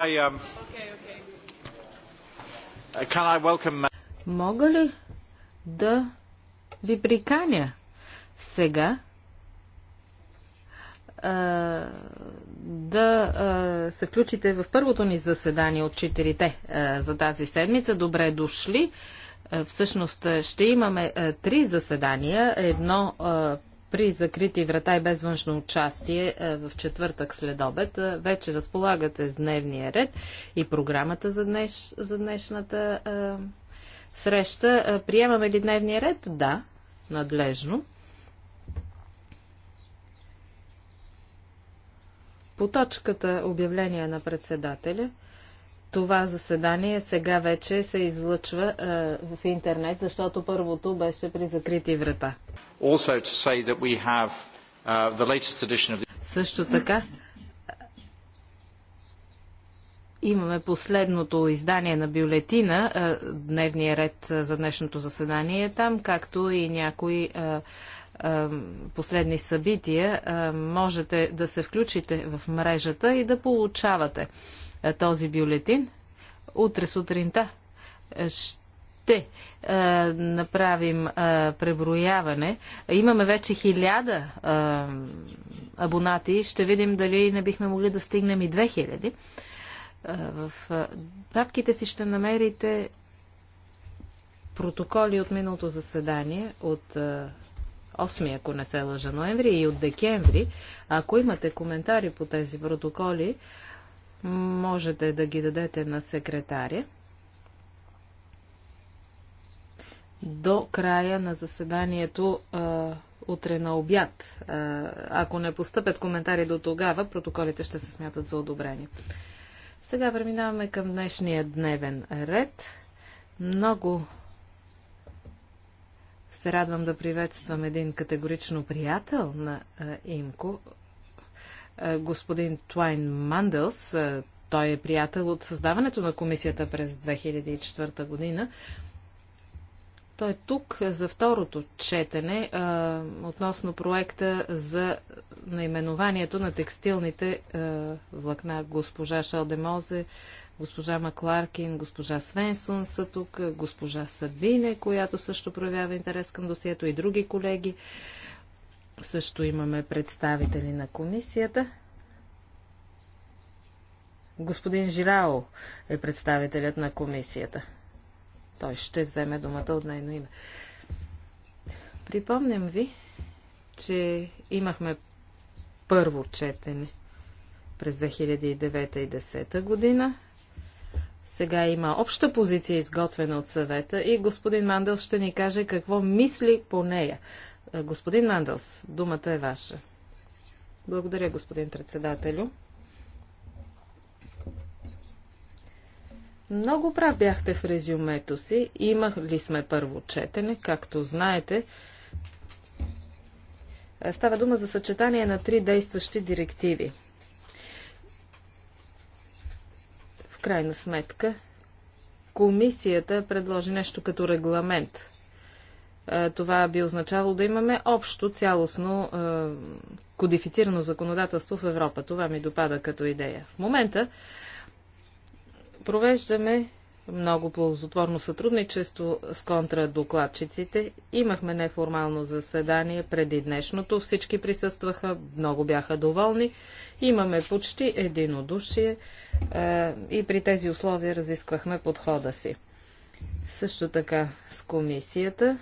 Um, uh, uh, Мога ли да ви приканя сега да се включите в първото ни заседание от четирите за тази седмица. Добре дошли! Всъщност ще имаме три заседания. Едно при закрити врата и без външно участие е, в четвъртък след обед. Е, вече разполагате с дневния ред и програмата за, днеш, за днешната а, е, среща. Приемаме ли дневния ред? Да, надлежно. По точката обявление на председателя – това заседание сега вече се излъчва е, в интернет, защото първото беше при закрити врата. Uh, Също така, имаме последното издание на бюлетина, е, дневния ред е, за днешното заседание е там, както и някои е, последни събития, можете да се включите в мрежата и да получавате е, този бюлетин. Утре сутринта ще е, направим е, преброяване. Имаме вече хиляда абонати. Ще видим дали не бихме могли да стигнем и 2000. В папките си ще намерите протоколи от миналото заседание от 8, ако не се лъжа, ноември и от декември. Ако имате коментари по тези протоколи, можете да ги дадете на секретаря. До края на заседанието а, утре на обяд. А, ако не постъпят коментари до тогава, протоколите ще се смятат за одобрени. Сега преминаваме към днешния дневен ред. Много се радвам да приветствам един категорично приятел на Имко, е, господин Туайн Мандълс. Е, той е приятел от създаването на комисията през 2004 година. Той е тук за второто четене а, е, относно проекта за наименованието на текстилните а, влакна. Госпожа Шалдемозе, госпожа Макларкин, госпожа Свенсон са тук, госпожа Сабине, която също проявява интерес към досието и други колеги. А, също имаме представители на комисията. Господин Жирао е представителят на комисията. Той ще вземе думата от нейно име. Припомням ви, че имахме първо четене през 2009 и 2010 година. Сега има обща позиция, изготвена от съвета и господин Мандел ще ни каже какво мисли по нея. Е, господин Мандълс, думата е ваша. Благодаря, господин председателю. Много прав бяхте в резюмето си. Имали сме първо четене, както знаете. Е, става дума за съчетание на три действащи директиви. В крайна сметка, комисията предложи нещо като регламент това би означавало да имаме общо, цялостно кодифицирано законодателство в Европа. Това ми допада като идея. В момента провеждаме много ползотворно сътрудничество с контрадокладчиците. Имахме неформално заседание преди днешното. Всички присъстваха, много бяха доволни. Имаме почти единодушие е, и при тези условия разисквахме подхода си. Също така с комисията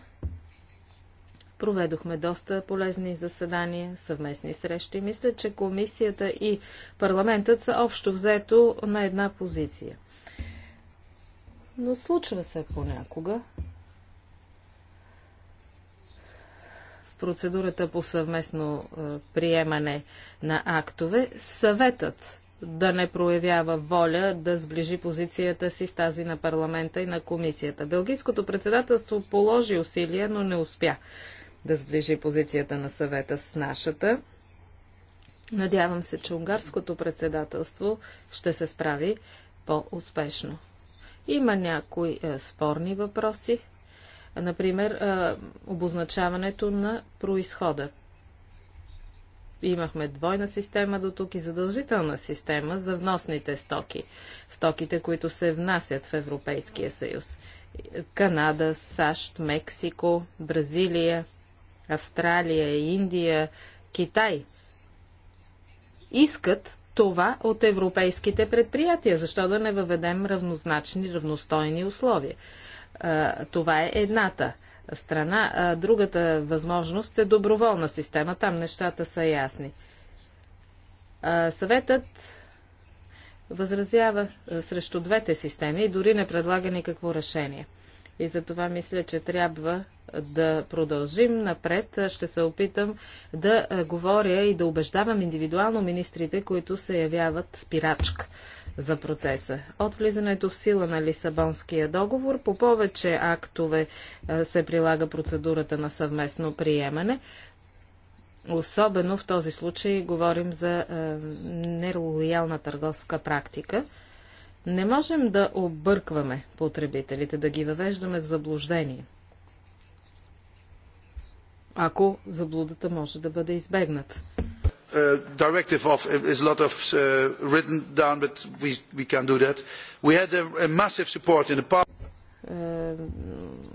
Проведохме доста полезни заседания, съвместни срещи. Мисля, че комисията и парламентът са общо взето на една позиция. Но случва се понякога. В процедурата по съвместно е, приемане на актове, съветът да не проявява воля да сближи позицията си с тази на парламента и на комисията. Белгийското председателство положи усилия, но не успя да сближи позицията на съвета с нашата. Надявам се, че унгарското председателство ще се справи по-успешно. Има някои е, спорни въпроси, например е, обозначаването на происхода. Имахме двойна система до тук и задължителна система за вносните стоки, стоките, които се внасят в Европейския съюз. Канада, САЩ, Мексико, Бразилия, Австралия, Индия, Китай искат това от европейските предприятия. Защо да не въведем равнозначни, равностойни условия? Това е едната страна. Другата възможност е доброволна система. Там нещата са ясни. Съветът възразява срещу двете системи и дори не предлага никакво решение. И за това мисля, че трябва да продължим напред. Ще се опитам да е, говоря и да убеждавам индивидуално министрите, които се явяват спирачка за процеса. От влизането в сила на Лисабонския договор по повече актове е, се прилага процедурата на съвместно приемане. Особено в този случай говорим за е, нелоялна търговска практика. Не можем да объркваме потребителите, да ги въвеждаме в заблуждение, ако заблудата може да бъде избегната. Uh, directive of uh, is a lot of uh, written down, but we, we can do that. We had a, a massive support in the Uh,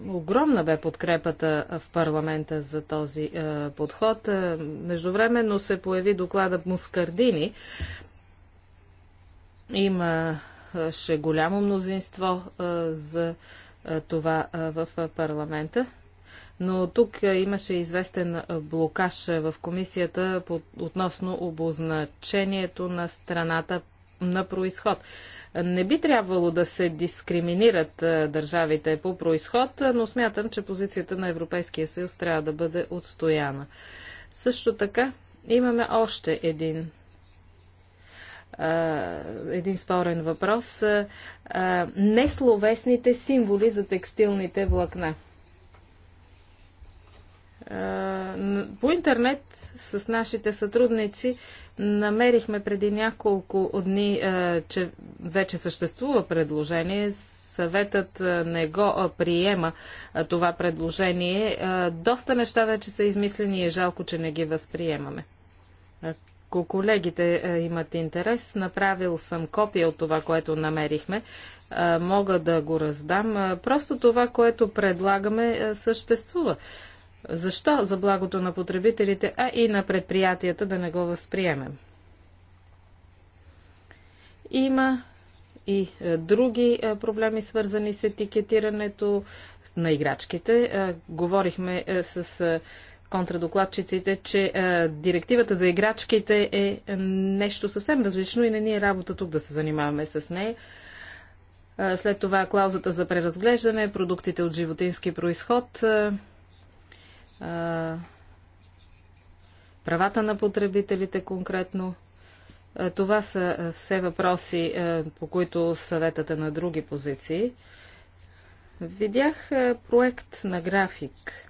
огромна бе подкрепата в парламента за този uh, подход. Uh, междувременно се появи доклада Мускардини, има имаше голямо мнозинство за това в парламента. Но тук имаше известен блокаж в комисията относно обозначението на страната на происход. Не би трябвало да се дискриминират държавите по происход, но смятам, че позицията на Европейския съюз трябва да бъде отстояна. Също така имаме още един един спорен въпрос. Несловесните символи за текстилните влакна. По интернет с нашите сътрудници намерихме преди няколко дни, че вече съществува предложение съветът не го приема това предложение. Доста неща вече са измислени и е жалко, че не ги възприемаме ако колегите е, имат интерес, направил съм копия от това, което намерихме. Е, мога да го раздам. Е, просто това, което предлагаме, съществува. Защо за благото на потребителите, а и на предприятията да не го възприемем? Има и други проблеми, свързани с етикетирането на играчките. Говорихме с контрадокладчиците, че а, е, директивата за играчките е нещо съвсем различно и не ни е работа тук да се занимаваме с нея. А, е, след това клаузата за преразглеждане, продуктите от животински происход, а, е, правата на потребителите конкретно. Това са все въпроси, по които съветът е на други позиции. Видях проект на график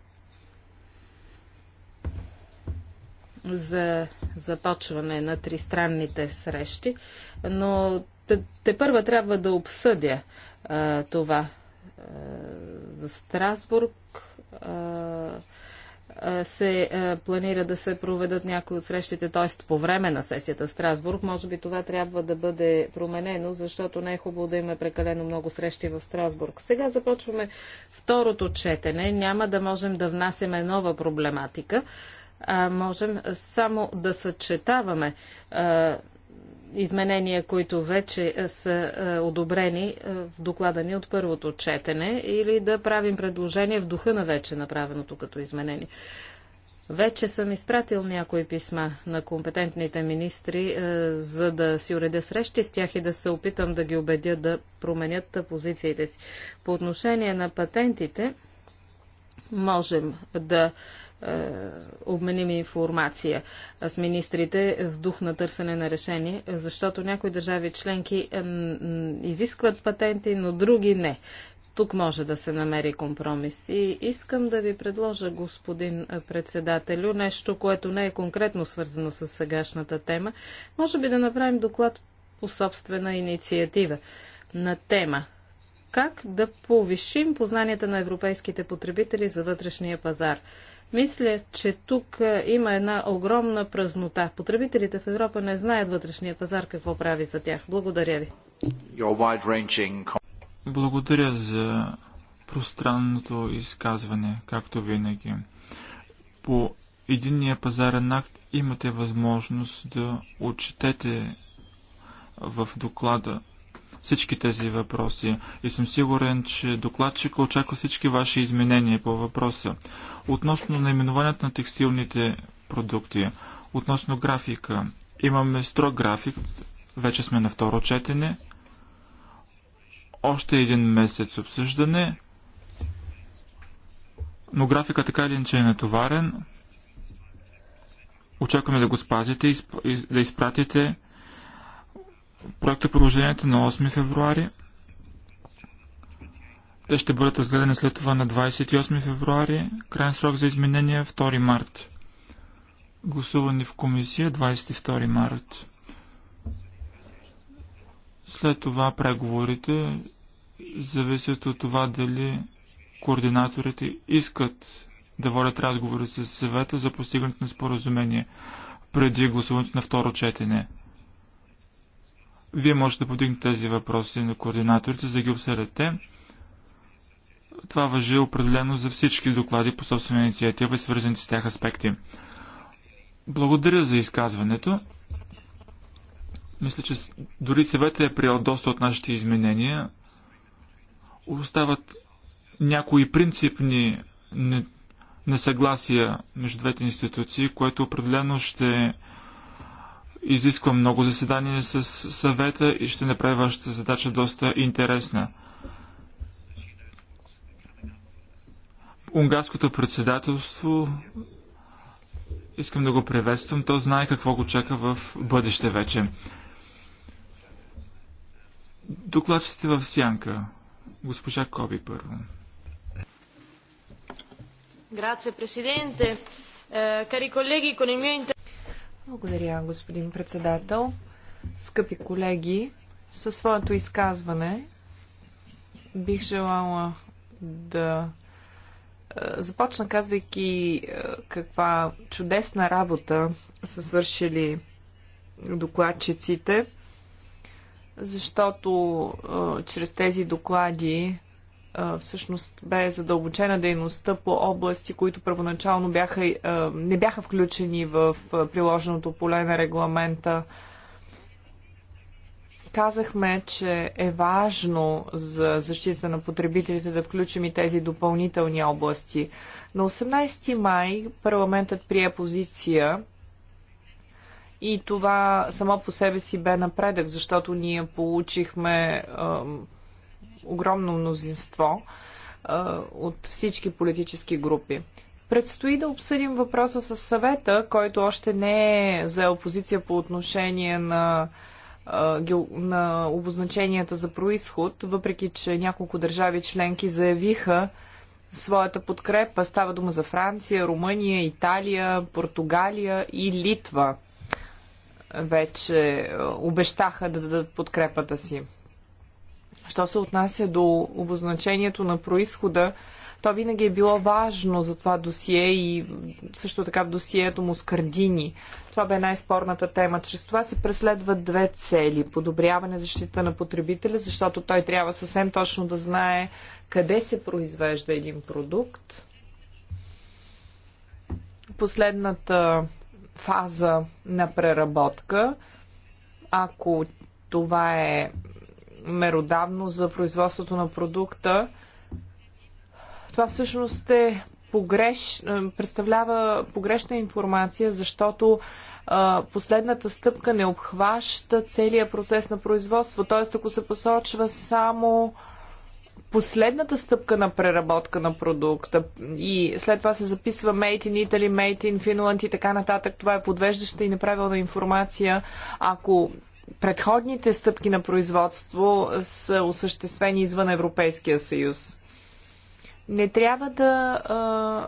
за започване на тристранните срещи, но те, те първа трябва да обсъдя а, това. А, в Страсбург а, а, се а, планира да се проведат някои от срещите, т.е. по време на сесията Страсбург. Може би това трябва да бъде променено, защото не е хубаво да има прекалено много срещи в Страсбург. Сега започваме второто четене. Няма да можем да внасяме нова проблематика а можем само да съчетаваме а, изменения, които вече са а, одобрени в доклада ни от първото четене или да правим предложение в духа на вече направеното като изменение. Вече съм изпратил някои писма на компетентните министри, за да си уредя срещи с тях и да се опитам да ги убедя да променят позициите си. По отношение на патентите, можем да е, обменим информация с министрите в дух на търсене на решение, защото някои държави членки е, изискват патенти, но други не. Тук може да се намери компромис. И искам да ви предложа, господин председателю, нещо, което не е конкретно свързано с сегашната тема. Може би да направим доклад по собствена инициатива на тема как да повишим познанията на европейските потребители за вътрешния пазар. Мисля, че тук е, има една огромна празнота. Потребителите в Европа не знаят вътрешния пазар какво прави за тях. Благодаря ви. Благодаря за пространното изказване, както винаги. По единния пазарен акт имате възможност да отчетете в доклада всички тези въпроси и съм сигурен, че докладчика очаква всички ваши изменения по въпроса. Относно наименованието на текстилните продукти, относно графика, имаме строг график, вече сме на второ четене, още един месец обсъждане, но графика така или иначе е натоварен. Очакваме да го спазите и да изпратите проекта е продължението на 8 февруари. Те ще бъдат разгледани след това на 28 февруари, крайен срок за изменение 2 е март. Гласувани в комисия 22 е март. След това преговорите зависят от това дали координаторите искат да водят разговори с съвета за постигането на споразумение преди гласуването на второ четене. Вие можете да подигнете тези въпроси на координаторите, за да ги обсъдете. Това въжи определено за всички доклади по собствена инициатива и свързаните с тях аспекти. Благодаря за изказването. Мисля, че дори съветът е приел доста от нашите изменения. Остават някои принципни несъгласия между двете институции, което определено ще изисква много заседания с съвета и ще направи вашата задача доста интересна. Унгарското председателство искам да го приветствам. То знае какво го чака в бъдеще вече. Докладчите в сянка. Госпожа Коби първо. Грация, президенте. Кари колеги, благодаря, господин председател. Скъпи колеги, със своето изказване бих желала да е, започна казвайки е, каква чудесна работа са свършили докладчиците, защото е, чрез тези доклади всъщност бе задълбочена дейността по области, които първоначално бяха, не бяха включени в приложеното поле на регламента. Казахме, че е важно за защита на потребителите да включим и тези допълнителни области. На 18 май парламентът прие позиция и това само по себе си бе напредък, защото ние получихме огромно мнозинство а, от всички политически групи. Предстои да обсъдим въпроса с съвета, който още не е за позиция по отношение на, на обозначенията за происход, въпреки че няколко държави членки заявиха своята подкрепа. Става дума за Франция, Румъния, Италия, Португалия и Литва вече обещаха да дадат подкрепата си. Що се отнася до обозначението на происхода, то винаги е било важно за това досие и също така в досието му с Кардини. Това бе най-спорната тема. Чрез това се преследват две цели. Подобряване защита на потребителя, защото той трябва съвсем точно да знае къде се произвежда един продукт. Последната фаза на преработка, ако това е меродавно за производството на продукта. Това всъщност е погреш, е, представлява погрешна информация, защото последната стъпка не обхваща целият процес на производство. Т.е. ако се посочва само последната стъпка на преработка на продукта и след това се записва Made in Italy, Made in Finland и така нататък, това е подвеждаща и неправилна информация. Ако предходните стъпки на производство са осъществени извън Европейския съюз. Не трябва да а,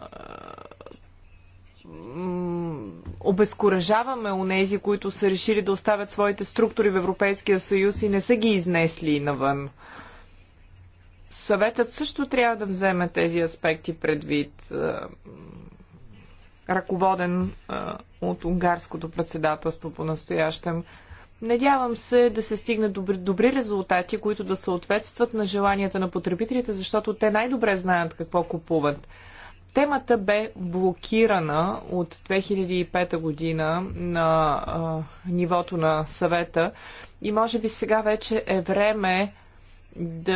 обезкуражаваме нези, които са решили да оставят своите структури в Европейския съюз и не са ги изнесли навън. Съветът също трябва да вземе тези аспекти предвид, ръководен от унгарското председателство по настоящем. Надявам се да се стигне добри, добри резултати, които да съответстват на желанията на потребителите, защото те най-добре знаят какво купуват. Темата бе блокирана от 2005 година на а, нивото на съвета и може би сега вече е време да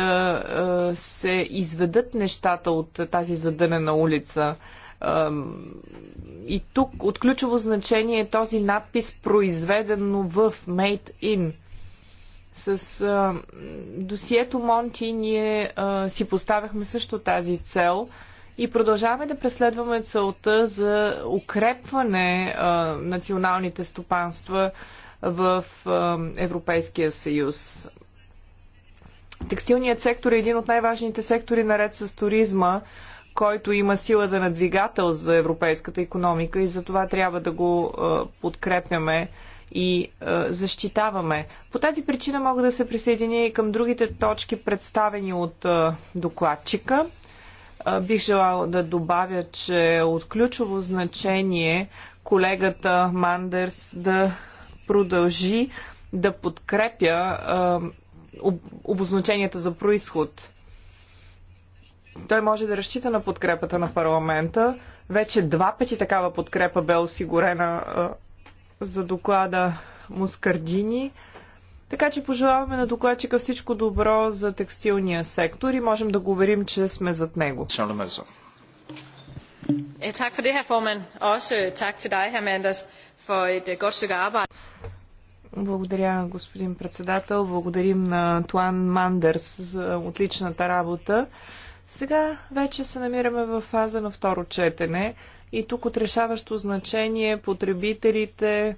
а, се изведат нещата от тази задънена улица. И тук от ключово значение е този надпис произведено в Made in. С а, досието Монти ние а, си поставяхме също тази цел и продължаваме да преследваме целта за укрепване а, националните стопанства в а, Европейския съюз. Текстилният сектор е един от най-важните сектори наред с туризма който има силата на двигател за европейската економика и за това трябва да го подкрепяме и защитаваме. По тази причина мога да се присъединя и към другите точки, представени от докладчика. Бих желала да добавя, че е от ключово значение колегата Мандерс да продължи да подкрепя обозначенията за происход той може да разчита на подкрепата на парламента. Вече два пъти такава подкрепа бе осигурена а, за доклада Мускардини. Така че пожелаваме на докладчика всичко добро за текстилния сектор и можем да го уверим, че сме зад него. Е, for det, formand. også øh, tak til dig, Manders, for et øh, godt stykke arbejde. Благодаря, господин председател. Благодарим на Туан Мандерс за отличната работа. Сега вече се намираме в фаза на второ четене и тук от решаващо значение потребителите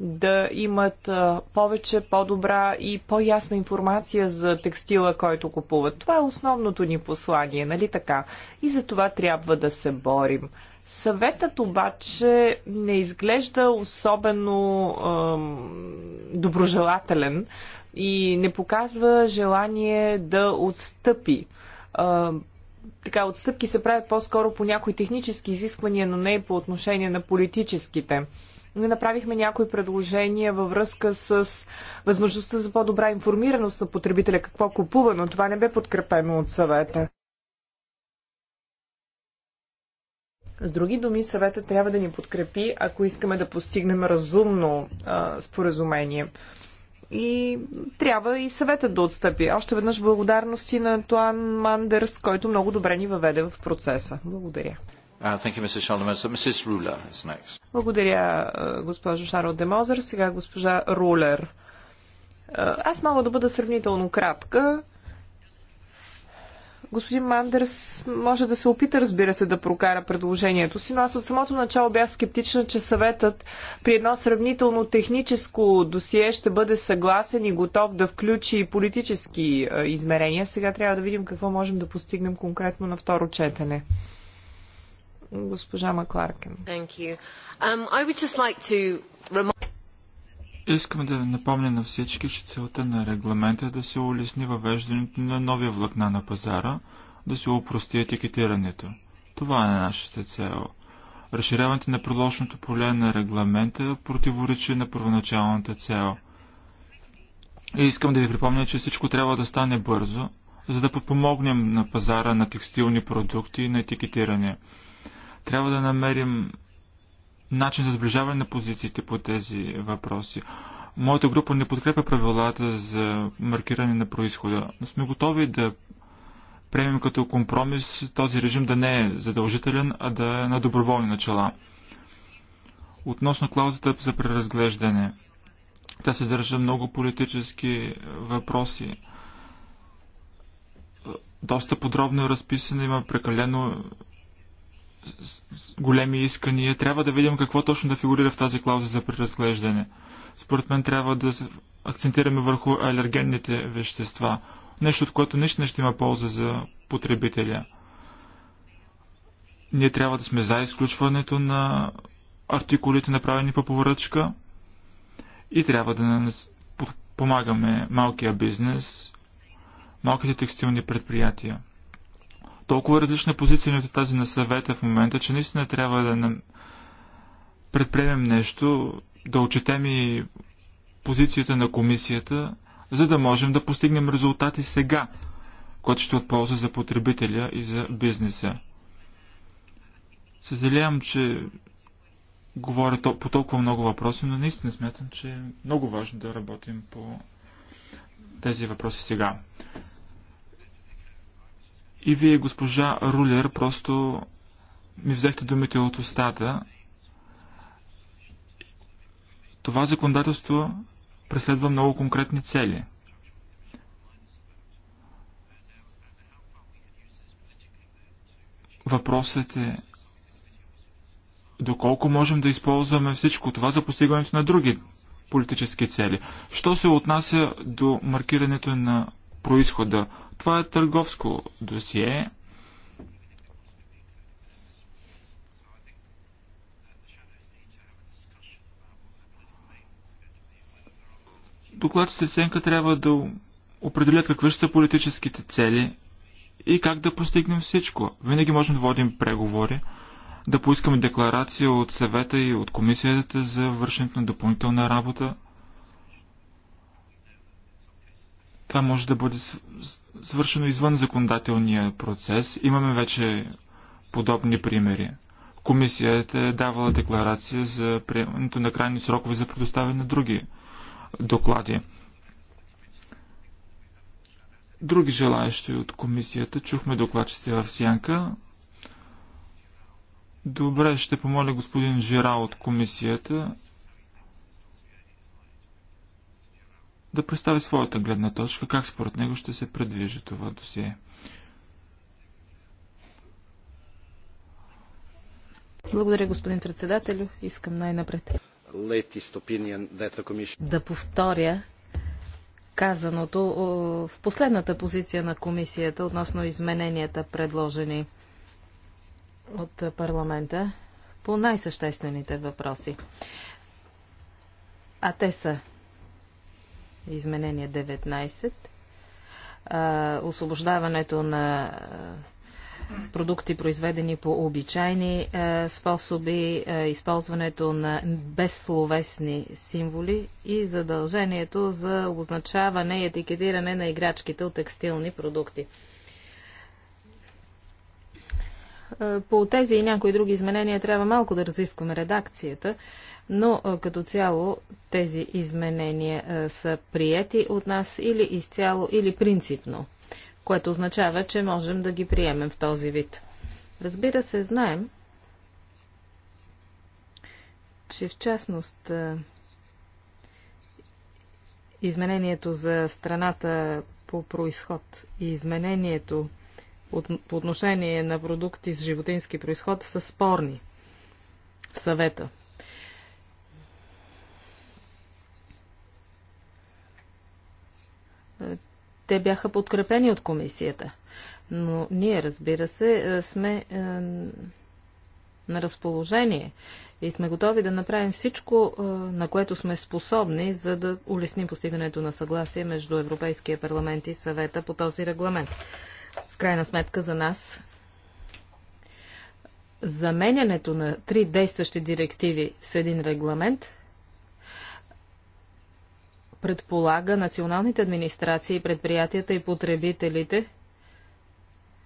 да имат повече, по-добра и по-ясна информация за текстила, който купуват. Това е основното ни послание, нали така? И за това трябва да се борим. Съветът обаче не изглежда особено е, доброжелателен и не показва желание да отстъпи а, така, отстъпки се правят по-скоро по някои технически изисквания, но не и по отношение на политическите. Ние направихме някои предложения във връзка с възможността за по-добра информираност на потребителя какво купува, но това не бе подкрепено от съвета. С други думи, съвета трябва да ни подкрепи, ако искаме да постигнем разумно а, споразумение и трябва и съветът да отстъпи. Още веднъж благодарности на Антуан Мандерс, който много добре ни въведе в процеса. Благодаря. Uh, Благодаря, uh, госпожо Шарл Демозер. Сега госпожа Рулер. Uh, аз мога да бъда сравнително кратка. Господин Мандерс може да се опита, разбира се, да прокара предложението си, но аз от самото начало бях скептична, че съветът при едно сравнително техническо досие ще бъде съгласен и готов да включи политически измерения. Сега трябва да видим какво можем да постигнем конкретно на второ четене. Госпожа Макларкен. Thank you. Um, I would just like to Искам да напомня на всички, че целта на регламента е да се улесни въвеждането на нови влакна на пазара, да се упрости етикетирането. Това е нашата цел. Разширяването на приложното поле на регламента противоречи на първоначалната цел. И искам да ви припомня, че всичко трябва да стане бързо, за да подпомогнем на пазара на текстилни продукти и на етикетиране. Трябва да намерим начин за сближаване на позициите по тези въпроси. Моята група не подкрепя правилата за маркиране на происхода, но сме готови да приемем като компромис този режим да не е задължителен, а да е на доброволни начала. Относно клаузата за преразглеждане, тя съдържа много политически въпроси. Доста подробно е разписана, има прекалено големи искания. Трябва да видим какво точно да фигурира в тази клауза за преразглеждане. Според мен трябва да акцентираме върху алергенните вещества. Нещо, от което не ще има полза за потребителя. Ние трябва да сме за изключването на артикулите, направени по поръчка и трябва да помагаме малкия бизнес, малките текстилни предприятия толкова различна позиция от тази на съвета в момента, че наистина трябва да нам... предприемем нещо, да отчетем и позицията на комисията, за да можем да постигнем резултати сега, което ще е отползва за потребителя и за бизнеса. Съжалявам, че говоря по толкова много въпроси, но наистина смятам, че е много важно да работим по тези въпроси сега. И вие, госпожа Рулер, просто ми взехте думите от устата. Това законодателство преследва много конкретни цели. Въпросът е доколко можем да използваме всичко това за постигането на други политически цели. Що се отнася до маркирането на происхода, това е търговско досие. Докладчите Сенка трябва да определят какви ще са политическите цели и как да постигнем всичко. Винаги можем да водим преговори, да поискаме декларация от съвета и от комисията за вършенето на допълнителна работа – Това може да бъде свършено извън законодателния процес. Имаме вече подобни примери. Комисията е давала декларация за приемането на крайни срокове за предоставяне на други доклади. Други желаящи от комисията. Чухме докладчите в Сянка. Добре, ще помоля господин Жира от комисията да представи своята гледна точка, как според него ще се предвижи това досие. Благодаря, господин председателю. Искам най-напред да повторя казаното в последната позиция на комисията относно измененията, предложени от парламента по най-съществените въпроси. А те са изменение 19, а, освобождаването на продукти, произведени по обичайни способи, използването на безсловесни символи и задължението за обозначаване и етикетиране на играчките от текстилни продукти. по тези и някои други изменения трябва малко да разискваме редакцията, но като цяло тези изменения са приети от нас или изцяло, или принципно, което означава, че можем да ги приемем в този вид. Разбира се, знаем, че в частност изменението за страната по происход и изменението от, по отношение на продукти с животински происход са спорни в съвета – те бяха подкрепени от комисията. Но ние, разбира се, е, сме е, на разположение и сме готови да направим всичко, е, на което сме способни, за да улесним постигането на съгласие между Европейския парламент и съвета по този регламент. В крайна сметка за нас заменянето на три действащи директиви с един регламент – предполага националните администрации, предприятията и потребителите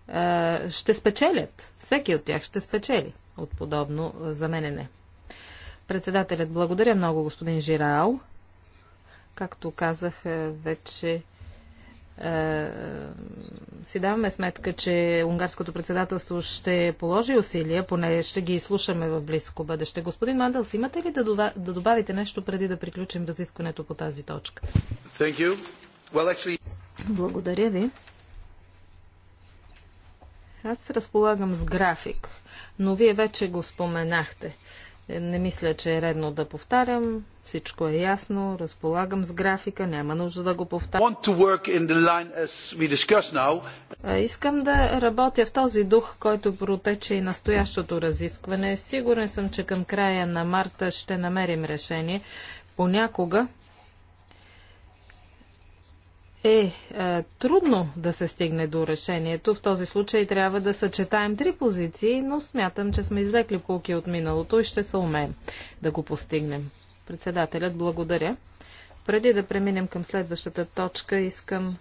е, ще спечелят. Всеки от тях ще спечели от подобно заменене. Председателят, благодаря много, господин Жирал. Както казах, е, вече е, си даваме сметка, че унгарското председателство ще положи усилия, поне ще ги слушаме в близко бъдеще. Господин Мандълс, имате ли да, добавите нещо преди да приключим разискването по тази точка? Well, actually... Благодаря ви. Аз разполагам с график, но вие вече го споменахте. Не мисля, че е редно да повтарям. Всичко е ясно. Разполагам с графика. Няма нужда да го повтарям. Искам да работя в този дух, който протече и настоящото разискване. Сигурен съм, че към края на марта ще намерим решение. Понякога е, е трудно да се стигне до решението. В този случай трябва да съчетаем три позиции, но смятам, че сме извлекли полки от миналото и ще се умеем да го постигнем. Председателят, благодаря. Преди да преминем към следващата точка, искам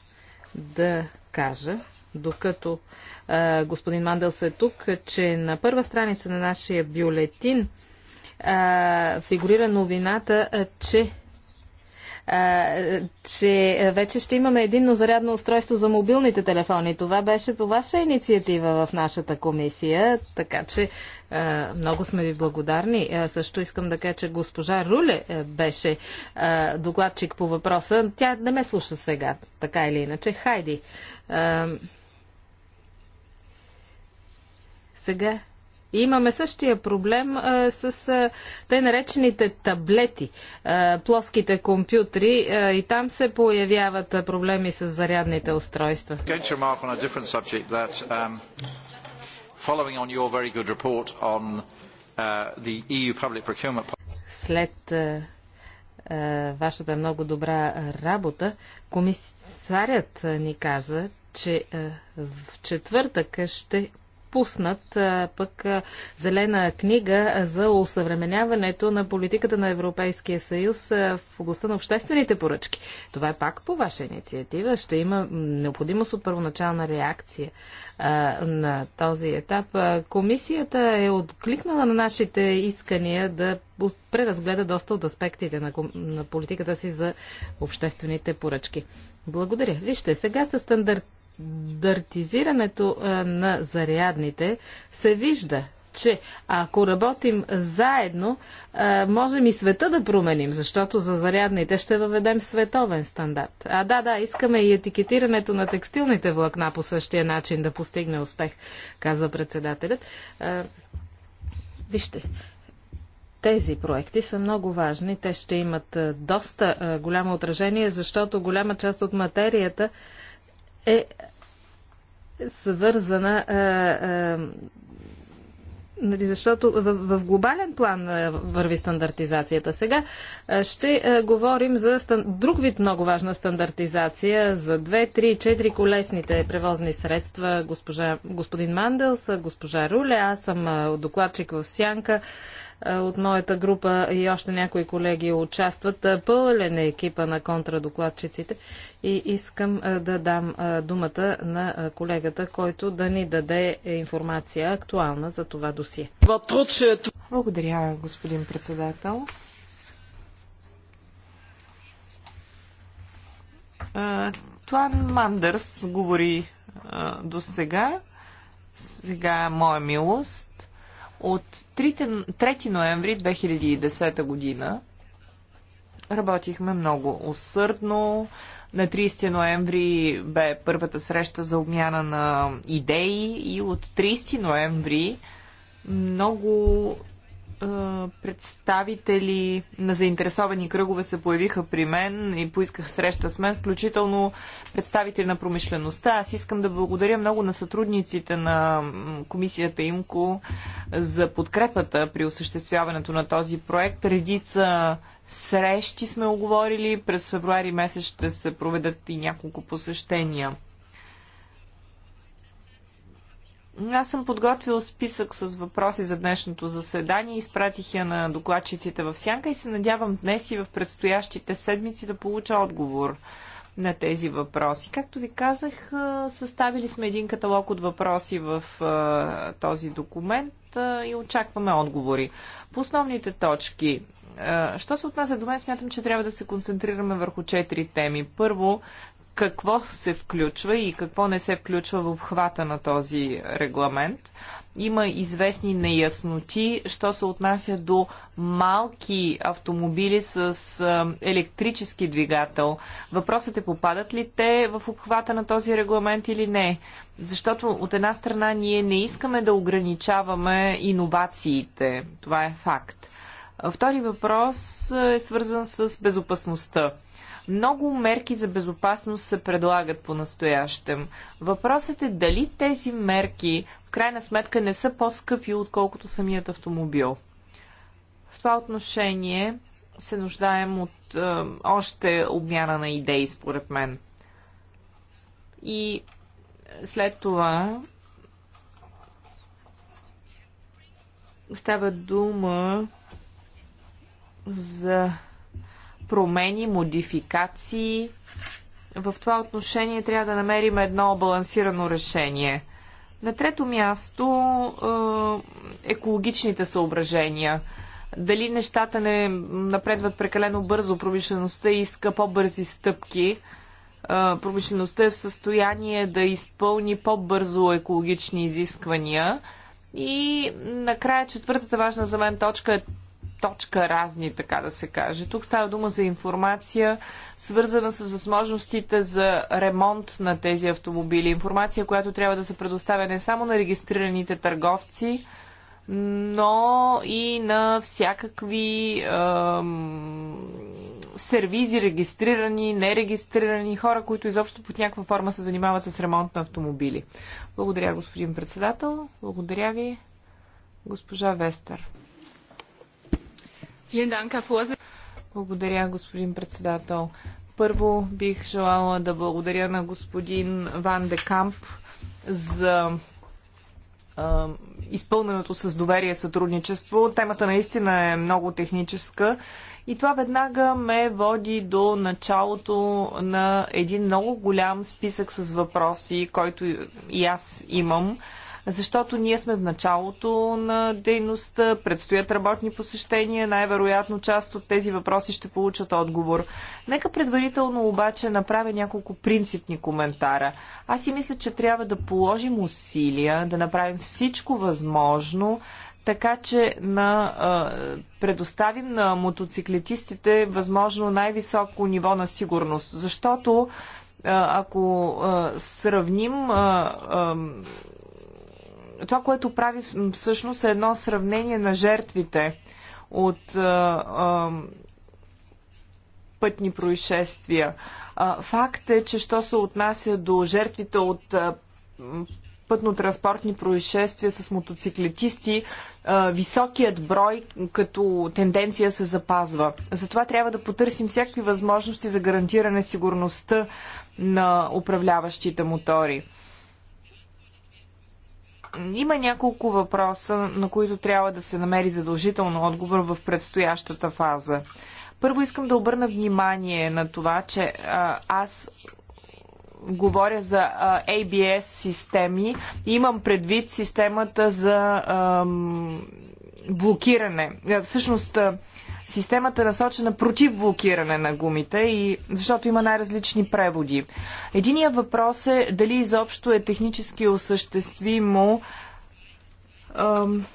да кажа, докато е, господин Мандълс е тук, че на първа страница на нашия бюлетин е, фигурира новината, е, че че вече ще имаме единно зарядно устройство за мобилните телефони. Това беше по ваша инициатива в нашата комисия, така че много сме ви благодарни. Също искам да кажа, че госпожа Руле беше докладчик по въпроса. Тя не ме слуша сега, така или иначе. Хайди. Сега и имаме същия проблем а, с тъй те наречените таблети, а, плоските компютри а, и там се появяват а, проблеми с зарядните устройства. Um, uh, e След вашата много добра работа, комисарят ни каза, че в четвъртък ще пуснат пък зелена книга за усъвременяването на политиката на Европейския съюз в областта на обществените поръчки. Това е пак по ваша инициатива. Ще има необходимост от първоначална реакция на този етап. Комисията е откликнала на нашите искания да преразгледа доста от аспектите на, на политиката си за обществените поръчки. Благодаря. Вижте, сега са стандарт стандартизирането на зарядните се вижда, че ако работим заедно, можем и света да променим, защото за зарядните ще въведем световен стандарт. А да, да, искаме и етикетирането на текстилните влакна по същия начин да постигне успех, казва председателят. Вижте, тези проекти са много важни. Те ще имат доста голямо отражение, защото голяма част от материята е съвързана. А, е, а, е, нали, защото в, в глобален план е, върви стандартизацията. Сега ще говорим за стан... друг вид много важна стандартизация за 2, 3, 4 колесните превозни средства. Госпожа, господин Мандълс, госпожа Руле, аз съм докладчик в Сянка е, от моята група и още някои колеги участват. Е, пълен е екипа на контрадокладчиците и искам е, да дам думата на колегата, който да ни даде информация актуална за това досие. Благодаря, господин председател. Туан Мандърс говори до сега. Сега моя милост. От 3, 3 ноември 2010 година работихме много усърдно. На 30 ноември бе първата среща за обмяна на идеи и от 30 ноември много представители на заинтересовани кръгове се появиха при мен и поисках среща с мен, включително представители на промишлеността. Аз искам да благодаря много на сътрудниците на комисията ИМКО за подкрепата при осъществяването на този проект. Редица срещи сме оговорили. През февруари месец ще се проведат и няколко посещения. Аз съм подготвил списък с въпроси за днешното заседание, изпратих я на докладчиците в Сянка и се надявам днес и в предстоящите седмици да получа отговор на тези въпроси. Както ви казах, съставили сме един каталог от въпроси в този документ и очакваме отговори. По основните точки. Що се отнася до мен, смятам, че трябва да се концентрираме върху четири теми. Първо, какво се включва и какво не се включва в обхвата на този регламент. Има известни неясноти, що се отнася до малки автомобили с електрически двигател. Въпросът е попадат ли те в обхвата на този регламент или не. Защото от една страна ние не искаме да ограничаваме иновациите. Това е факт. Втори въпрос е свързан с безопасността. Много мерки за безопасност се предлагат по-настоящем. Въпросът е дали тези мерки в крайна сметка не са по-скъпи, отколкото самият автомобил. В това отношение се нуждаем от е, още обмяна на идеи, според мен. И след това става дума за промени, модификации. В това отношение трябва да намерим едно балансирано решение. На трето място е, екологичните съображения. Дали нещата не напредват прекалено бързо, промишлеността иска по-бързи стъпки е, промишлеността е в състояние да изпълни по-бързо екологични изисквания. И накрая четвъртата важна за мен точка е точка разни, така да се каже. Тук става дума за информация, свързана с възможностите за ремонт на тези автомобили. Информация, която трябва да се предоставя не само на регистрираните търговци, но и на всякакви ем, сервизи, регистрирани, нерегистрирани хора, които изобщо под някаква форма се занимават с ремонт на автомобили. Благодаря, господин председател. Благодаря ви, госпожа Вестър. Благодаря, господин председател. Първо бих желала да благодаря на господин Ван де Камп за а, изпълненото с доверие сътрудничество. Темата наистина е много техническа и това веднага ме води до началото на един много голям списък с въпроси, който и аз имам защото ние сме в началото на дейността, предстоят работни посещения, най-вероятно част от тези въпроси ще получат отговор. Нека предварително обаче направя няколко принципни коментара. Аз си мисля, че трябва да положим усилия, да направим всичко възможно, така че на, а, предоставим на мотоциклетистите възможно най-високо ниво на сигурност. Защото а, ако а, сравним а, а, това, което прави всъщност е едно сравнение на жертвите от а, а, пътни происшествия. А, факт е, че що се отнася до жертвите от а, пътно-транспортни происшествия с мотоциклетисти, високият брой като тенденция се запазва. Затова трябва да потърсим всякакви възможности за гарантиране сигурността на управляващите мотори има няколко въпроса, на които трябва да се намери задължително отговор в предстоящата фаза. Първо искам да обърна внимание на това, че а, аз говоря за а, ABS системи и имам предвид системата за а, блокиране. Всъщност, системата е насочена против блокиране на гумите, и, защото има най-различни преводи. Единият въпрос е дали изобщо е технически осъществимо ам,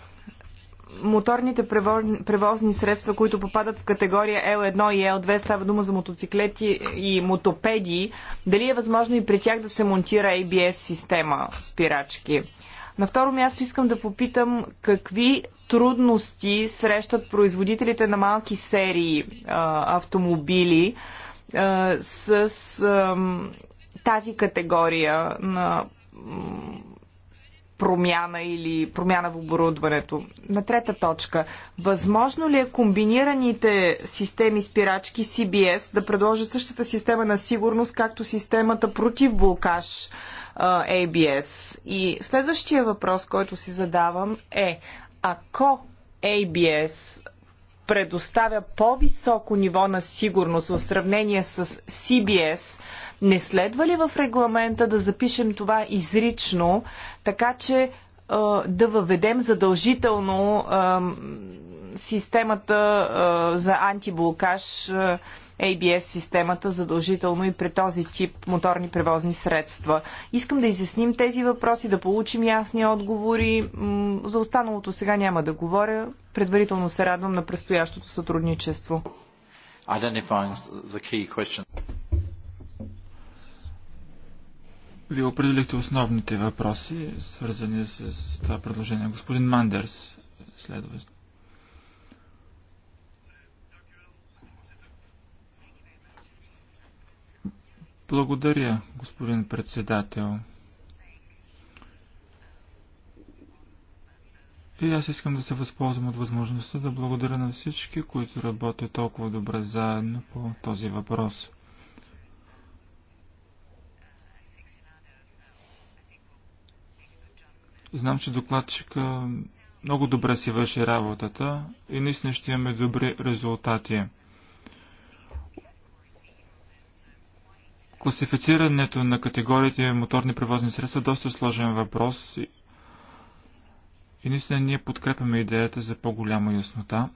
моторните превозни средства, които попадат в категория L1 и L2, става дума за мотоциклети и мотопеди, дали е възможно и при тях да се монтира ABS система спирачки? На второ място искам да попитам какви трудности срещат производителите на малки серии а, автомобили а, с а, тази категория на промяна или промяна в оборудването. На трета точка. Възможно ли е комбинираните системи спирачки CBS да предложат същата система на сигурност, както системата против блокаж ABS? И следващия въпрос, който си задавам е ако ABS предоставя по-високо ниво на сигурност в сравнение с CBS, не следва ли в регламента да запишем това изрично, така че да въведем задължително системата за антиблокаж, ABS системата задължително и при този тип моторни превозни средства. Искам да изясним тези въпроси, да получим ясни отговори. За останалото сега няма да говоря. Предварително се радвам на предстоящото сътрудничество. Вие определихте основните въпроси, свързани с това предложение. Господин Мандерс, следва Благодаря, господин председател. И аз искам да се възползвам от възможността да благодаря на всички, които работят толкова добре заедно по този въпрос. Знам, че докладчика много добре си върши работата и наистина ще имаме добри резултати. Класифицирането на категориите моторни превозни средства е доста сложен въпрос и, наистина ние подкрепяме идеята за по-голяма яснота.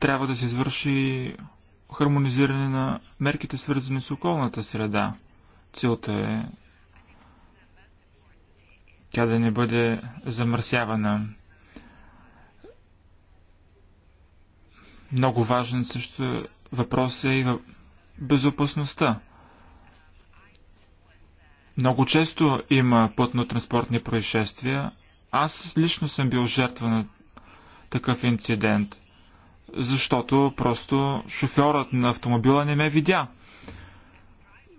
Трябва да се извърши хармонизиране на мерките, свързани с околната среда. Целта е тя да не бъде замърсявана. Много важен също въпрос е и безопасността. Много често има пътно-транспортни происшествия. Аз лично съм бил жертва на такъв инцидент, защото просто шофьорът на автомобила не ме видя.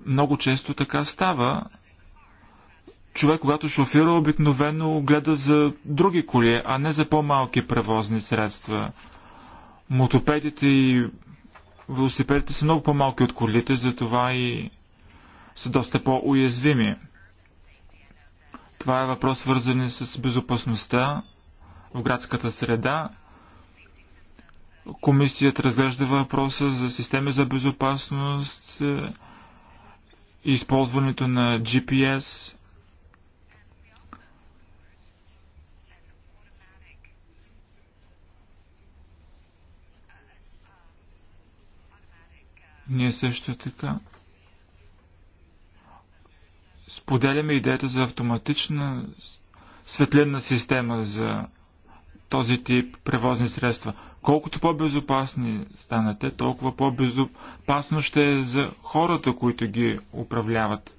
Много често така става човек, когато шофира, обикновено гледа за други коли, а не за по-малки превозни средства. Мотопедите и велосипедите са много по-малки от колите, затова и са доста по-уязвими. Това е въпрос свързан с безопасността в градската среда. Комисията разглежда въпроса за системи за безопасност е, и използването на GPS – Ние също така споделяме идеята за автоматична светлинна система за този тип превозни средства. Колкото по-безопасни станете, толкова по-безопасно ще е за хората, които ги управляват.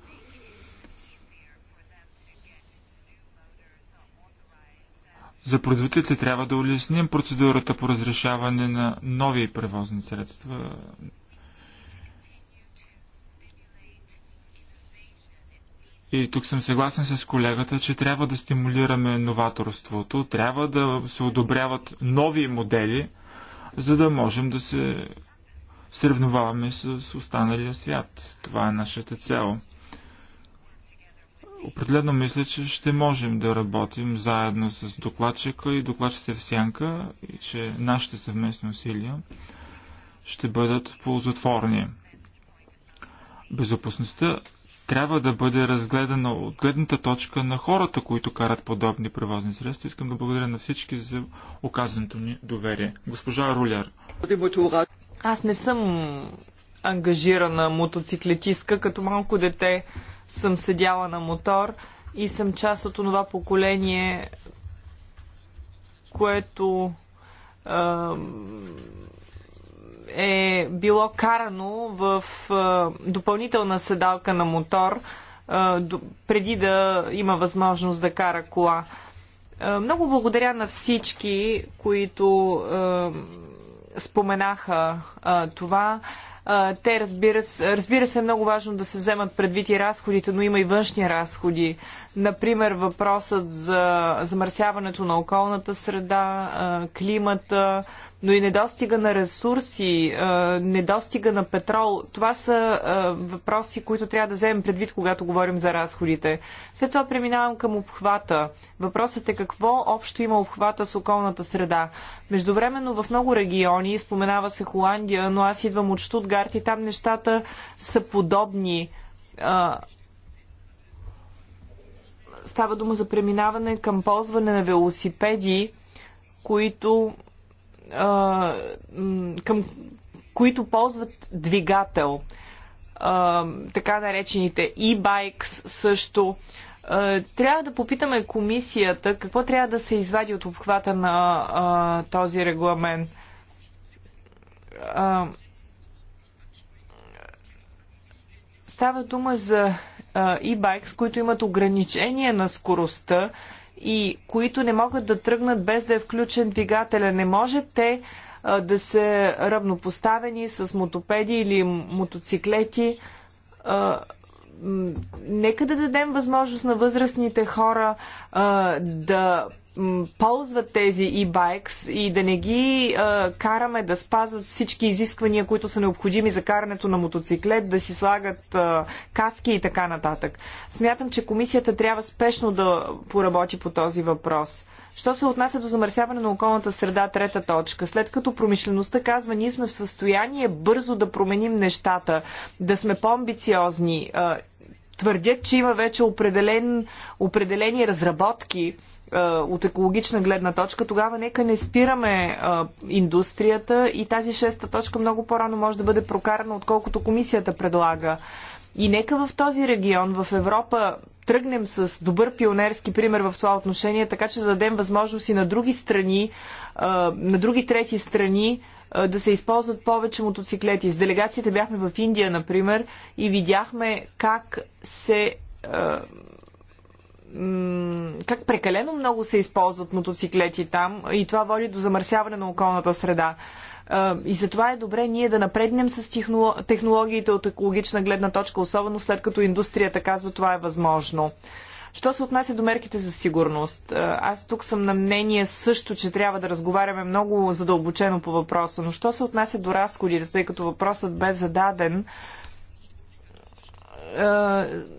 За производителите трябва да улесним процедурата по разрешаване на нови превозни средства И тук съм съгласен с колегата, че трябва да стимулираме новаторството, трябва да се одобряват нови модели, за да можем да се сравноваваме с останалия свят. Това е нашата цел. Определено мисля, че ще можем да работим заедно с докладчика и докладчите в сянка и че нашите съвместни усилия ще бъдат ползотворни. Безопасността трябва да бъде разгледано от гледната точка на хората, които карат подобни превозни средства. Искам да благодаря на всички за оказаното ни доверие. Госпожа Руляр. Аз не съм ангажирана мотоциклетистка. Като малко дете съм седяла на мотор и съм част от това поколение, което е било карано в допълнителна седалка на мотор, преди да има възможност да кара кола. Много благодаря на всички, които споменаха това те разбира се, разбира се е много важно да се вземат предвид и разходите, но има и външни разходи. Например, въпросът за замърсяването на околната среда, климата, но и недостига на ресурси, недостига на петрол. Това са въпроси, които трябва да вземем предвид, когато говорим за разходите. След това преминавам към обхвата. Въпросът е какво общо има обхвата с околната среда. Междувременно в много региони, споменава се Холандия, но аз идвам от Штутгарт и там нещата са подобни става дума за преминаване към ползване на велосипеди, които към които ползват двигател. Така наречените e-bikes също. Трябва да попитаме комисията какво трябва да се извади от обхвата на а, този регламент. А, става дума за e-bikes, които имат ограничение на скоростта и които не могат да тръгнат без да е включен двигателя. Не може те а, да са равнопоставени с мотопеди или мотоциклети. А, нека да дадем възможност на възрастните хора а, да ползват тези e-bikes и да не ги а, караме да спазват всички изисквания, които са необходими за карането на мотоциклет, да си слагат а, каски и така нататък. Смятам, че комисията трябва спешно да поработи по този въпрос. Що се отнася до замърсяване на околната среда, трета точка, след като промишлеността казва, ние сме в състояние бързо да променим нещата, да сме по-амбициозни, твърдят, че има вече определен, определени разработки е, от екологична гледна точка, тогава нека не спираме а, е, индустрията и тази шеста точка много по-рано може да бъде прокарана, отколкото комисията предлага. И нека в този регион, в Европа, тръгнем с добър пионерски пример в това отношение, така че да дадем възможност и на други страни, а, е, на други трети страни да се използват повече мотоциклети. С делегацията бяхме в Индия, например, и видяхме как се как прекалено много се използват мотоциклети там и това води до замърсяване на околната среда. И затова е добре ние да напреднем с технологиите от екологична гледна точка, особено след като индустрията казва това е възможно. Що се отнася до мерките за сигурност? Аз тук съм на мнение също, че трябва да разговаряме много задълбочено по въпроса, но що се отнася до разходите, тъй като въпросът бе зададен,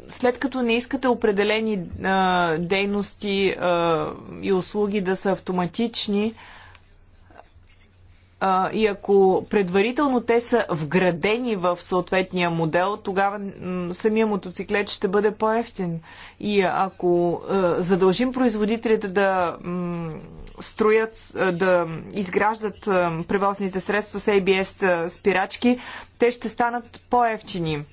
след като не искате определени дейности и услуги да са автоматични, и ако предварително те са вградени в съответния модел, тогава самия мотоциклет ще бъде по-ефтин. И ако задължим производителите да строят, да изграждат превозните средства с ABS спирачки, те ще станат по-ефтини.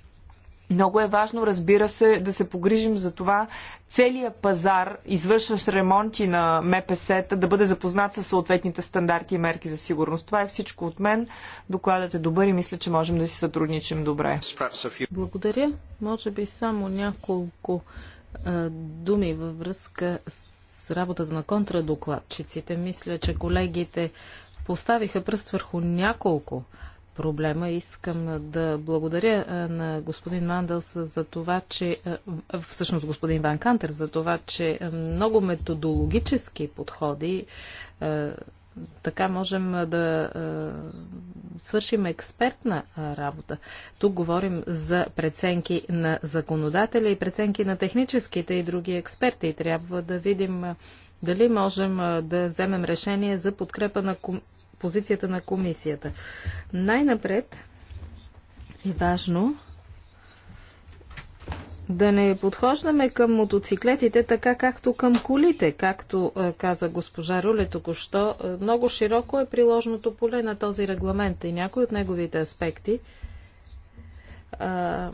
Много е важно, разбира се, да се погрижим за това целият пазар, извършващ ремонти на МПС-та, да бъде запознат с съответните стандарти и мерки за сигурност. Това е всичко от мен. Докладът е добър и мисля, че можем да си сътрудничим добре. Благодаря. Може би само няколко а, думи във връзка с работата на контрадокладчиците. Мисля, че колегите поставиха пръст върху няколко проблема. Искам да благодаря на господин Мандълс за това, че всъщност господин Ван Кантер за това, че много методологически подходи така можем да свършим експертна работа. Тук говорим за преценки на законодателя и преценки на техническите и други експерти. трябва да видим дали можем да вземем решение за подкрепа на позицията на комисията. Най-напред е важно да не подхождаме към мотоциклетите така както към колите, както е, каза госпожа Руле току-що. Е, много широко е приложното поле на този регламент и някои от неговите аспекти а,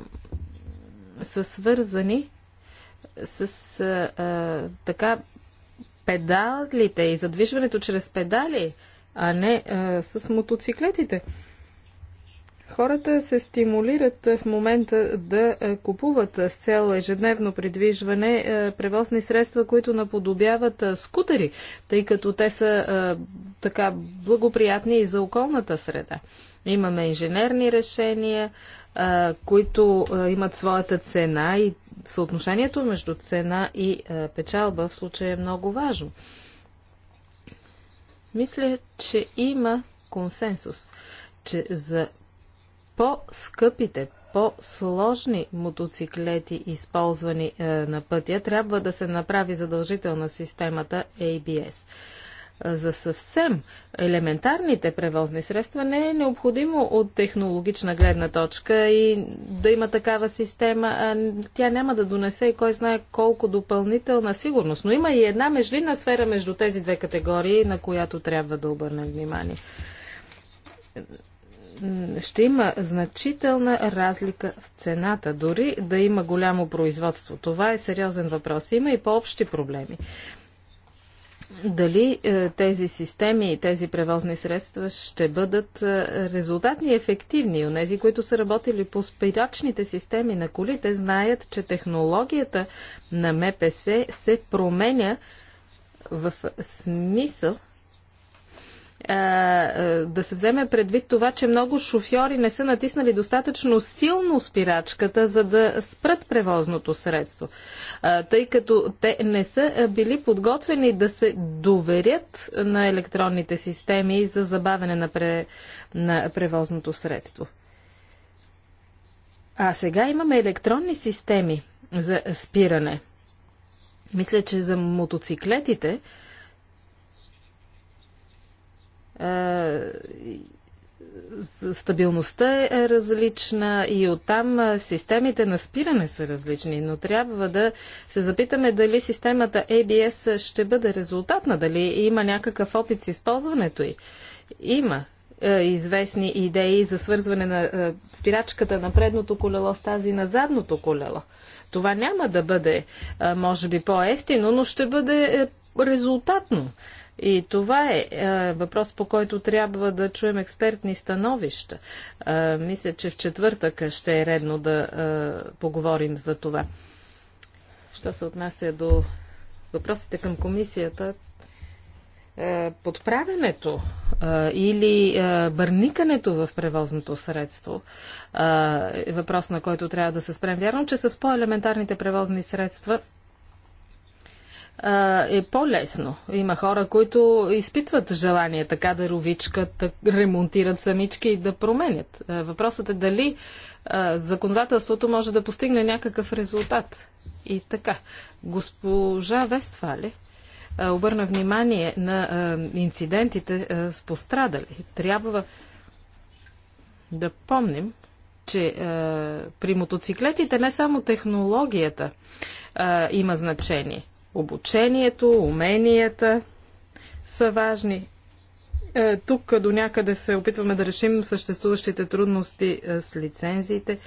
е, са свързани с а, така педалите и задвижването чрез педали. А, а не а, с мотоциклетите. Хората се стимулират в момента да купуват с цел ежедневно придвижване превозни средства, които наподобяват скутери, тъй като те са така благоприятни и за околната среда. Имаме инженерни решения, които имат своята цена и съотношението между цена и печалба в случая е много важно. Мисля, че има консенсус, че за по-скъпите, по-сложни мотоциклети, използвани е, на пътя, трябва да се направи задължителна системата ABS за съвсем елементарните превозни средства не е необходимо от технологична гледна точка и да има такава система. Тя няма да донесе и кой знае колко допълнителна сигурност. Но има и една междинна сфера между тези две категории, на която трябва да обърнем внимание. Ще има значителна разлика в цената, дори да има голямо производство. Това е сериозен въпрос. Има и по-общи проблеми дали е, тези системи и тези превозни средства ще бъдат е, резултатни и ефективни. Онези, които са работили по спирачните системи на колите, знаят, че технологията на МПС се променя в смисъл, да се вземе предвид това, че много шофьори не са натиснали достатъчно силно спирачката, за да спрат превозното средство, тъй като те не са били подготвени да се доверят на електронните системи за забавене на, пре... на превозното средство. А сега имаме електронни системи за спиране. Мисля, че за мотоциклетите е, стабилността е различна и оттам е, системите на спиране са различни, но трябва да се запитаме дали системата ABS ще бъде резултатна, дали има някакъв опит с използването й. Има е, известни идеи за свързване на спирачката на предното колело с тази на задното колело. Това няма да бъде, може би, по-ефтино, но ще бъде резултатно и това е, е въпрос, по който трябва да чуем експертни становища. Е, мисля, че в четвъртък ще е редно да е, поговорим за това. Що се отнася до въпросите към комисията, е, подправенето е, или е, бърникането в превозното средство е въпрос, на който трябва да се спрем. Вярно, че с по-елементарните превозни средства е по-лесно. Има хора, които изпитват желание така да ровичкат, да ремонтират самички и да променят. Въпросът е дали законодателството може да постигне някакъв резултат. И така, госпожа Вествали обърна внимание на инцидентите с пострадали. Трябва да помним, че при мотоциклетите не само технологията има значение. Обучението, уменията са важни. Е, тук до някъде се опитваме да решим съществуващите трудности е, с лицензиите.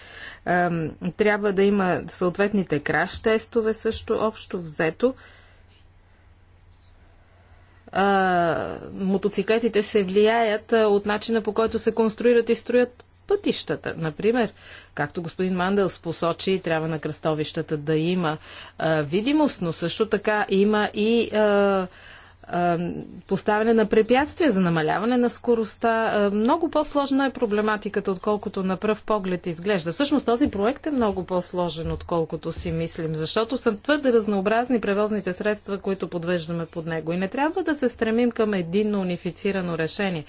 Трябва да има съответните краш тестове също общо взето мотоциклетите се влияят е, от начина по който се конструират и строят пътищата. Например, както господин Мандълс посочи, трябва на кръстовищата да има а, видимост, но също така има и а, поставяне на препятствия за намаляване на скоростта. Много по-сложна е проблематиката, отколкото на пръв поглед изглежда. Всъщност този проект е много по-сложен, отколкото си мислим, защото са твърде разнообразни превозните средства, които подвеждаме под него. И не трябва да се стремим към единно унифицирано решение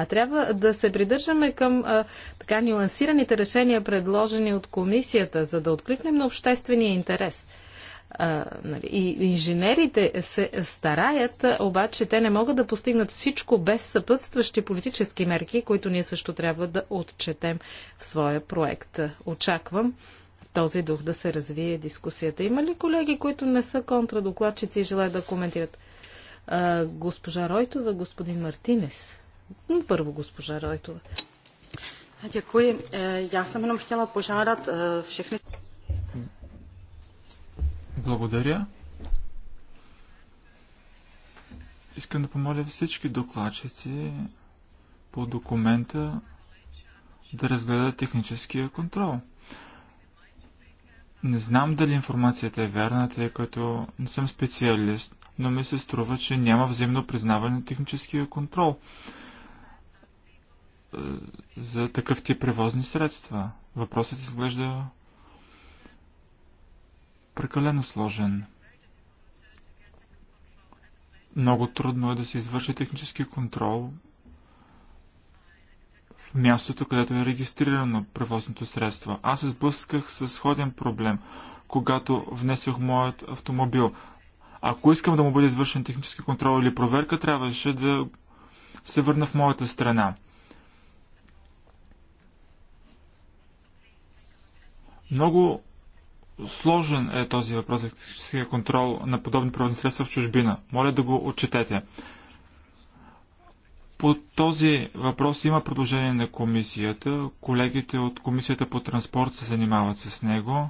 а трябва да се придържаме към а, така нюансираните решения, предложени от комисията, за да откликнем на обществения интерес. А, нали, и инженерите се стараят, обаче те не могат да постигнат всичко без съпътстващи политически мерки, които ние също трябва да отчетем в своя проект. Очаквам този дух да се развие дискусията. Има ли колеги, които не са контрадокладчици и желаят да коментират? А, госпожа Ройтова, господин Мартинес. Първо госпожа Ройтова. Děkuji. Е, já jsem jenom chtěla požádat е, všechny. Благодаря. Искам да помоля всички докладчици по документа да разгледат техническия контрол. Не знам дали информацията е вярна, тъй като не съм специалист, но ми се струва, че няма взаимно признаване на техническия контрол е, за такъв тип превозни средства. Въпросът изглежда прекалено сложен. Много трудно е да се извърши технически контрол в мястото, където е регистрирано превозното средство. Аз се сблъсках с сходен проблем, когато внесох моят автомобил. Ако искам да му бъде извършен технически контрол или проверка, трябваше да се върна в моята страна. Много сложен е този въпрос за техническия контрол на подобни превозни средства в чужбина. Моля да го отчетете. По този въпрос има предложение на комисията. Колегите от комисията по транспорт се занимават с него.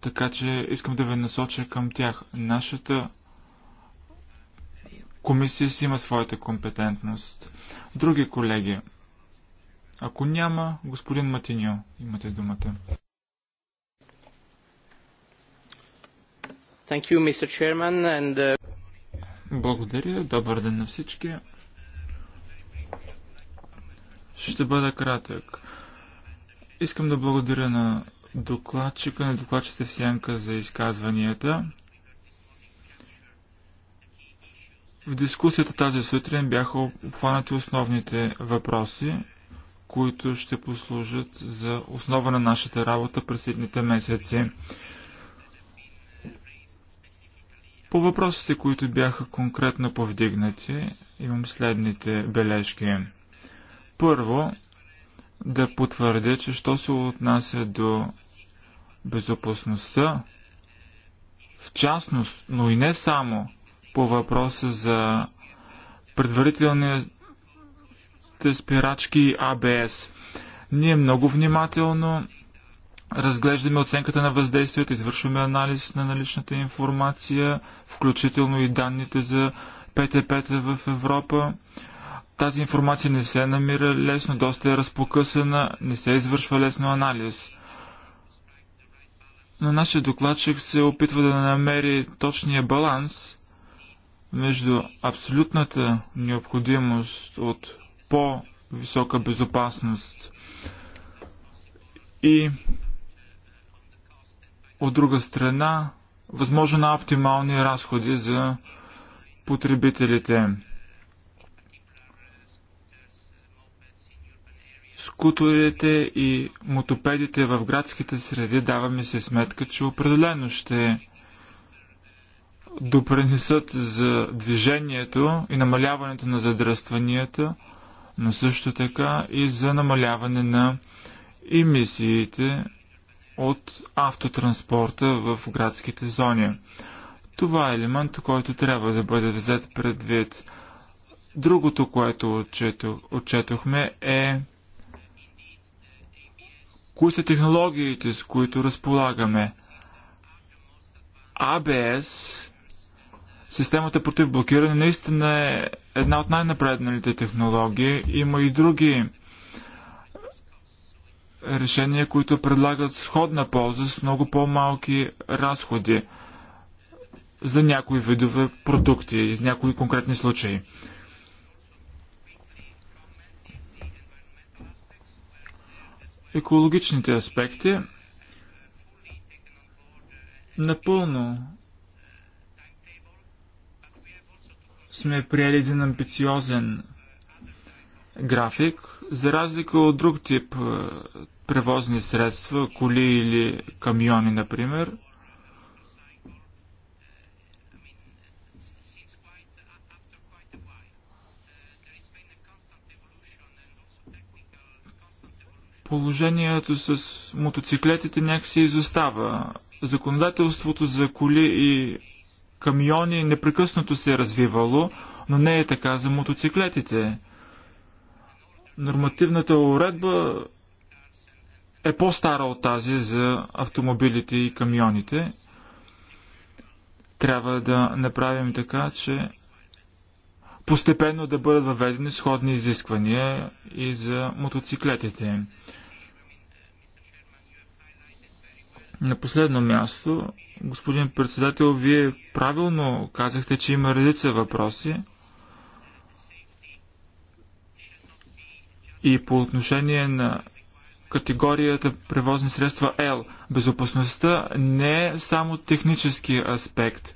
Така че искам да ви насоча към тях. Нашата комисия си има своята компетентност. Други колеги. Ако няма, господин Матиньо, имате думата. You, Chairman, and... Uh, благодаря. Добър ден на всички. Ще бъда кратък. Искам да благодаря на докладчика, на докладчите в Сянка за изказванията. В дискусията тази сутрин бяха обхванати основните въпроси, които ще послужат за основа на нашата работа през следните месеци. По въпросите, които бяха конкретно повдигнати, имам следните бележки. Първо, да потвърдя, че що се отнася до безопасността, в частност, но и не само по въпроса за предварителните спирачки и АБС. Ние много внимателно разглеждаме оценката на въздействието, извършваме анализ на наличната информация, включително и данните за ПТП-та в Европа. Тази информация не се намира лесно, доста е разпокъсана, не се извършва лесно анализ. Но нашия докладчик се опитва да намери точния баланс между абсолютната необходимост от по-висока безопасност и от друга страна, възможно на оптимални разходи за потребителите. Скуторите и мотопедите в градските среди даваме си сметка, че определено ще допренесат за движението и намаляването на задръстванията, но също така и за намаляване на емисиите от автотранспорта в градските зони. Това е елемент, който трябва да бъде взет предвид. Другото, което отчетохме е кои са технологиите, с които разполагаме. ABS, системата против блокиране, наистина е една от най-напредналите технологии. Има и други решения, които предлагат сходна полза с много по-малки разходи за някои видове продукти, и някои конкретни случаи. Екологичните аспекти напълно сме приели един амбициозен график, за разлика от друг тип е, превозни средства, коли или камиони, например, положението с мотоциклетите някакси изостава. Законодателството за коли и камиони непрекъснато се е развивало, но не е така за мотоциклетите. Нормативната уредба е по-стара от тази за автомобилите и камионите. Трябва да направим така, че постепенно да бъдат въведени сходни изисквания и за мотоциклетите. На последно място, господин председател, вие правилно казахте, че има редица въпроси – И по отношение на категорията превозни средства L, безопасността не е само технически аспект.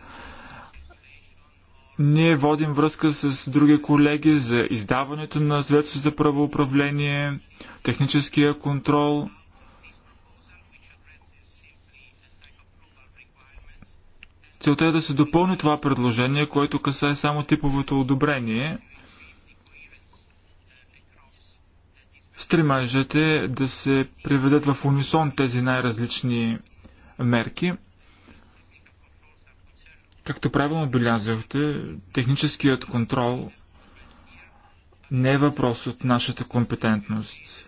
Ние водим връзка с други колеги за издаването на средства за правоуправление, техническия контрол. Целта е да се допълни това предложение, което касае само типовото одобрение – стремежът е да се приведат в унисон тези най-различни мерки. Както правилно отбелязахте, техническият контрол не е въпрос от нашата компетентност.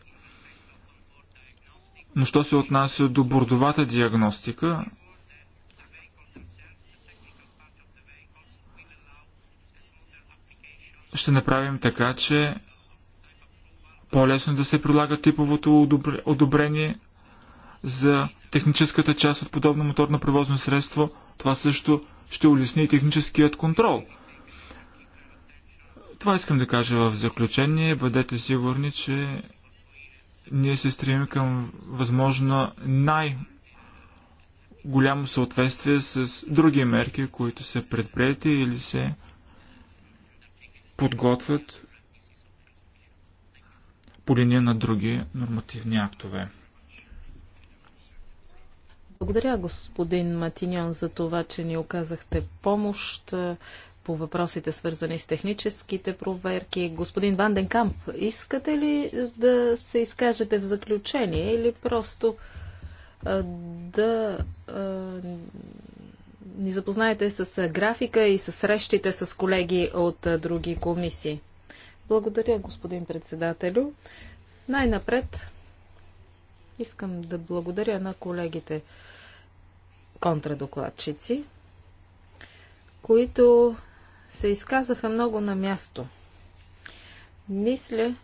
Но що се отнася до бордовата диагностика, ще направим така, че по-лесно да се прилага типовото одобрение за техническата част от подобно моторно превозно средство. Това също ще улесни и техническият контрол. Това искам да кажа в заключение. Бъдете сигурни, че ние се стремим към възможно най- голямо съответствие с други мерки, които се предприяти или се подготвят по линия на други нормативни актове. Благодаря, господин Матиньон, за това, че ни оказахте помощ по въпросите, свързани с техническите проверки. Господин Ванденкамп, искате ли да се изкажете в заключение или просто а, да а, ни запознаете с графика и с срещите с колеги от а, други комисии? Благодаря, господин председателю. Най-напред искам да благодаря на колегите контрадокладчици, които се изказаха много на място. Мисля,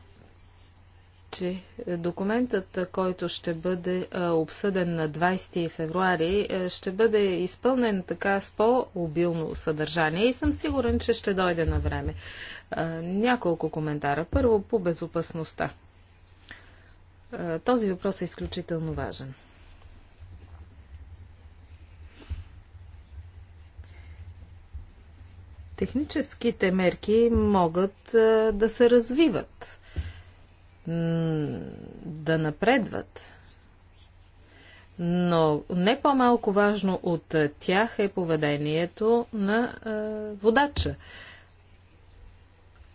че е, документът, е, който ще бъде е, обсъден на 20 февруари, ще бъде изпълнен така с по-обилно съдържание и съм сигурен, че ще дойде на време. Няколко коментара. Първо по безопасността. Този въпрос е изключително важен. Техническите мерки могат да се развиват да напредват. Но не по-малко важно от тях е поведението на е, водача.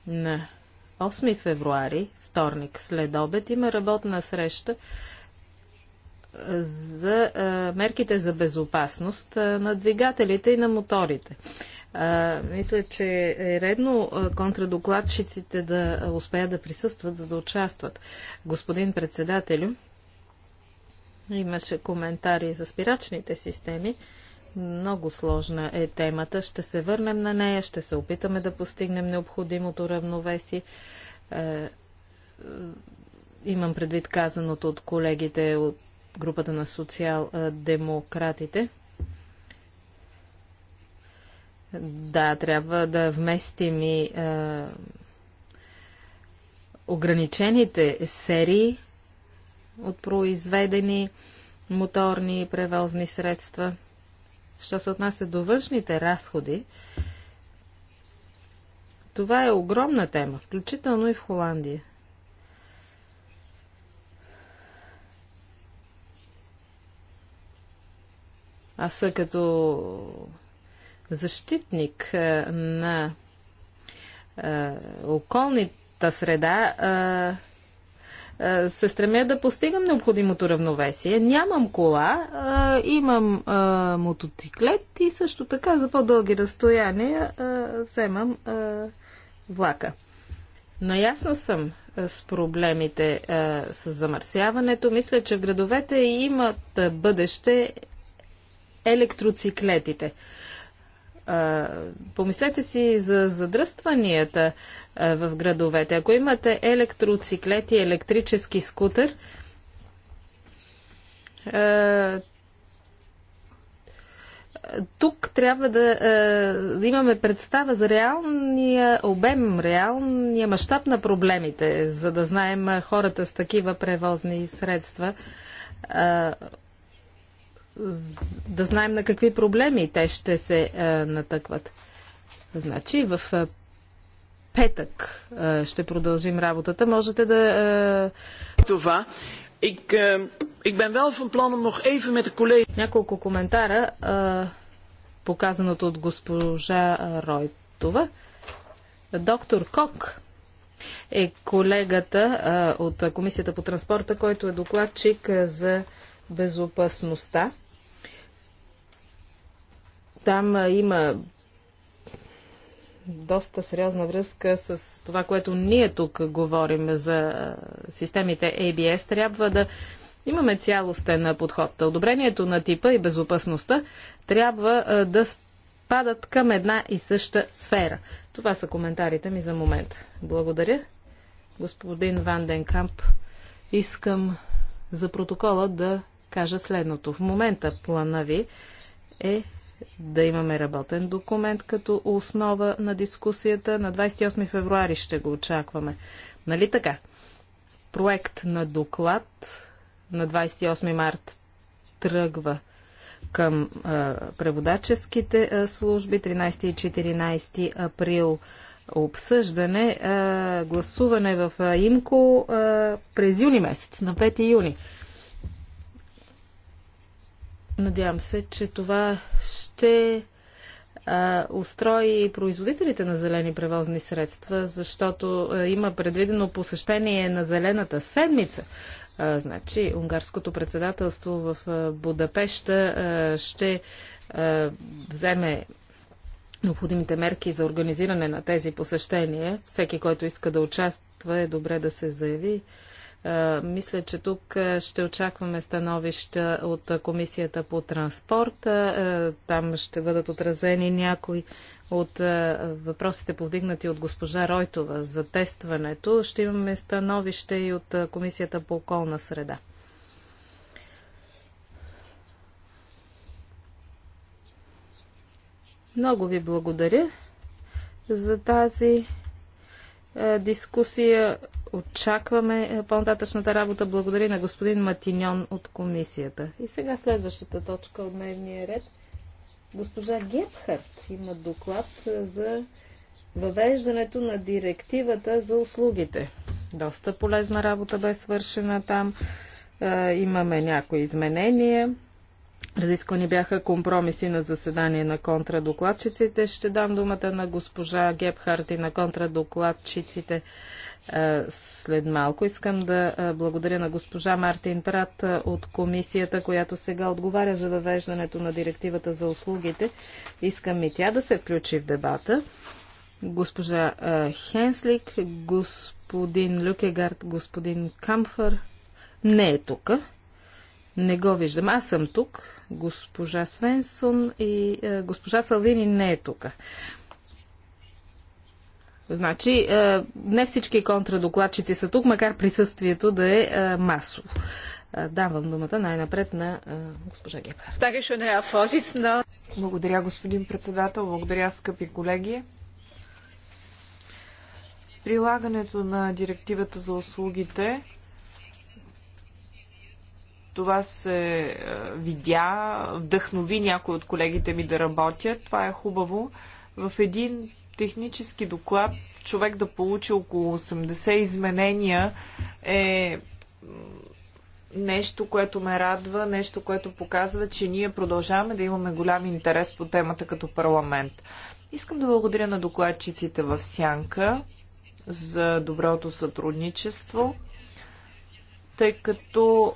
На 8 февруари, вторник, след обед, има работна среща за мерките за безопасност на двигателите и на моторите мисля, че е редно контрадокладчиците да успеят да присъстват, за да участват. Господин председателю, имаше коментари за спирачните системи. Много сложна е темата. Ще се върнем на нея, ще се опитаме да постигнем необходимото равновесие. имам предвид казаното от колегите от групата на социал-демократите. Да, трябва да вместим и е, ограничените серии от произведени моторни и превозни средства. Що се отнася до външните разходи, това е огромна тема, включително и в Холандия. Аз като защитник на околната среда, се стремя да постигам необходимото равновесие. Нямам кола, имам мотоциклет и също така за по-дълги разстояния вземам влака. Наясно съм с проблемите с замърсяването. Мисля, че в градовете имат бъдеще електроциклетите. Помислете си за задръстванията в градовете. Ако имате електроциклети, електрически скутер, тук трябва да, да имаме представа за реалния обем, реалния мащаб на проблемите, за да знаем хората с такива превозни средства да знаем на какви проблеми те ще се е, натъкват. Значи в е, петък е, ще продължим работата. Можете да. Това. Ik, ik ben wel van plan om nog even met de Няколко коментара, показаното от госпожа Ройтова. Доктор Кок е колегата от Комисията по транспорта, който е докладчик за безопасността там има доста сериозна връзка с това, което ние тук говорим за системите ABS. Трябва да имаме цялостен подход. Одобрението на типа и безопасността трябва да падат към една и съща сфера. Това са коментарите ми за момент. Благодаря. Господин Ван Денкамп, искам за протокола да кажа следното. В момента плана ви е да имаме работен документ като основа на дискусията. На 28 февруари ще го очакваме. Нали така? Проект на доклад на 28 март тръгва към а, преводаческите а, служби 13 и 14 април обсъждане, а, гласуване в а, ИМКО а, през юни месец, на 5 юни. Надявам се, че това ще а, устрои производителите на зелени превозни средства, защото а, има предвидено посещение на Зелената седмица. А, значи, унгарското председателство в а, Будапешта а, ще а, вземе необходимите мерки за организиране на тези посещения. Всеки, който иска да участва, е добре да се заяви. Е, мисля, че тук е, ще очакваме становища от е, Комисията по транспорт. Там ще бъдат отразени някои от въпросите повдигнати от госпожа Ройтова за тестването. Ще имаме становище и от Комисията по околна среда. Много ви благодаря за тази е, дискусия. Очакваме е, по-нататъчната работа. Благодаря на господин Матиньон от комисията. И сега следващата точка от дневния ред. Госпожа Гепхарт има доклад е, за въвеждането на директивата за услугите. Доста полезна работа бе свършена там. Имаме някои изменения. Разисквани бяха компромиси на заседание на контрадокладчиците. Ще дам думата на госпожа Гебхарт и на контрадокладчиците е, след малко. Искам да е, благодаря на госпожа Мартин Прат е, от комисията, която сега отговаря за въвеждането на директивата за услугите. Искам и тя да се включи в дебата. Госпожа Хенслик, господин Люкегард, господин Камфър не е тук. Не го виждам. Аз съм тук. Госпожа Свенсон и е, госпожа Салвини не е тук. Значи, е, не всички контрадокладчици са тук, макар присъствието да е, е масово. Е, давам думата най-напред на е, госпожа Гебхарт. Благодаря, господин председател. Благодаря, скъпи колеги. Прилагането на директивата за услугите това се е, видя, вдъхнови някои от колегите ми да работят. Това е хубаво. В един технически доклад човек да получи около 80 изменения е нещо, което ме радва, нещо, което показва, че ние продължаваме да имаме голям интерес по темата като парламент. Искам да благодаря на докладчиците в Сянка за доброто сътрудничество, тъй като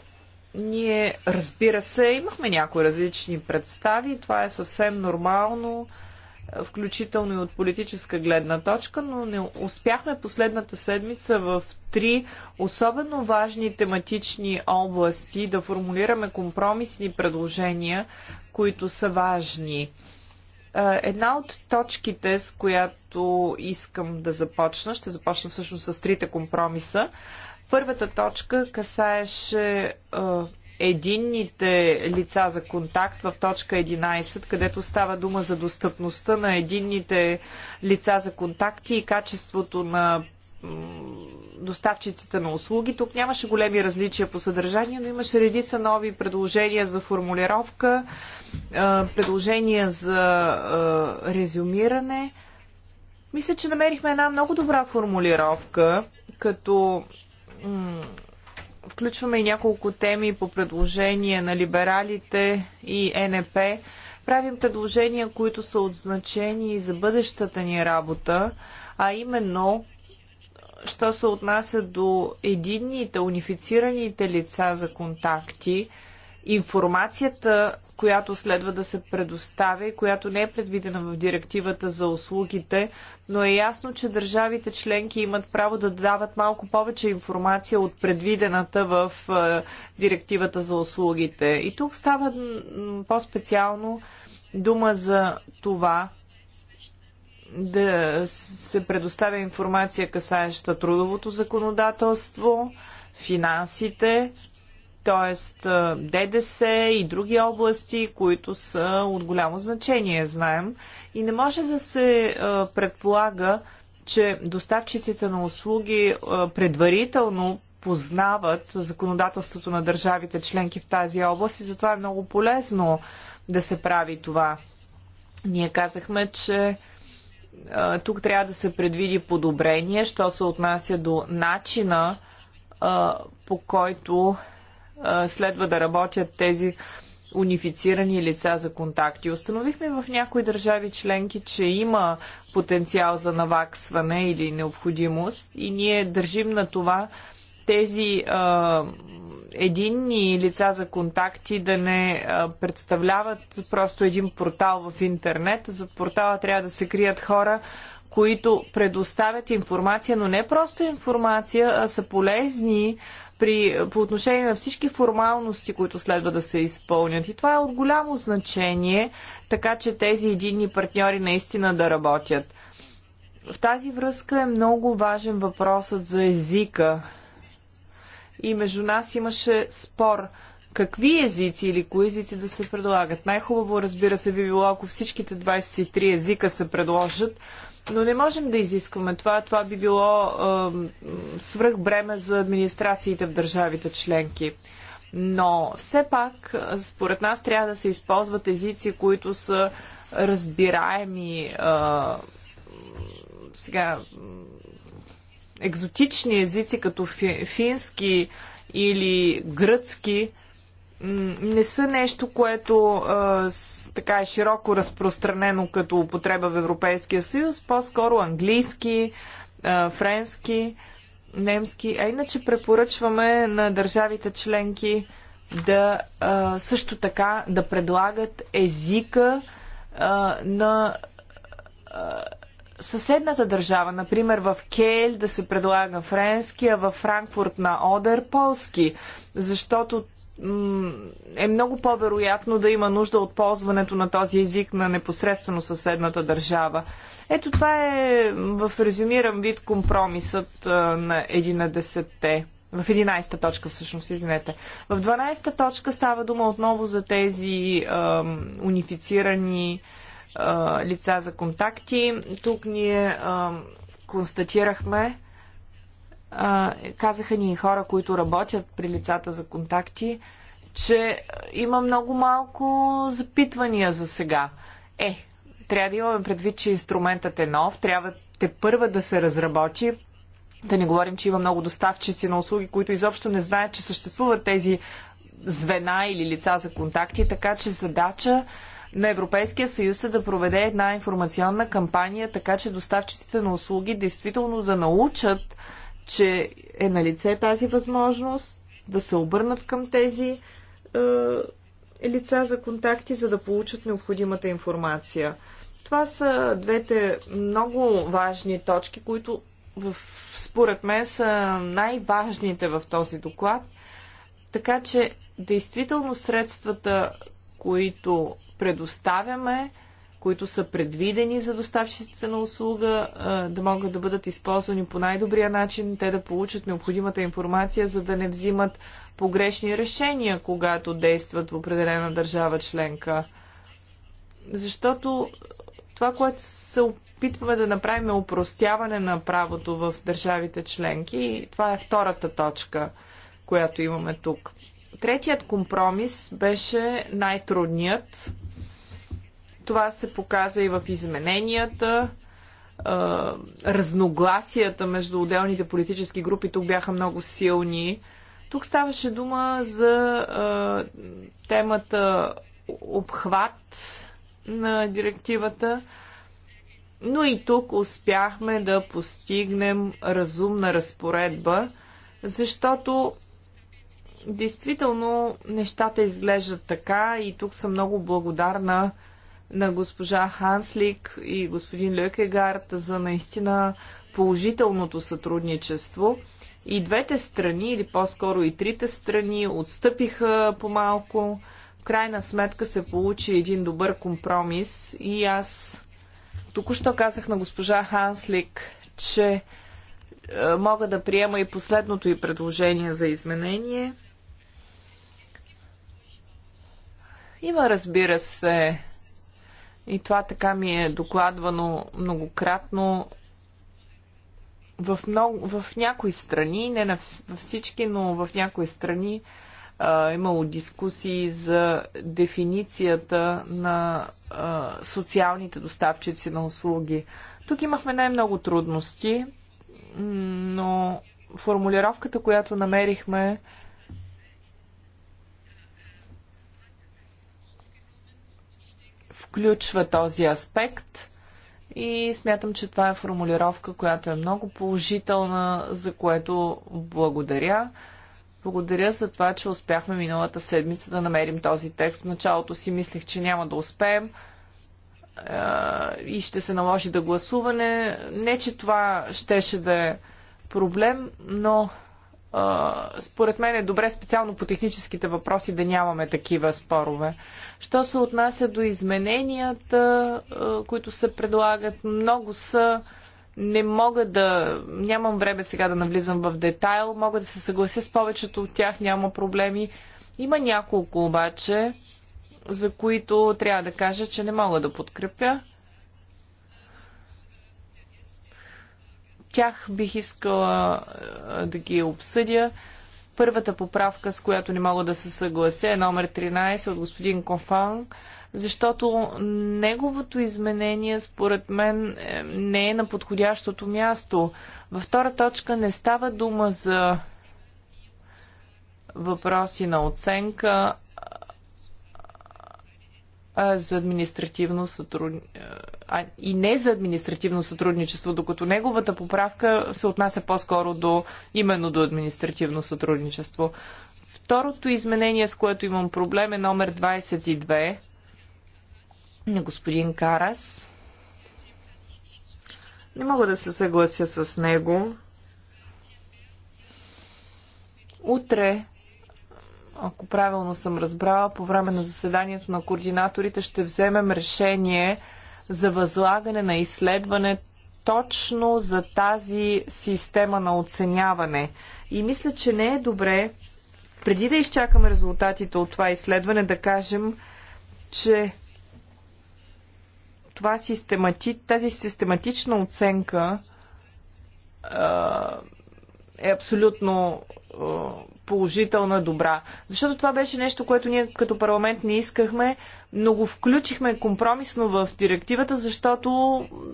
ние, разбира се, имахме някои различни представи, това е съвсем нормално, включително и от политическа гледна точка, но не успяхме последната седмица в три особено важни тематични области да формулираме компромисни предложения, които са важни. Е, една от точките, с която искам да започна, ще започна всъщност с трите компромиса, Първата точка касаеше единните лица за контакт в точка 11, където става дума за достъпността на единните лица за контакти и качеството на доставчиците на услуги. Тук нямаше големи различия по съдържание, но имаше редица нови предложения за формулировка, предложения за резюмиране. Мисля, че намерихме една много добра формулировка, като включваме и няколко теми по предложение на либералите и НП. Правим предложения, които са от значение за бъдещата ни работа, а именно, що се отнася до единните, унифицираните лица за контакти, информацията, която следва да се предоставя и която не е предвидена в директивата за услугите, но е ясно, че държавите членки имат право да дават малко повече информация от предвидената в е, директивата за услугите. И тук става по-специално дума за това, да се предоставя информация, касаеща трудовото законодателство, финансите, т.е. ДДС и други области, които са от голямо значение, знаем. И не може да се предполага, че доставчиците на услуги предварително познават законодателството на държавите членки в тази област и затова е много полезно да се прави това. Ние казахме, че тук трябва да се предвиди подобрение, що се отнася до начина по който следва да работят тези унифицирани лица за контакти. Установихме в някои държави членки, че има потенциал за наваксване или необходимост и ние държим на това тези а, единни лица за контакти да не а, представляват просто един портал в интернет. За портала трябва да се крият хора, които предоставят информация, но не просто информация, а са полезни при, по отношение на всички формалности, които следва да се изпълнят. И това е от голямо значение, така че тези единни партньори наистина да работят. В тази връзка е много важен въпросът за езика. И между нас имаше спор какви езици или кои езици да се предлагат. Най-хубаво, разбира се, би било, ако всичките 23 езика се предложат, но не можем да изискваме това. Това би било свръхбреме за администрациите в държавите членки. Но все пак, според нас, трябва да се използват езици, които са разбираеми. е, сега, екзотични езици, като фински или гръцки, не са нещо, което а, с, така е широко разпространено като употреба в Европейския съюз, по-скоро английски, а, френски, немски, а иначе препоръчваме на държавите членки да а, също така да предлагат езика а, на а, съседната държава. Например, в Кейл да се предлага френски, а в Франкфурт на Одер полски, защото е много по-вероятно да има нужда от ползването на този език на непосредствено съседната държава. Ето това е в резюмиран вид компромисът на 11-те. В 11-та точка всъщност, извинете. В 12-та точка става дума отново за тези е, унифицирани е, лица за контакти. Тук ние е, констатирахме, а, казаха ни хора, които работят при лицата за контакти, че има много малко запитвания за сега. Е, трябва да имаме предвид, че инструментът е нов, трябва те първа да се разработи. Да не говорим, че има много доставчици на услуги, които изобщо не знаят, че съществуват тези звена или лица за контакти, така че задача на Европейския съюз е да проведе една информационна кампания, така че доставчиците на услуги действително да научат че е на лице тази възможност да се обърнат към тези е, лица за контакти, за да получат необходимата информация. Това са двете много важни точки, които в, според мен са най-важните в този доклад. Така че, действително, средствата, които предоставяме, които са предвидени за доставчиците на услуга, да могат да бъдат използвани по най-добрия начин, те да получат необходимата информация, за да не взимат погрешни решения, когато действат в определена държава членка. Защото това, което се опитваме да направим е упростяване на правото в държавите членки и това е втората точка, която имаме тук. Третият компромис беше най-трудният това се показа и в измененията. Разногласията между отделните политически групи тук бяха много силни. Тук ставаше дума за темата обхват на директивата, но и тук успяхме да постигнем разумна разпоредба, защото действително нещата изглеждат така и тук съм много благодарна на госпожа Ханслик и господин Лекегард за наистина положителното сътрудничество. И двете страни, или по-скоро и трите страни, отстъпиха по-малко. В крайна сметка се получи един добър компромис и аз току-що казах на госпожа Ханслик, че е, мога да приема и последното и предложение за изменение. Има, разбира се, и това така ми е докладвано многократно, в, много, в някои страни, не на всички, но в някои страни а, е имало дискусии за дефиницията на а, социалните доставчици на услуги. Тук имахме най-много трудности, но формулировката, която намерихме, включва този аспект и смятам, че това е формулировка, която е много положителна, за което благодаря. Благодаря за това, че успяхме миналата седмица да намерим този текст. В началото си мислех, че няма да успеем и ще се наложи да гласуване. Не, че това щеше да е проблем, но според мен е добре специално по техническите въпроси да нямаме такива спорове. Що се отнася до измененията, които се предлагат, много са. Не мога да. Нямам време сега да навлизам в детайл. Мога да се съглася с повечето от тях, няма проблеми. Има няколко обаче, за които трябва да кажа, че не мога да подкрепя. тях бих искала да ги обсъдя. Първата поправка, с която не мога да се съглася, е номер 13 от господин Кофан, защото неговото изменение, според мен, е, не е на подходящото място. Във втора точка не става дума за въпроси на оценка, за административно сътрудничество и не за административно сътрудничество, докато неговата поправка се отнася по-скоро до именно до административно сътрудничество. Второто изменение, с което имам проблем е номер 22 на господин Карас. Не мога да се съглася с него. Утре ако правилно съм разбрала, по време на заседанието на координаторите ще вземем решение за възлагане на изследване точно за тази система на оценяване. И мисля, че не е добре, преди да изчакаме резултатите от това изследване, да кажем, че това системати... тази систематична оценка е абсолютно положителна, добра. Защото това беше нещо, което ние като парламент не искахме, но го включихме компромисно в директивата, защото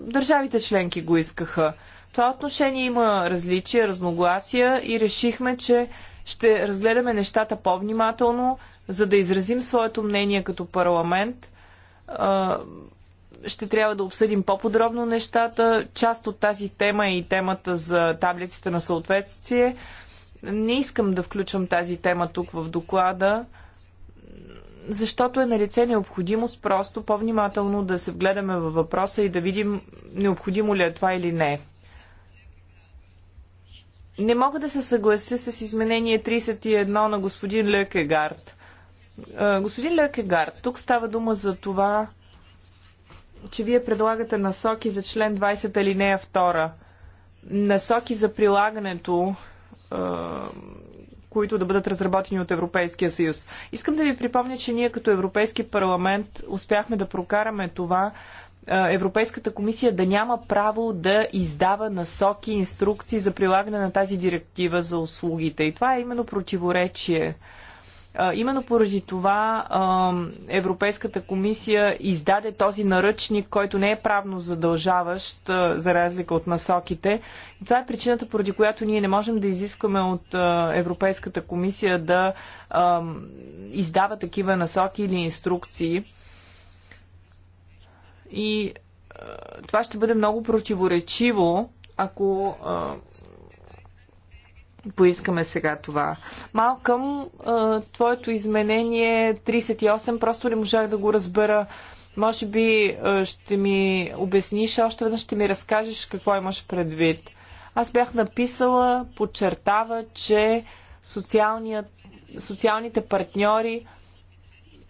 държавите членки го искаха. това отношение има различия, разногласия и решихме, че ще разгледаме нещата по-внимателно, за да изразим своето мнение като парламент. Ще трябва да обсъдим по-подробно нещата. Част от тази тема е и темата за таблиците на съответствие. Не искам да включвам тази тема тук в доклада, защото е налице необходимост просто по-внимателно да се вгледаме във въпроса и да видим необходимо ли е това или не. Не мога да се съглася с изменение 31 на господин Лекегард. Господин Лекегард, тук става дума за това, че вие предлагате насоки за член 20 алинея 2. Насоки за прилагането които да бъдат разработени от Европейския съюз. Искам да ви припомня, че ние като Европейски парламент успяхме да прокараме това Европейската комисия да няма право да издава насоки, инструкции за прилагане на тази директива за услугите. И това е именно противоречие Именно поради това Европейската комисия издаде този наръчник, който не е правно задължаващ, за разлика от насоките. И това е причината, поради която ние не можем да изискваме от Европейската комисия да издава такива насоки или инструкции. И това ще бъде много противоречиво, ако поискаме сега това. Малкъм, твоето изменение 38, е просто не можах да го разбера. Може би ще ми обясниш още веднъж, ще ми разкажеш какво имаш предвид. Аз бях написала, подчертава, че социалният, социалните партньори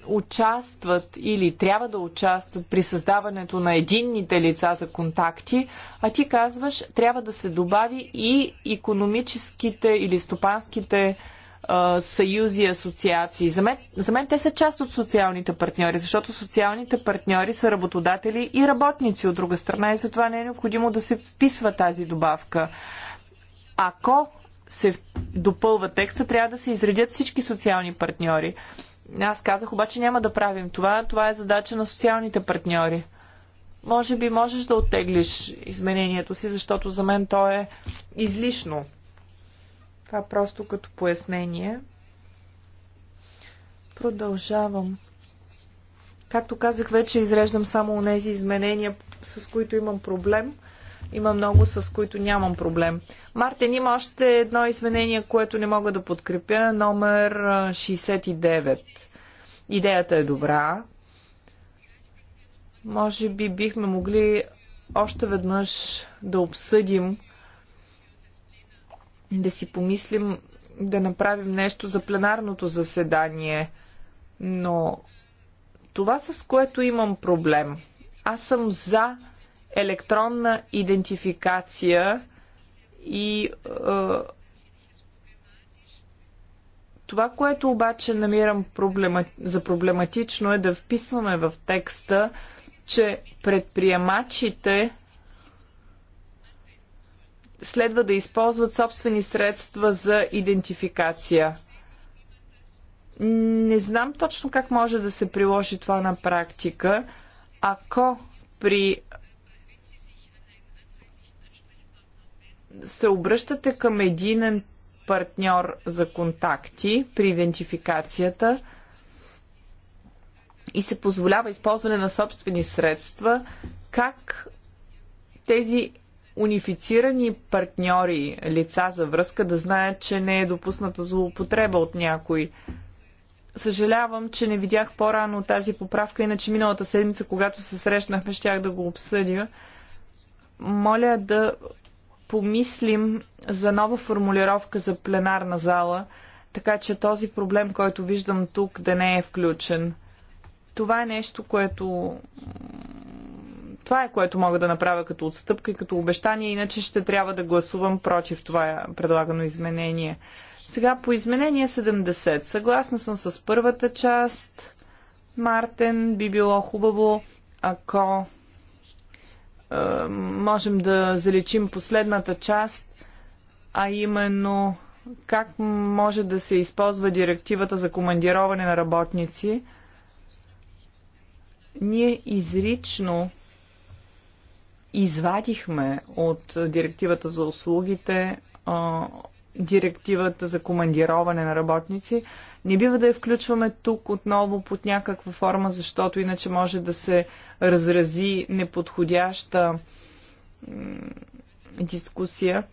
участват или трябва да участват при създаването на единните лица за контакти, а ти казваш, трябва да се добави и економическите или стопанските а, съюзи и асоциации. За мен, за мен те са част от социалните партньори, защото социалните партньори са работодатели и работници от друга страна и затова не е необходимо да се вписва тази добавка. Ако се допълва текста, трябва да се изредят всички социални партньори. Аз казах, обаче няма да правим това. Това е задача на социалните партньори. Може би можеш да оттеглиш изменението си, защото за мен то е излишно. Това просто като пояснение. Продължавам. Както казах, вече изреждам само тези изменения, с които имам проблем. Има много, с които нямам проблем. Мартин, има още едно изменение, което не мога да подкрепя. Номер 69. Идеята е добра. Може би бихме могли още веднъж да обсъдим, да си помислим да направим нещо за пленарното заседание, но това с което имам проблем. Аз съм за електронна идентификация и е, това, което обаче намирам проблема, за проблематично е да вписваме в текста, че предприемачите следва да използват собствени средства за идентификация. Не знам точно как може да се приложи това на практика, ако при се обръщате към единен партньор за контакти при идентификацията и се позволява използване на собствени средства, как тези унифицирани партньори, лица за връзка, да знаят, че не е допусната злоупотреба от някой. Съжалявам, че не видях по-рано тази поправка, иначе миналата седмица, когато се срещнахме, щях да го обсъдя. Моля да помислим за нова формулировка за пленарна зала, така че този проблем, който виждам тук, да не е включен. Това е нещо, което. Това е което мога да направя като отстъпка и като обещание, иначе ще трябва да гласувам против това предлагано изменение. Сега по изменение 70. Съгласна съм с първата част. Мартен, би било хубаво, ако е, можем да залечим последната част, а именно как може да се използва директивата за командироване на работници. Ние изрично извадихме от директивата за услугите е, директивата за командироване на работници не бива да я включваме тук отново под някаква форма, защото иначе може да се разрази неподходяща дискусия.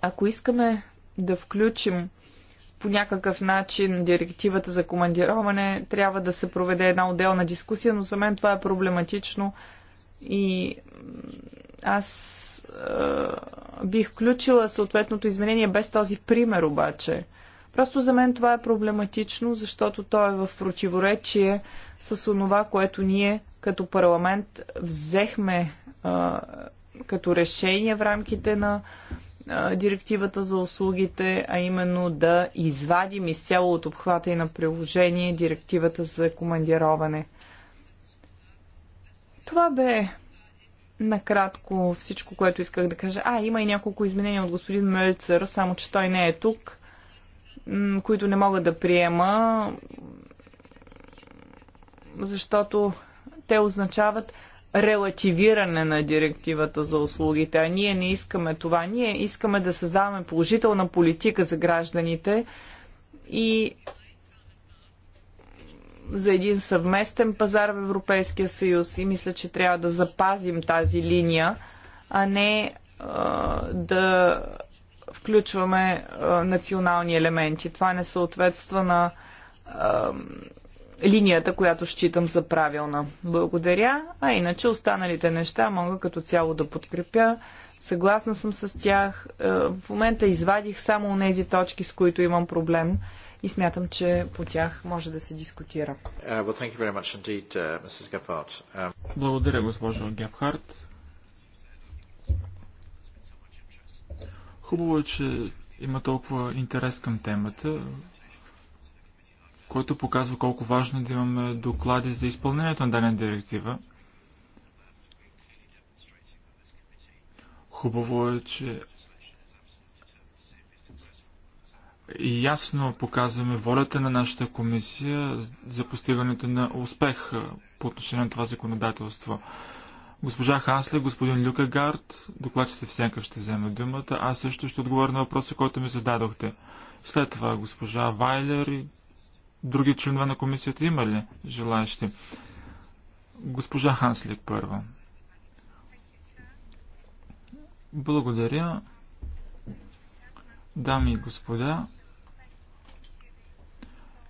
Ако искаме да включим по някакъв начин директивата за командироване, трябва да се проведе една отделна дискусия, но за мен това е проблематично и аз е, бих включила съответното изменение без този пример обаче. Просто за мен това е проблематично, защото то е в противоречие с онова, което ние като парламент взехме а, като решение в рамките на а, директивата за услугите, а именно да извадим изцяло от обхвата и на приложение директивата за командироване. Това бе накратко всичко, което исках да кажа. А, има и няколко изменения от господин Мельцер, само че той не е тук които не мога да приема, защото те означават релативиране на директивата за услугите, а ние не искаме това. Ние искаме да създаваме положителна политика за гражданите и за един съвместен пазар в Европейския съюз и мисля, че трябва да запазим тази линия, а не а, да включваме а, е, национални елементи. Това не съответства на а, е, линията, която считам за правилна. Благодаря. А иначе останалите неща мога като цяло да подкрепя. Съгласна съм с тях. Е, в момента извадих само тези точки, с които имам проблем и смятам, че по тях може да се дискутира. Uh, uh, um, Благодаря, госпожо Гепхарт. Хубаво е, че има толкова интерес към темата, който показва колко важно е да имаме доклади за изпълнението на дадена директива. Хубаво е, че ясно показваме волята на нашата комисия за постигането на успех по отношение на това законодателство. Госпожа Хансле, господин Люкагард, докладчите в сянка ще вземе думата. Аз също ще отговоря на въпроса, който ми зададохте. След това госпожа Вайлер и други членове на комисията има ли желаящи? Госпожа Ханслик първа. Благодаря. Дами и господа,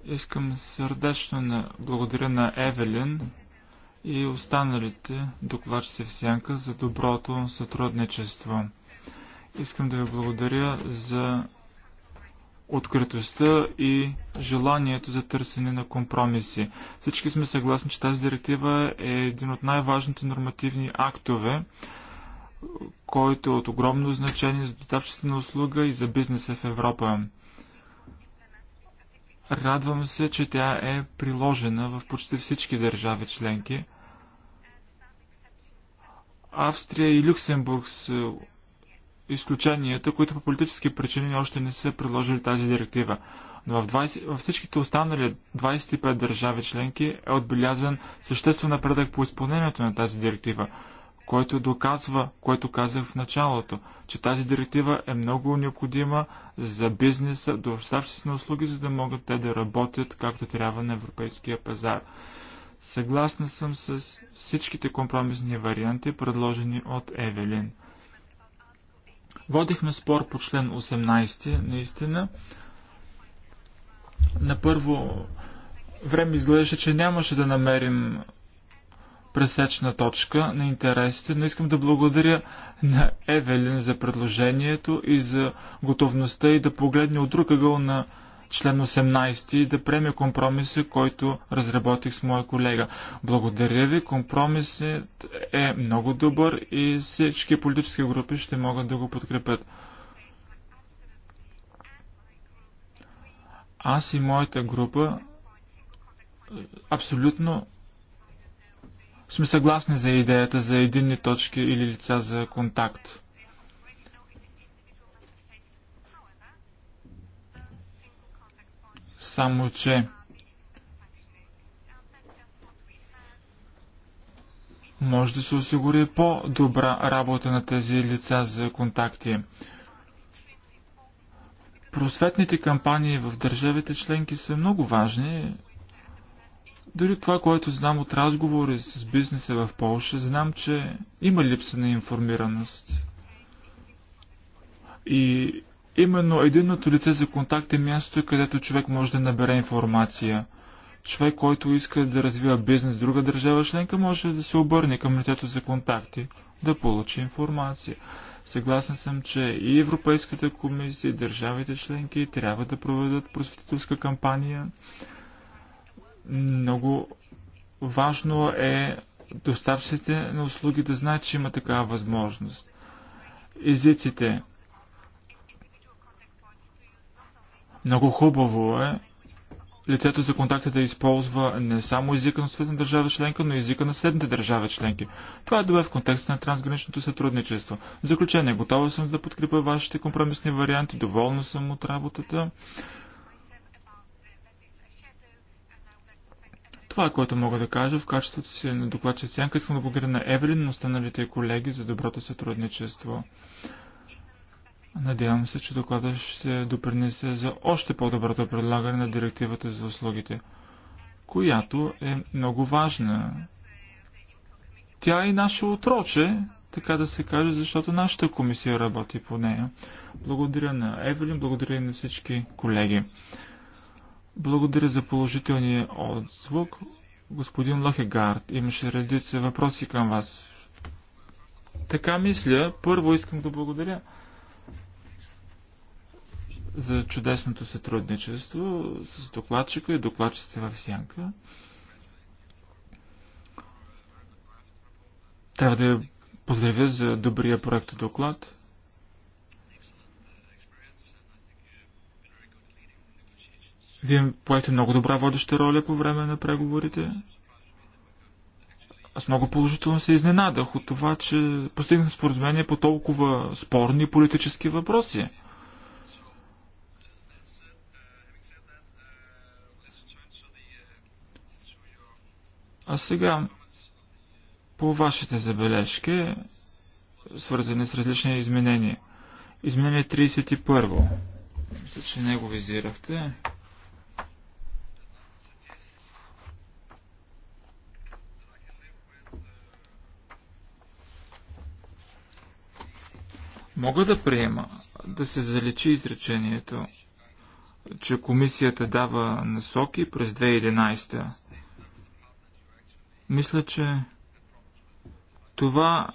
искам сърдечно на благодаря на Евелин, и останалите докладчици в сянка за доброто сътрудничество. Искам да ви благодаря за откритостта и желанието за търсене на компромиси. Всички сме съгласни, че тази директива е един от най-важните нормативни актове, който е от огромно значение за доставчиците на услуга и за бизнеса в Европа. Радвам се, че тя е приложена в почти всички държави членки. Австрия и Люксембург с изключенията, които по политически причини още не са предложили тази директива. Но в във всичките останали 25 държави членки е отбелязан съществен напредък по изпълнението на тази директива, който доказва, което казах в началото, че тази директива е много необходима за бизнеса, доставчиците на услуги, за да могат те да работят както трябва на европейския пазар. Съгласна съм с всичките компромисни варианти, предложени от Евелин. Водихме спор по член 18, наистина. На първо време изглеждаше, че нямаше да намерим пресечна точка на интересите, но искам да благодаря на Евелин за предложението и за готовността и да погледне от друг ъгъл на член 18 да приеме компромиса, който разработих с моя колега. Благодаря ви, компромисът е много добър и всички политически групи ще могат да го подкрепят. Аз и моята група абсолютно сме съгласни за идеята за единни точки или лица за контакт. Само, че може да се осигури по-добра работа на тези лица за контакти. Просветните кампании в държавите членки са много важни. Дори това, което знам от разговори с бизнеса в Польша, знам, че има липса на информираност. И Именно единното лице за контакт е мястото, където човек може да набере информация. Човек, който иска да развива бизнес в друга държава членка, може да се обърне към лицето за контакти, да получи информация. Съгласен съм, че и Европейската комисия, и държавите членки трябва да проведат просветителска кампания. Много важно е доставците на услуги да знаят, че има такава възможност. Езиците – Много хубаво е лицето за контакта да използва не само езика на съответната държава членка, но и езика на следните държави членки. Това е добре в контекста на трансграничното сътрудничество. В заключение, готова съм да подкрепя вашите компромисни варианти, доволна съм от работата. Това е което мога да кажа в качеството си на докладчик Сянка. Искам да благодаря на Евелин, но останалите колеги за доброто сътрудничество. Надявам се, че доклада ще допринесе за още по-доброто предлагане на директивата за услугите, която е много важна. Тя е и наше отроче, така да се каже, защото нашата комисия работи по нея. Благодаря на Евелин, благодаря и на всички колеги. Благодаря за положителния отзвук. Господин Лохегард, имаше редица въпроси към вас. Така мисля. Първо искам да благодаря за чудесното сътрудничество с докладчика и докладчиците в Сянка. Трябва да я поздравя за добрия проект доклад. Вие поехте много добра водеща роля по време на преговорите. Аз много положително се изненадах от това, че постигнах споразумение по толкова спорни политически въпроси. А сега, по вашите забележки, свързани с различни изменения. Изменение 31. Мисля, че него визирахте. Мога да приема да се заличи изречението, че комисията дава насоки през 2011 мисля, че това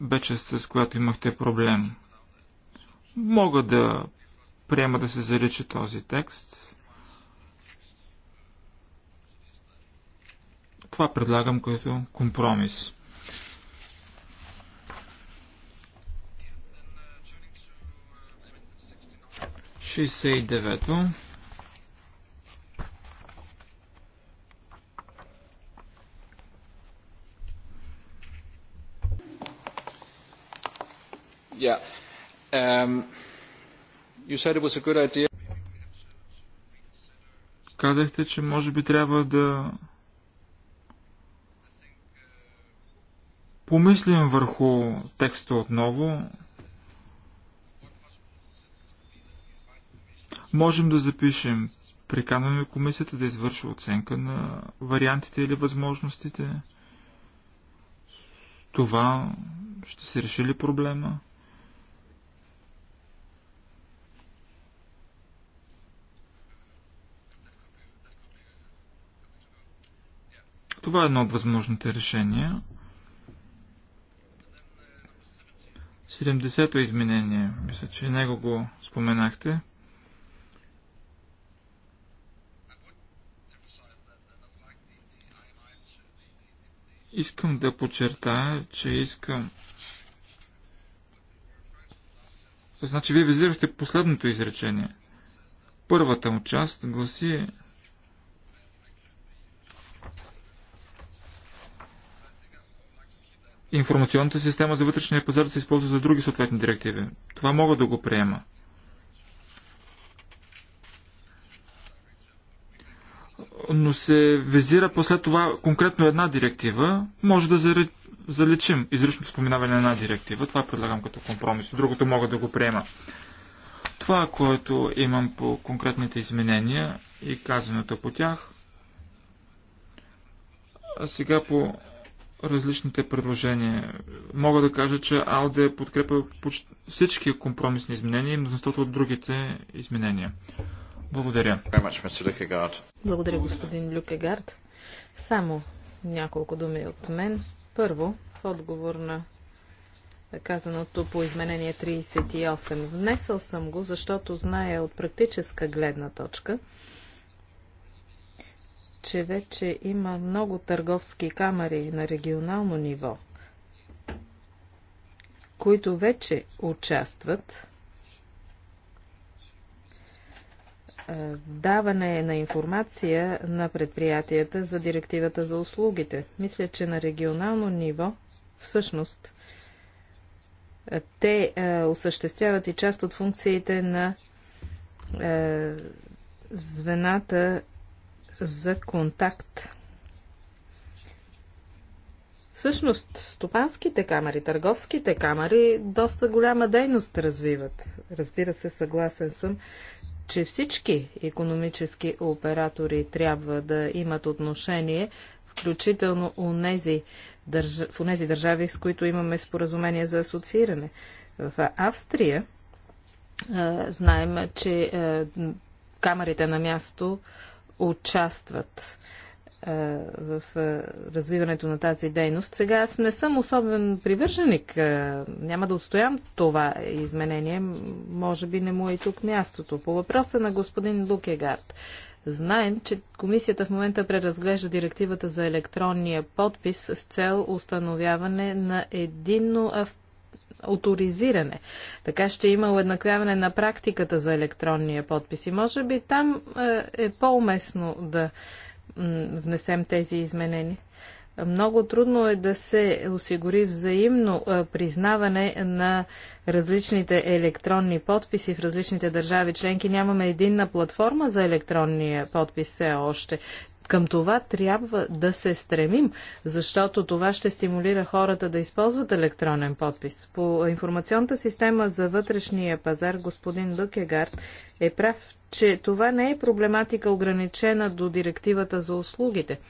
беше с която имахте проблем. Мога да приема да се залича този текст. Това предлагам като компромис. Шестдесет и девето. Yeah. Um, you said it was a good idea. Казахте, че може би трябва да помислим върху текста отново. Можем да запишем. Приканваме комисията да извърши оценка на вариантите или възможностите. Това ще се реши ли проблема? Това е едно от възможните решения. 70-то изменение, мисля, че него го споменахте. Искам да подчертая, че искам... Значи, вие визирахте последното изречение. Първата му част гласи информационната система за вътрешния пазар да се използва за други съответни директиви. Това мога да го приема. Но се визира после това конкретно една директива. Може да заличим изрично споменаване на една директива. Това предлагам като компромис. Другото мога да го приема. Това, което имам по конкретните изменения и казаното по тях, а сега по различните предложения. Мога да кажа, че АЛДЕ подкрепа почти всички компромисни изменения и мнозинството от другите изменения. Благодаря. Благодаря, господин Люкегард. Само няколко думи от мен. Първо, в отговор на казаното по изменение 38. Внесъл съм го, защото зная от практическа гледна точка, че вече има много търговски камери на регионално ниво, които вече участват е, даване на информация на предприятията за директивата за услугите. Мисля, че на регионално ниво всъщност е, те е, осъществяват и част от функциите на е, звената за контакт. Всъщност, стопанските камери, търговските камери доста голяма дейност развиват. Разбира се, съгласен съм, че всички економически оператори трябва да имат отношение, включително у нези, държ... в тези държави, с които имаме споразумение за асоцииране. В Австрия знаем, че камерите на място участват е, в е, развиването на тази дейност. Сега аз не съм особен привърженик. Е, няма да отстоям това изменение. Може би не му е и тук мястото. По въпроса на господин Лукегард. Знаем, че комисията в момента преразглежда директивата за електронния подпис с цел установяване на единно авторизиране. Така ще има уеднаквяване на практиката за електронния подпис. И може би там е, е по-уместно да внесем тези изменения. Много трудно е да се осигури взаимно е, признаване на различните електронни подписи в различните държави членки. Нямаме единна платформа за електронния подпис все още. Към това трябва да се стремим, защото това ще стимулира хората да използват електронен подпис. По информационната система за вътрешния пазар господин Лъкегард е прав, че това не е проблематика ограничена до директивата за услугите.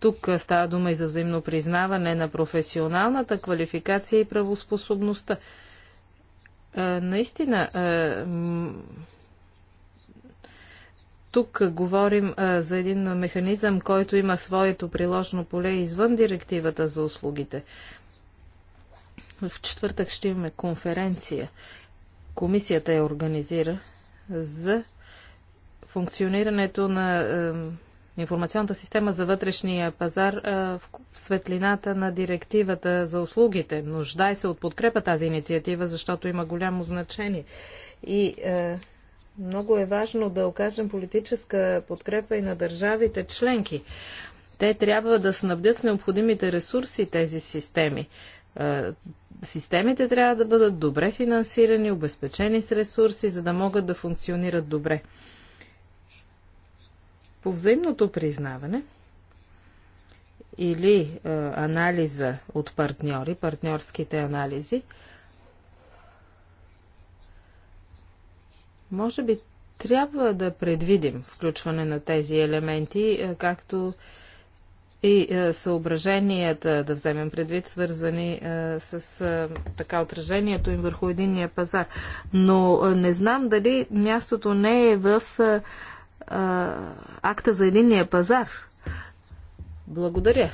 Тук става дума и за взаимно признаване на професионалната квалификация и правоспособността. Наистина, тук говорим а, за един механизъм, който има своето приложно поле извън директивата за услугите. В четвъртък ще имаме конференция. Комисията я организира за функционирането на информационната система за вътрешния пазар в светлината на директивата за услугите. Нуждай се от подкрепа тази инициатива, защото има голямо значение. И много е важно да окажем политическа подкрепа и на държавите членки. Те трябва да снабдят с необходимите ресурси тези системи. Системите трябва да бъдат добре финансирани, обезпечени с ресурси, за да могат да функционират добре. По взаимното признаване или анализа от партньори, партньорските анализи, Може би трябва да предвидим включване на тези елементи, е, както и е, съображенията да вземем предвид, свързани е, с така отражението им върху единния пазар. Но не знам дали мястото не е в акта за единния пазар. Благодаря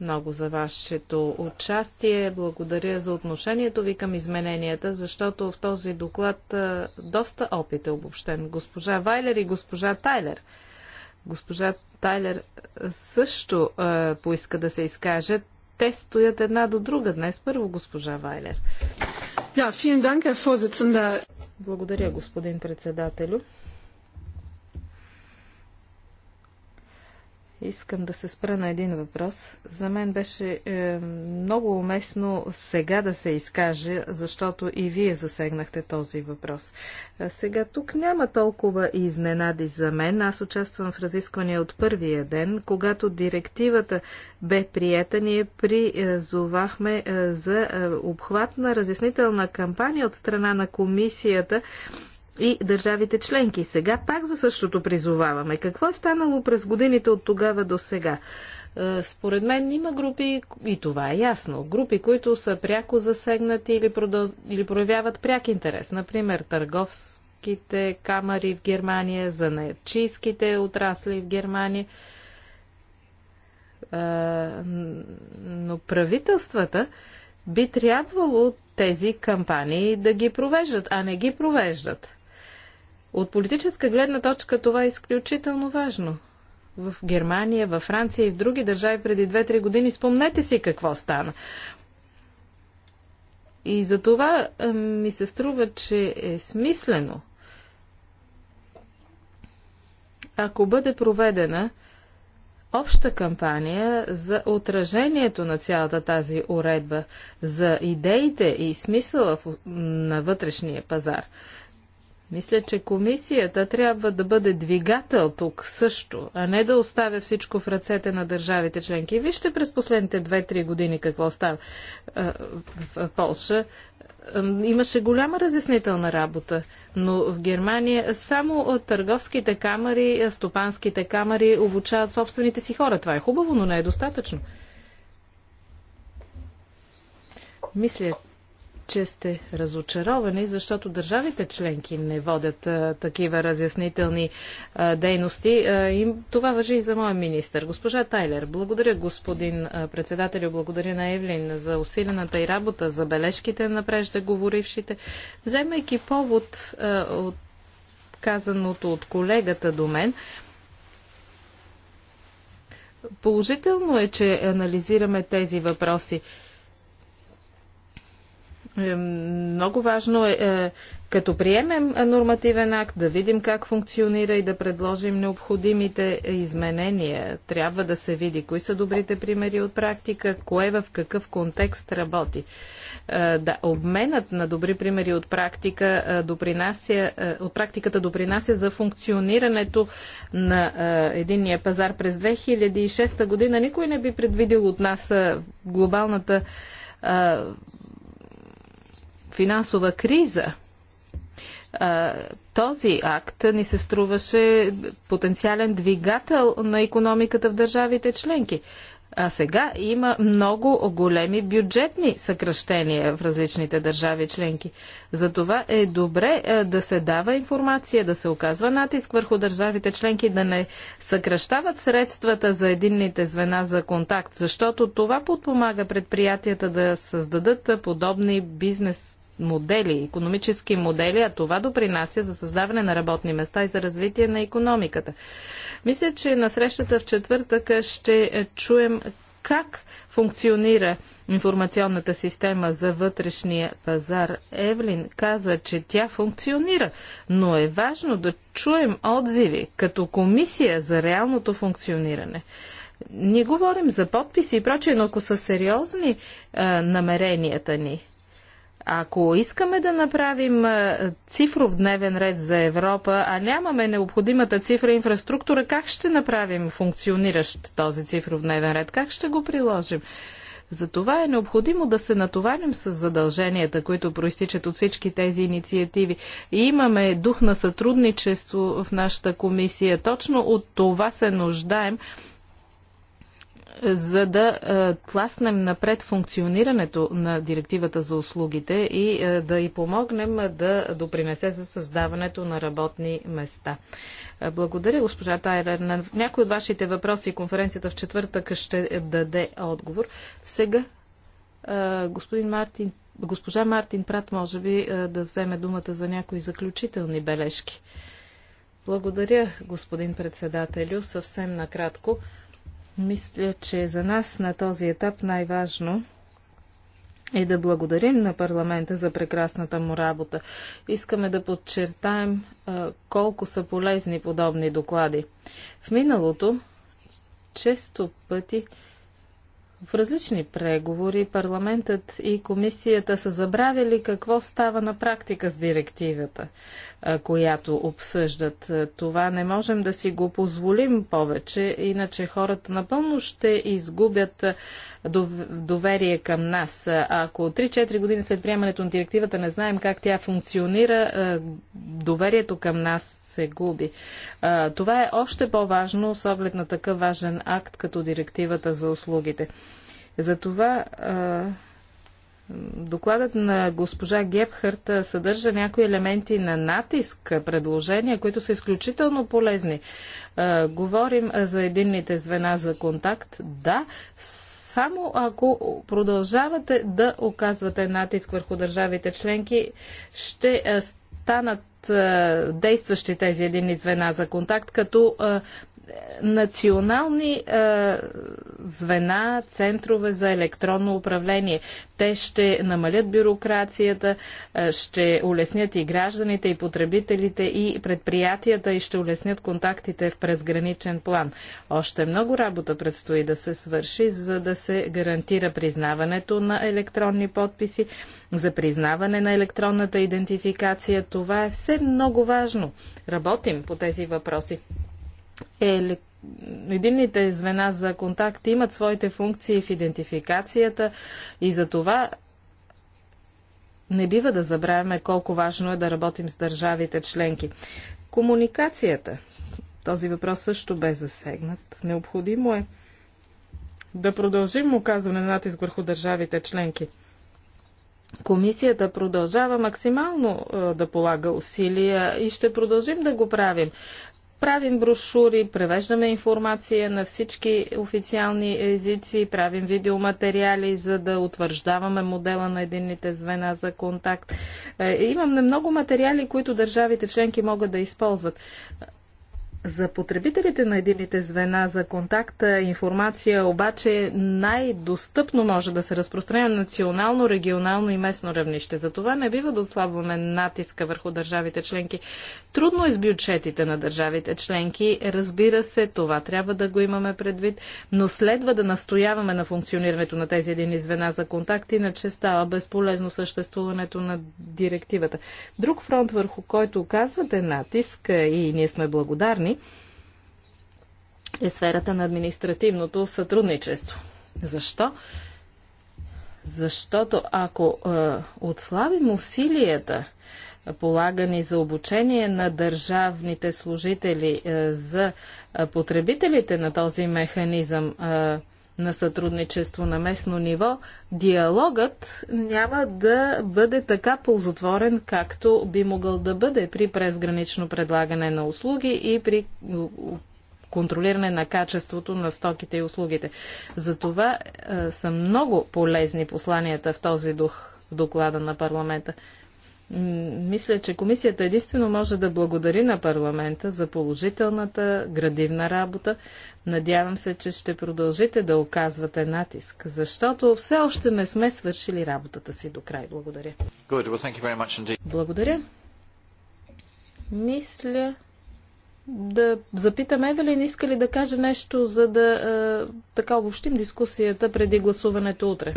много за вашето участие. Благодаря за отношението ви към измененията, защото в този доклад доста опит е обобщен. Госпожа Вайлер и госпожа Тайлер. Госпожа Тайлер също е, поиска да се изкаже. Те стоят една до друга днес. Първо госпожа Вайлер. Благодаря, господин председателю. Искам да се спра на един въпрос. За мен беше е, много уместно сега да се изкаже, защото и вие засегнахте този въпрос. А е, сега тук няма толкова изненади за мен. Аз участвам в разисквания от първия ден, когато директивата бе приета, ние призовахме е, за е, обхватна разяснителна кампания от страна на комисията и държавите членки. Сега пак за същото призоваваме. Какво е станало през годините от тогава до сега? Е, според мен има групи, и това е ясно, групи, които са пряко засегнати или, продъл... или проявяват пряк интерес. Например, търговските камери в Германия, занаячийските отрасли в Германия. Е, но правителствата би трябвало тези кампании да ги провеждат, а не ги провеждат. От политическа гледна точка това е изключително важно. В Германия, във Франция и в други държави преди 2-3 години спомнете си какво стана. И за това е, ми се струва, че е смислено, ако бъде проведена обща кампания за отражението на цялата тази уредба, за идеите и смисъла на вътрешния пазар. Мисля, че комисията трябва да бъде двигател тук също, а не да оставя всичко в ръцете на държавите членки. Вижте през последните 2-3 години какво става в Польша. Имаше голяма разяснителна работа, но в Германия само от търговските камери, стопанските камери обучават собствените си хора. Това е хубаво, но не е достатъчно. Мисля, че сте разочаровани, защото държавите членки не водят а, такива разяснителни а, дейности. А, и това въжи и за моя министр. Госпожа Тайлер, благодаря господин а, председател, благодаря на Евлин за усилената и работа, за бележките на преждеговорившите. Вземайки повод а, от казаното от колегата до мен, положително е, че анализираме тези въпроси. Е, много важно е, е, като приемем нормативен акт, да видим как функционира и да предложим необходимите изменения. Трябва да се види кои са добрите примери от практика, кое в какъв контекст работи. Е, да, обменът на добри примери от, практика, допринася, от практиката допринася за функционирането на единния пазар. През 2006 година никой не би предвидил от нас глобалната финансова криза, този акт ни се струваше потенциален двигател на економиката в държавите членки. А сега има много големи бюджетни съкръщения в различните държави членки. Затова е добре да се дава информация, да се оказва натиск върху държавите членки, да не съкръщават средствата за единните звена за контакт, защото това подпомага предприятията да създадат подобни бизнес модели, економически модели, а това допринася за създаване на работни места и за развитие на економиката. Мисля, че на срещата в четвъртък ще чуем как функционира информационната система за вътрешния пазар. Евлин каза, че тя функционира, но е важно да чуем отзиви като комисия за реалното функциониране. Ние говорим за подписи и прочее, но ако са сериозни а, намеренията ни, ако искаме да направим цифров дневен ред за Европа, а нямаме необходимата цифра инфраструктура, как ще направим функциониращ този цифров дневен ред? Как ще го приложим? Затова е необходимо да се натоварим с задълженията, които проистичат от всички тези инициативи. И имаме дух на сътрудничество в нашата комисия. Точно от това се нуждаем, за да е, тласнем напред функционирането на директивата за услугите и е, да й помогнем да допринесе за създаването на работни места. Е, благодаря, госпожа Тайлер. На някои от вашите въпроси конференцията в четвъртък ще даде отговор. Сега господин Мартин, госпожа Мартин Прат може би да вземе думата за някои заключителни бележки. Благодаря, господин председателю. Съвсем накратко. Мисля, че за нас на този етап най-важно е да благодарим на парламента за прекрасната му работа. Искаме да подчертаем колко са полезни подобни доклади. В миналото често пъти в различни преговори парламентът и комисията са забравили какво става на практика с директивата, която обсъждат. Това не можем да си го позволим повече, иначе хората напълно ще изгубят доверие към нас. Ако 3-4 години след приемането на директивата не знаем как тя функционира, доверието към нас се губи. А, това е още по-важно с оглед на такъв важен акт, като директивата за услугите. Затова Докладът на госпожа Гепхарт съдържа някои елементи на натиск, предложения, които са изключително полезни. Говорим за единните звена за контакт. Да, само ако продължавате да оказвате натиск върху държавите членки, ще останат е, действащи тези единни звена за контакт, като е, национални а, е, звена, центрове за електронно управление. Те ще намалят бюрокрацията, а, е, ще улеснят и гражданите, и потребителите, и предприятията, и ще улеснят контактите в презграничен план. Още много работа предстои да се свърши, за да се гарантира признаването на електронни подписи, за признаване на електронната идентификация. Това е все много важно. Работим по тези въпроси. Електронни единните звена за контакт имат своите функции в идентификацията и за това не бива да забравяме колко важно е да работим с държавите членки. Комуникацията. Този въпрос също бе засегнат. Необходимо е да продължим оказване на натиск върху държавите членки. Комисията продължава максимално да полага усилия и ще продължим да го правим. Правим брошури, превеждаме информация на всички официални езици, правим видеоматериали, за да утвърждаваме модела на единните звена за контакт. Е, имаме много материали, които държавите членки могат да използват. За потребителите на едините звена за контакт информация обаче най-достъпно може да се разпространя национално, регионално и местно равнище. За това не бива да ослабваме натиска върху държавите членки. Трудно е с бюджетите на държавите членки. Разбира се, това трябва да го имаме предвид, но следва да настояваме на функционирането на тези едини звена за контакт, иначе става безполезно съществуването на директивата. Друг фронт, върху който оказвате натиск и ние сме благодарни, е сферата на административното сътрудничество. Защо? Защото ако е, отслабим усилията, полагани за обучение на държавните служители е, за е, потребителите на този механизъм, е, на сътрудничество на местно ниво, диалогът няма да бъде така ползотворен, както би могъл да бъде при презгранично предлагане на услуги и при контролиране на качеството на стоките и услугите. Затова е, са много полезни посланията в този дух в доклада на парламента. Мисля, че комисията единствено може да благодари на парламента за положителната градивна работа. Надявам се, че ще продължите да оказвате натиск, защото все още не сме свършили работата си до край. Благодаря. Благодаря. Мисля да запитам Евелин, иска ли да каже нещо, за да е, така обобщим дискусията преди гласуването утре.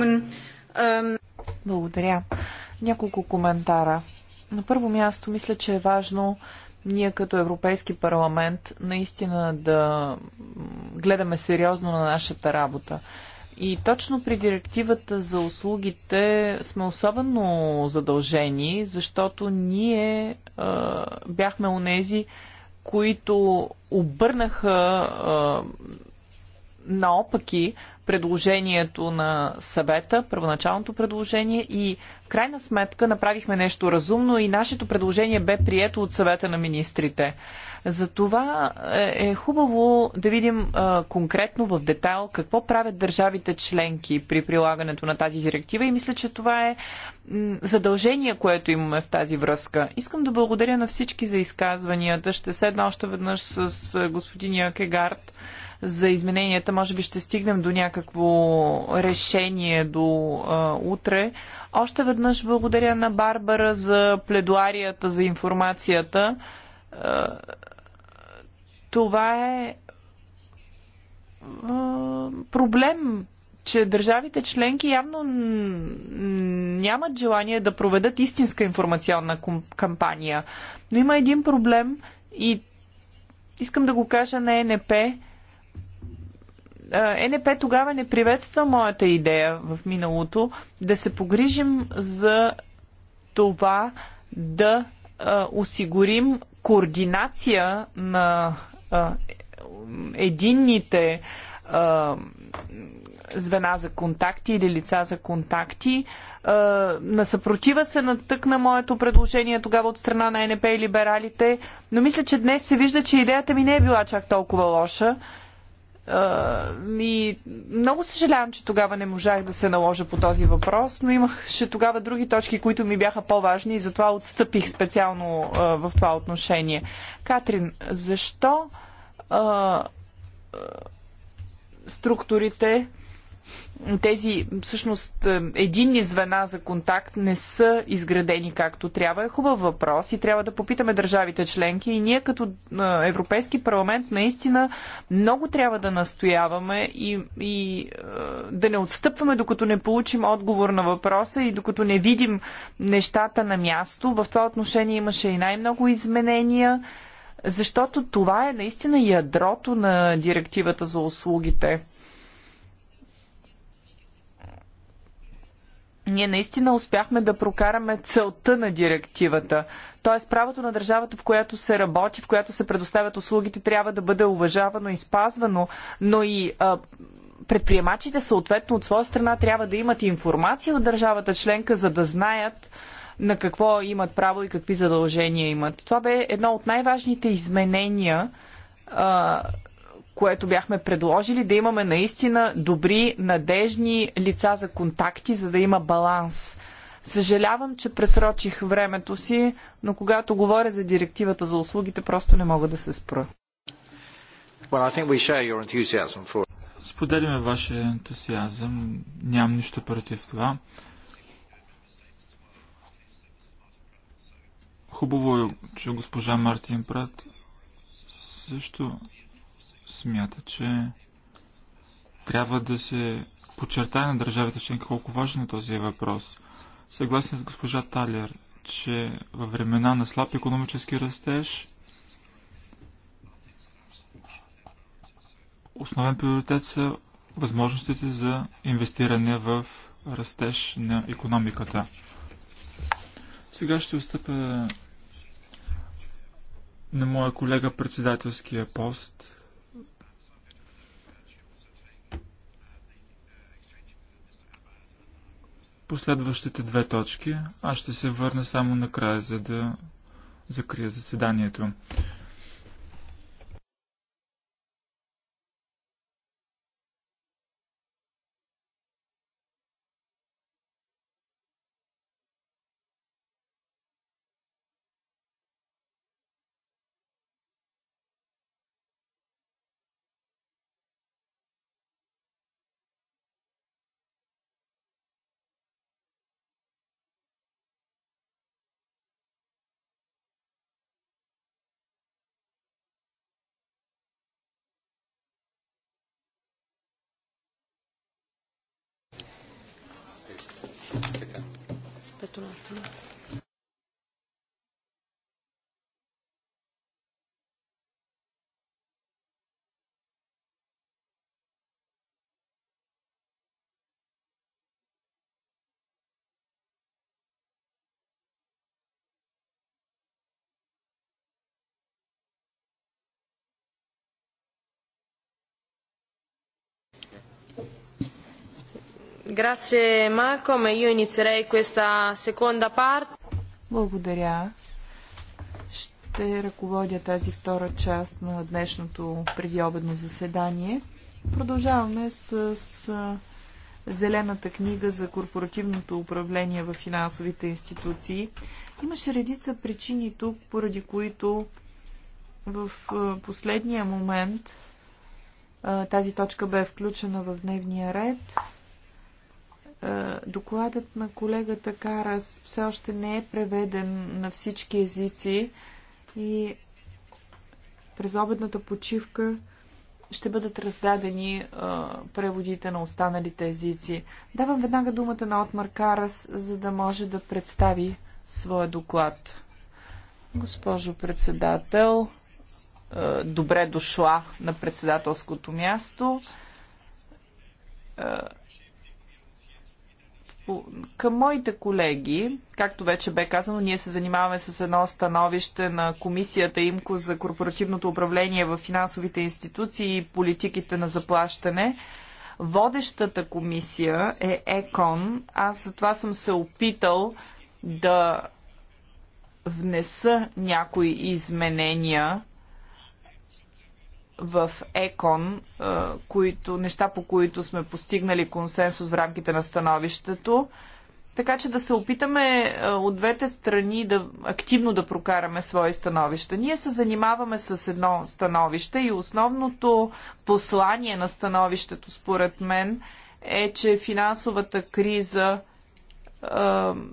Благодаря. Няколко коментара. На първо място, мисля, че е важно ние като Европейски парламент наистина да гледаме сериозно на нашата работа. И точно при директивата за услугите сме особено задължени, защото ние а, бяхме унези, които обърнаха а, наопаки предложението на съвета, първоначалното предложение и в крайна сметка направихме нещо разумно и нашето предложение бе прието от съвета на министрите. Затова е, е хубаво да видим а, е, конкретно в детайл какво правят държавите членки при прилагането на тази директива и мисля, че това е задължение, което имаме в тази връзка. Искам да благодаря на всички за изказванията. Ще седна още веднъж с е, господин Якегард за измененията. Може би ще стигнем до някакъв някакво решение до а, утре. Още веднъж благодаря на Барбара за пледуарията, за информацията. А, това е а, проблем че държавите членки явно нямат желание да проведат истинска информационна кампания. Но има един проблем и искам да го кажа на ЕНП. Е, НП тогава не приветства моята идея в миналото да се погрижим за това да осигурим координация на единните звена за контакти или лица за контакти. На съпротива се натъкна моето предложение тогава от страна на НП и либералите, но мисля, че днес се вижда, че идеята ми не е била чак толкова лоша ми, много съжалявам, че тогава не можах да се наложа по този въпрос, но имаше тогава други точки, които ми бяха по-важни и затова отстъпих специално а, в това отношение. Катрин, защо а, а, структурите тези всъщност е, единни звена за контакт не са изградени както трябва, е хубав въпрос и трябва да попитаме държавите членки и ние като е, Европейски парламент наистина много трябва да настояваме и, и е, да не отстъпваме докато не получим отговор на въпроса и докато не видим нещата на място. В това отношение имаше и най-много изменения, защото това е наистина ядрото на директивата за услугите ние наистина успяхме да прокараме целта на директивата. Тоест правото на държавата, в която се работи, в която се предоставят услугите, трябва да бъде уважавано и спазвано, но и а, предприемачите съответно от своя страна трябва да имат информация от държавата членка, за да знаят на какво имат право и какви задължения имат. Това бе едно от най-важните изменения което бяхме предложили, да имаме наистина добри, надежни лица за контакти, за да има баланс. Съжалявам, че пресрочих времето си, но когато говоря за директивата за услугите, просто не мога да се спра. Well, for... Споделяме вашия ентусиазъм. Нямам нищо против това. Хубаво е, че госпожа Мартин Прат също смята, че трябва да се подчертае на държавите членки колко важен е този въпрос. Съгласен с госпожа Талер, че във времена на слаб економически растеж основен приоритет са възможностите за инвестиране в растеж на економиката. Сега ще отстъпя на моя колега председателския пост. последващите две точки. Аз ще се върна само накрая, за да закрия заседанието. гласуване. Grazie Malcolm, io inizierei questa seconda parte. Благодаря. Ще ръководя тази втора част на днешното предиобедно заседание. Продължаваме с, с Зелената книга за корпоративното управление в финансовите институции. Имаше редица причини тук, поради които в последния момент тази точка бе включена в дневния ред. Е, докладът на колегата Карас все още не е преведен на всички езици и през обедната почивка ще бъдат раздадени а, е, преводите на останалите езици. Давам веднага думата на Отмар Карас, за да може да представи своя доклад. Госпожо председател, а, е, добре дошла на председателското място. А, към моите колеги, както вече бе казано, ние се занимаваме с едно становище на комисията ИМКО за корпоративното управление в финансовите институции и политиките на заплащане. Водещата комисия е ЕКОН. Аз за това съм се опитал да внеса някои изменения в ЕКОН, е, които, неща по които сме постигнали консенсус в рамките на становището. Така че да се опитаме е, от двете страни да активно да прокараме свои становища. Ние се занимаваме с едно становище и основното послание на становището, според мен, е, че финансовата криза е,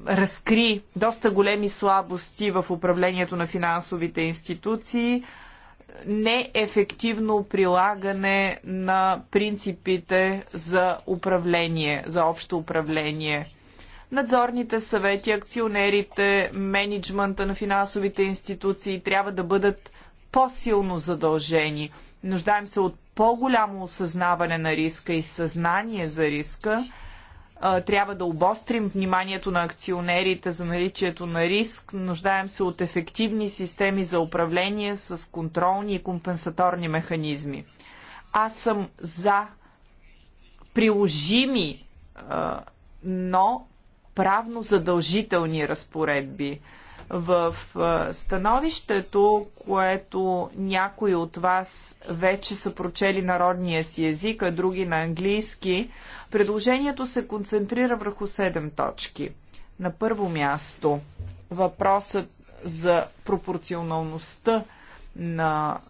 разкри доста големи слабости в управлението на финансовите институции неефективно прилагане на принципите за управление, за общо управление. Надзорните съвети, акционерите, менеджмента на финансовите институции трябва да бъдат по-силно задължени. Нуждаем се от по-голямо осъзнаване на риска и съзнание за риска, трябва да обострим вниманието на акционерите за наличието на риск. Нуждаем се от ефективни системи за управление с контролни и компенсаторни механизми. Аз съм за приложими, но правно задължителни разпоредби. В становището, което някои от вас вече са прочели народния си език, а други на английски, предложението се концентрира върху седем точки. На първо място въпросът за пропорционалността на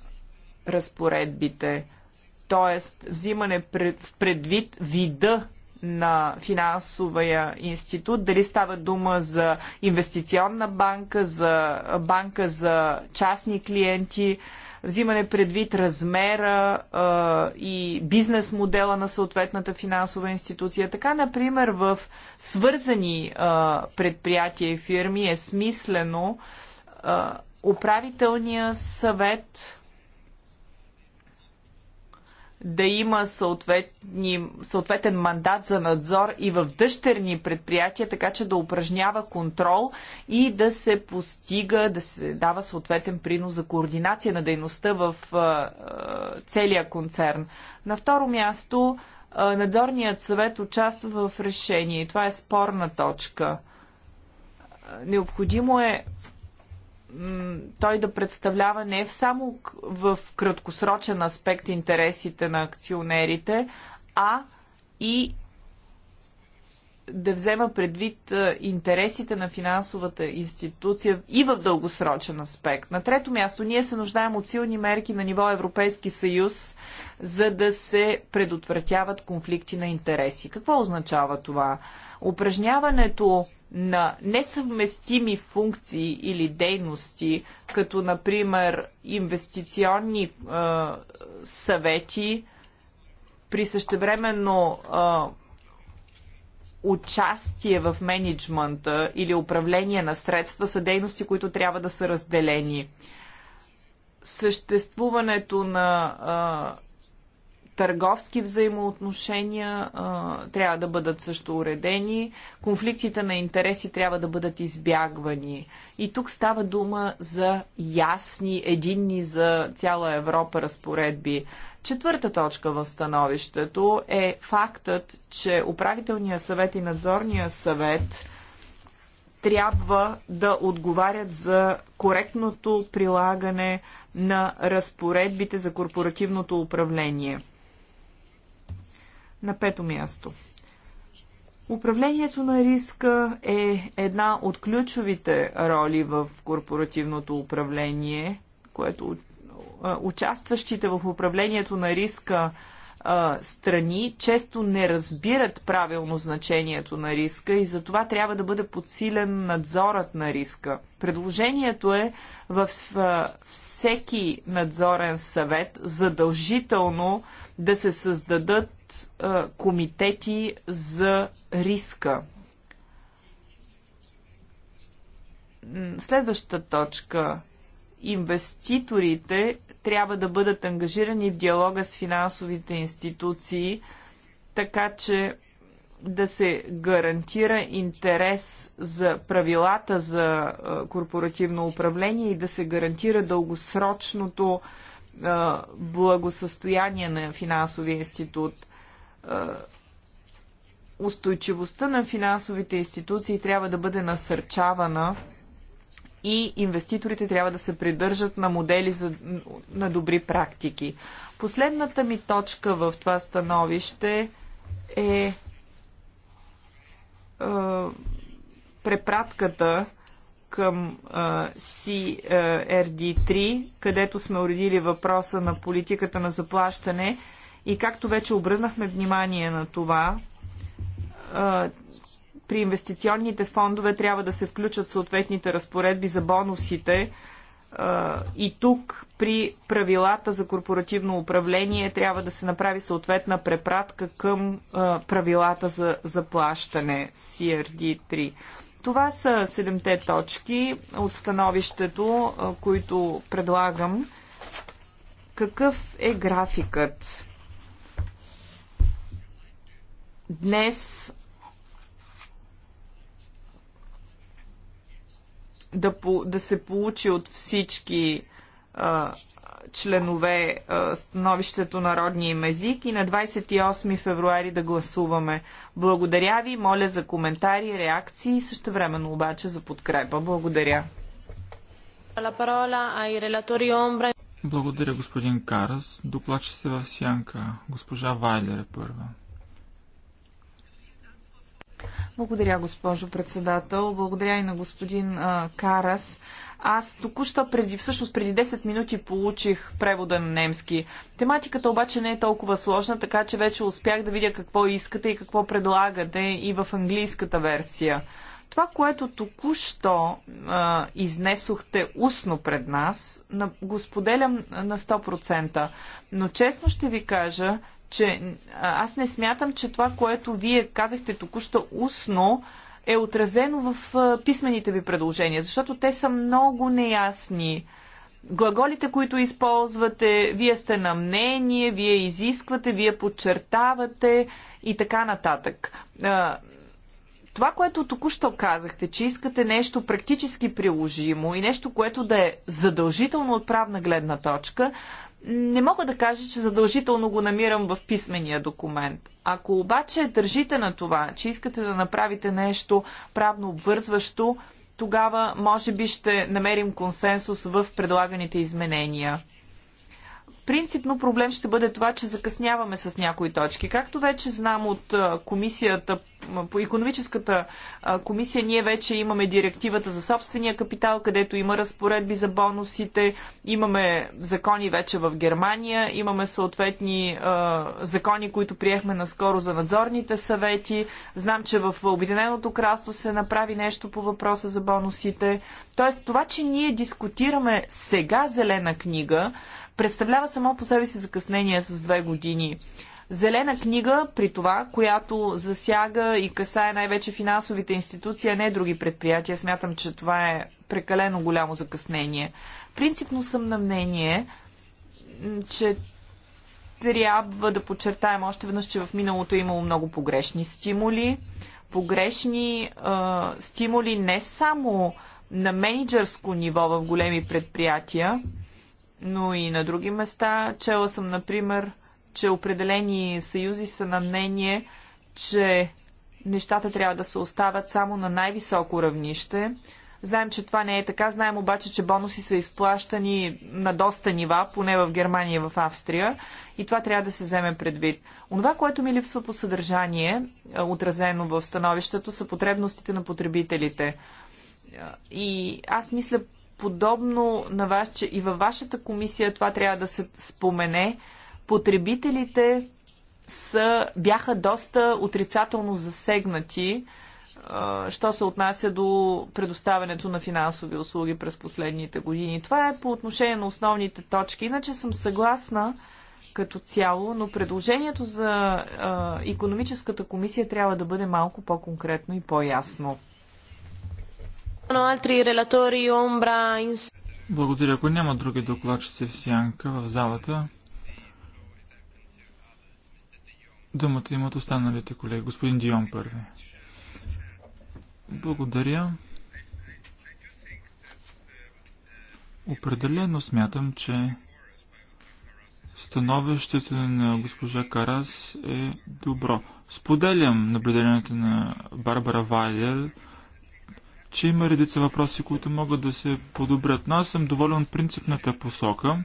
разпоредбите, т.е. взимане в предвид вида на финансовия институт, дали става дума за инвестиционна банка, за банка за частни клиенти, взимане предвид размера а, и бизнес модела на съответната финансова институция. Така, например, в свързани а, предприятия и фирми е смислено а, управителния съвет да има съответен мандат за надзор и в дъщерни предприятия, така че да упражнява контрол и да се постига, да се дава съответен принос за координация на дейността в целия концерн. На второ място, надзорният съвет участва в решение. Това е спорна точка. Необходимо е той да представлява не само в краткосрочен аспект интересите на акционерите, а и да взема предвид е, интересите на финансовата институция и в дългосрочен аспект. На трето място, ние се нуждаем от силни мерки на ниво Европейски съюз, за да се предотвратяват конфликти на интереси. Какво означава това? упражняването на несъвместими функции или дейности, като например инвестиционни е, съвети, при същевременно е, участие в менеджмента или управление на средства са дейности, които трябва да са разделени. Съществуването на е, търговски взаимоотношения а, трябва да бъдат също уредени, конфликтите на интереси трябва да бъдат избягвани. И тук става дума за ясни, единни за цяла Европа разпоредби. Четвърта точка в становището е фактът, че управителния съвет и надзорния съвет трябва да отговарят за коректното прилагане на разпоредбите за корпоративното управление – на пето място. Управлението на риска е една от ключовите роли в корпоративното управление, което участващите в управлението на риска а, страни често не разбират правилно значението на риска и за това трябва да бъде подсилен надзорът на риска. Предложението е в всеки надзорен съвет задължително да се създадат а, комитети за риска. Следваща точка. Инвеститорите трябва да бъдат ангажирани в диалога с финансовите институции, така че да се гарантира интерес за правилата за корпоративно управление и да се гарантира дългосрочното благосъстояние на финансовия институт. Устойчивостта на финансовите институции трябва да бъде насърчавана и инвеститорите трябва да се придържат на модели за, на добри практики. Последната ми точка в това становище е, е препратката към а, е, CRD3, където сме уредили въпроса на политиката на заплащане и както вече обръзнахме внимание на това, е, при инвестиционните фондове трябва да се включат съответните разпоредби за бонусите. И тук при правилата за корпоративно управление трябва да се направи съответна препратка към правилата за заплащане CRD3. Това са седемте точки от становището, които предлагам. Какъв е графикът? Днес да, да се получи от всички а, членове а, становището на родния им език и на 28 февруари да гласуваме. Благодаря ви, моля за коментари, реакции и също времено обаче за подкрепа. Благодаря. Благодаря, господин Карас. Доплаче се в сянка. Госпожа Вайлер е първа. Благодаря, госпожо председател. Благодаря и на господин а, Карас. Аз току-що преди, всъщност преди 10 минути получих превода на немски. Тематиката обаче не е толкова сложна, така че вече успях да видя какво искате и какво предлагате и в английската версия. Това, което току-що изнесохте устно пред нас, на, го споделям на 100%. Но честно ще ви кажа, че аз не смятам, че това, което вие казахте току-що устно, е отразено в писмените ви предложения, защото те са много неясни. Глаголите, които използвате, вие сте на мнение, вие изисквате, вие подчертавате и така нататък. Това, което току-що казахте, че искате нещо практически приложимо и нещо, което да е задължително от правна гледна точка, не мога да кажа, че задължително го намирам в писмения документ. Ако обаче държите на това, че искате да направите нещо правно обвързващо, тогава може би ще намерим консенсус в предлаганите изменения. Принципно проблем ще бъде това, че закъсняваме с някои точки. Както вече знам от комисията, по економическата комисия, ние вече имаме директивата за собствения капитал, където има разпоредби за бонусите, имаме закони вече в Германия, имаме съответни закони, които приехме наскоро за надзорните съвети. Знам, че в Обединеното кралство се направи нещо по въпроса за бонусите. Тоест това, че ние дискутираме сега зелена книга, представлява само по себе си закъснение с две години. Зелена книга, при това, която засяга и касае най-вече финансовите институции, а не други предприятия. Смятам, че това е прекалено голямо закъснение. Принципно съм на мнение, че трябва да подчертаем още веднъж, че в миналото е имало много погрешни стимули. Погрешни е, стимули не само на менеджерско ниво в големи предприятия, но и на други места. Чела съм, например, че определени съюзи са на мнение, че нещата трябва да се оставят само на най-високо равнище. Знаем, че това не е така. Знаем обаче, че бонуси са изплащани на доста нива, поне в Германия и в Австрия. И това трябва да се вземе предвид. Онова, което ми липсва по съдържание, отразено в становището, са потребностите на потребителите. И аз мисля подобно на вас, че и във вашата комисия това трябва да се спомене, потребителите са, бяха доста отрицателно засегнати, а, що се отнася до предоставянето на финансови услуги през последните години. Това е по отношение на основните точки. Иначе съм съгласна като цяло, но предложението за а, економическата комисия трябва да бъде малко по-конкретно и по-ясно. Благодаря. Ако няма други докладчици в сянка в залата, думата имат останалите колеги. Господин Дион първи. Благодаря. Определено смятам, че становището на госпожа Карас е добро. Споделям наблюдението на Барбара Вайлер – че има редица въпроси, които могат да се подобрят. Но аз съм доволен от принципната посока.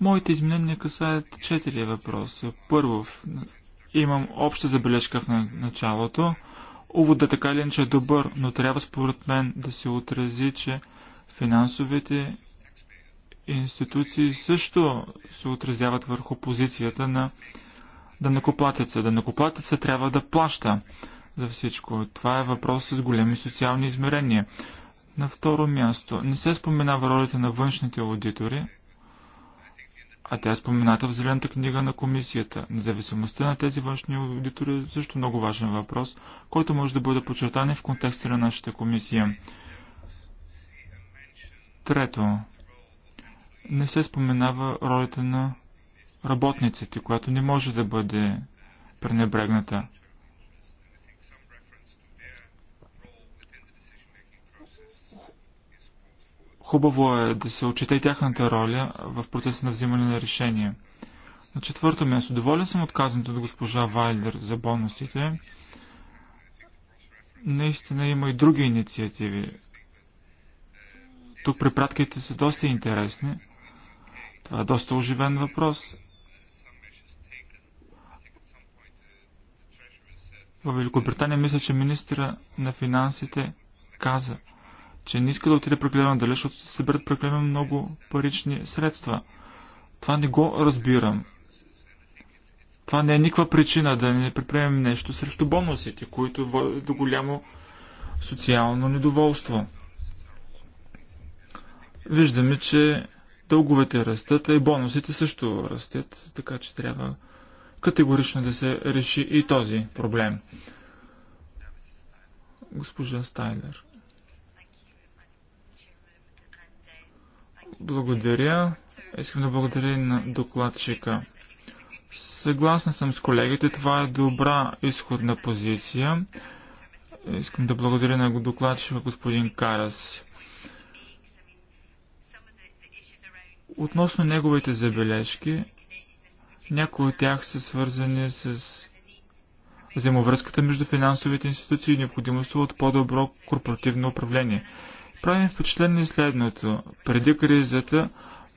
Моите изменения касаят четири въпроса. Първо, имам обща забележка в началото. Увода така е, че е добър, но трябва според мен да се отрази, че финансовите институции също се отразяват върху позицията на данъкоплатеца. Данъкоплатеца трябва да плаща за всичко. Това е въпрос с големи социални измерения. На второ място, не се споменава ролята на външните аудитори, а тя е спомената в Зелената книга на комисията. Независимостта на тези външни аудитори е също много важен въпрос, който може да бъде подчертан и в контекста на нашата комисия. Трето, не се споменава ролята на работниците, която не може да бъде пренебрегната. Хубаво е да се отчете и тяхната роля в процеса на взимане на решения. На четвърто място, доволен съм отказаното от госпожа Вайлер за бонусите. Наистина има и други инициативи. Тук препратките са доста интересни. Това е доста оживен въпрос. В Великобритания мисля, че министра на финансите каза, че не иска да отиде прекалено далеч, защото се съберат прекалено много парични средства. Това не го разбирам. Това не е никаква причина да не предприемем нещо срещу бонусите, които водят до голямо социално недоволство. Виждаме, че Дълговете растат, а и бонусите също растат, така че трябва категорично да се реши и този проблем. Госпожа Стайлер. Благодаря. Искам да благодаря на докладчика. Съгласна съм с колегите, това е добра изходна позиция. Искам да благодаря на докладчика господин Карас. Относно неговите забележки, някои от тях са свързани с взаимовръзката между финансовите институции и необходимостта от по-добро корпоративно управление. Правим впечатление следното. Преди кризата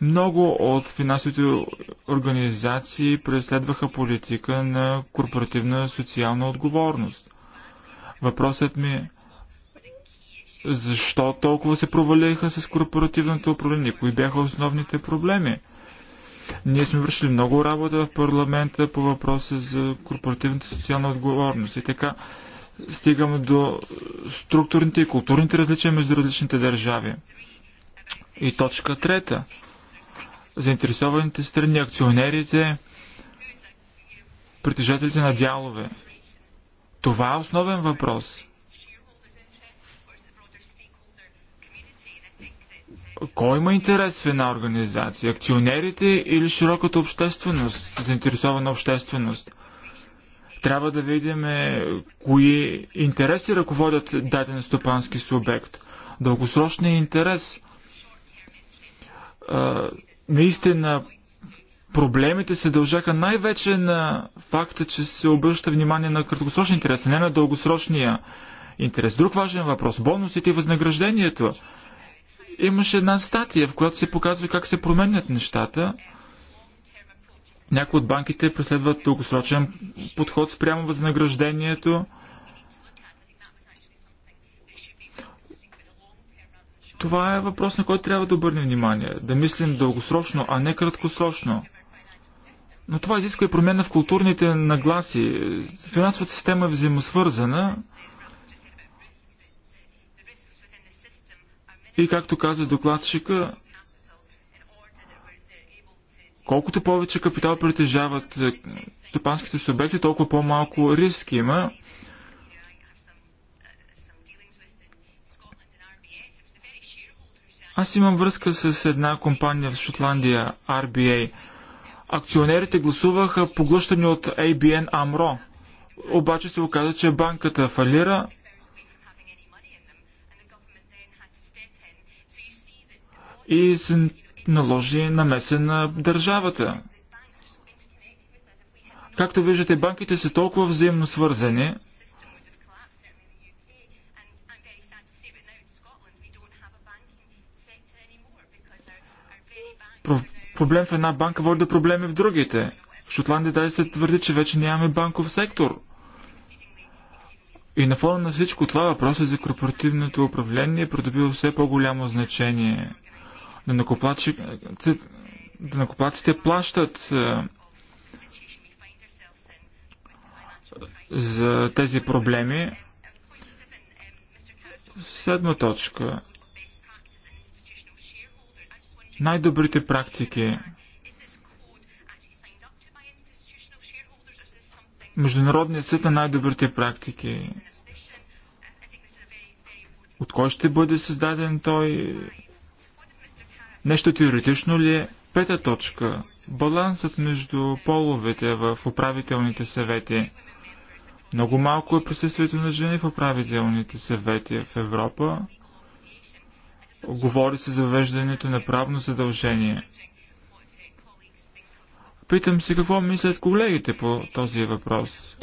много от финансовите организации преследваха политика на корпоративна социална отговорност. Въпросът ми е защо толкова се провалиха с корпоративното управление? Кои бяха основните проблеми? Ние сме вършили много работа в парламента по въпроса за корпоративната социална отговорност и така стигаме до структурните и културните различия между различните държави. И точка трета. Заинтересованите страни, акционерите, притежателите на дялове. Това е основен въпрос. Кой има интерес в една организация? Акционерите или широката общественост, заинтересована общественост? Трябва да видим е, кои интереси ръководят даден стопански субект. Дългосрочният интерес. А, наистина проблемите се дължаха най-вече на факта, че се обръща внимание на краткосрочния интерес, а не на дългосрочния интерес. Друг важен въпрос – бонусите и възнаграждението – Имаше една статия, в която се показва как се променят нещата. Някои от банките преследват дългосрочен подход спрямо възнаграждението. Това е въпрос, на който трябва да обърнем внимание. Да мислим дългосрочно, а не краткосрочно. Но това изисква и промена в културните нагласи. Финансовата система е взаимосвързана. И както каза докладчика, колкото повече капитал притежават е, стопанските субекти, толкова по-малко риск има. Аз имам връзка с една компания в Шотландия, RBA. Акционерите гласуваха поглъщани от ABN AMRO. Обаче се оказа, че банката фалира, и се наложи намеса на държавата. Както виждате, банките са толкова взаимно свързани, проблем в една банка води до проблеми в другите. В Шотландия даже се твърди, че вече нямаме банков сектор. И на фона на всичко това въпросът за корпоративното управление е придобива все по-голямо значение – Данакоплаците, данакоплаците плащат е, за тези проблеми. Седма точка. Най-добрите практики. Международният съд на най-добрите практики. От кой ще бъде създаден той? Нещо теоретично ли е? Пета точка. Балансът между половете в управителните съвети. Много малко е присъствието на жени в управителните съвети в Европа. Говори се за въвеждането на правно задължение. Питам се какво мислят колегите по този въпрос.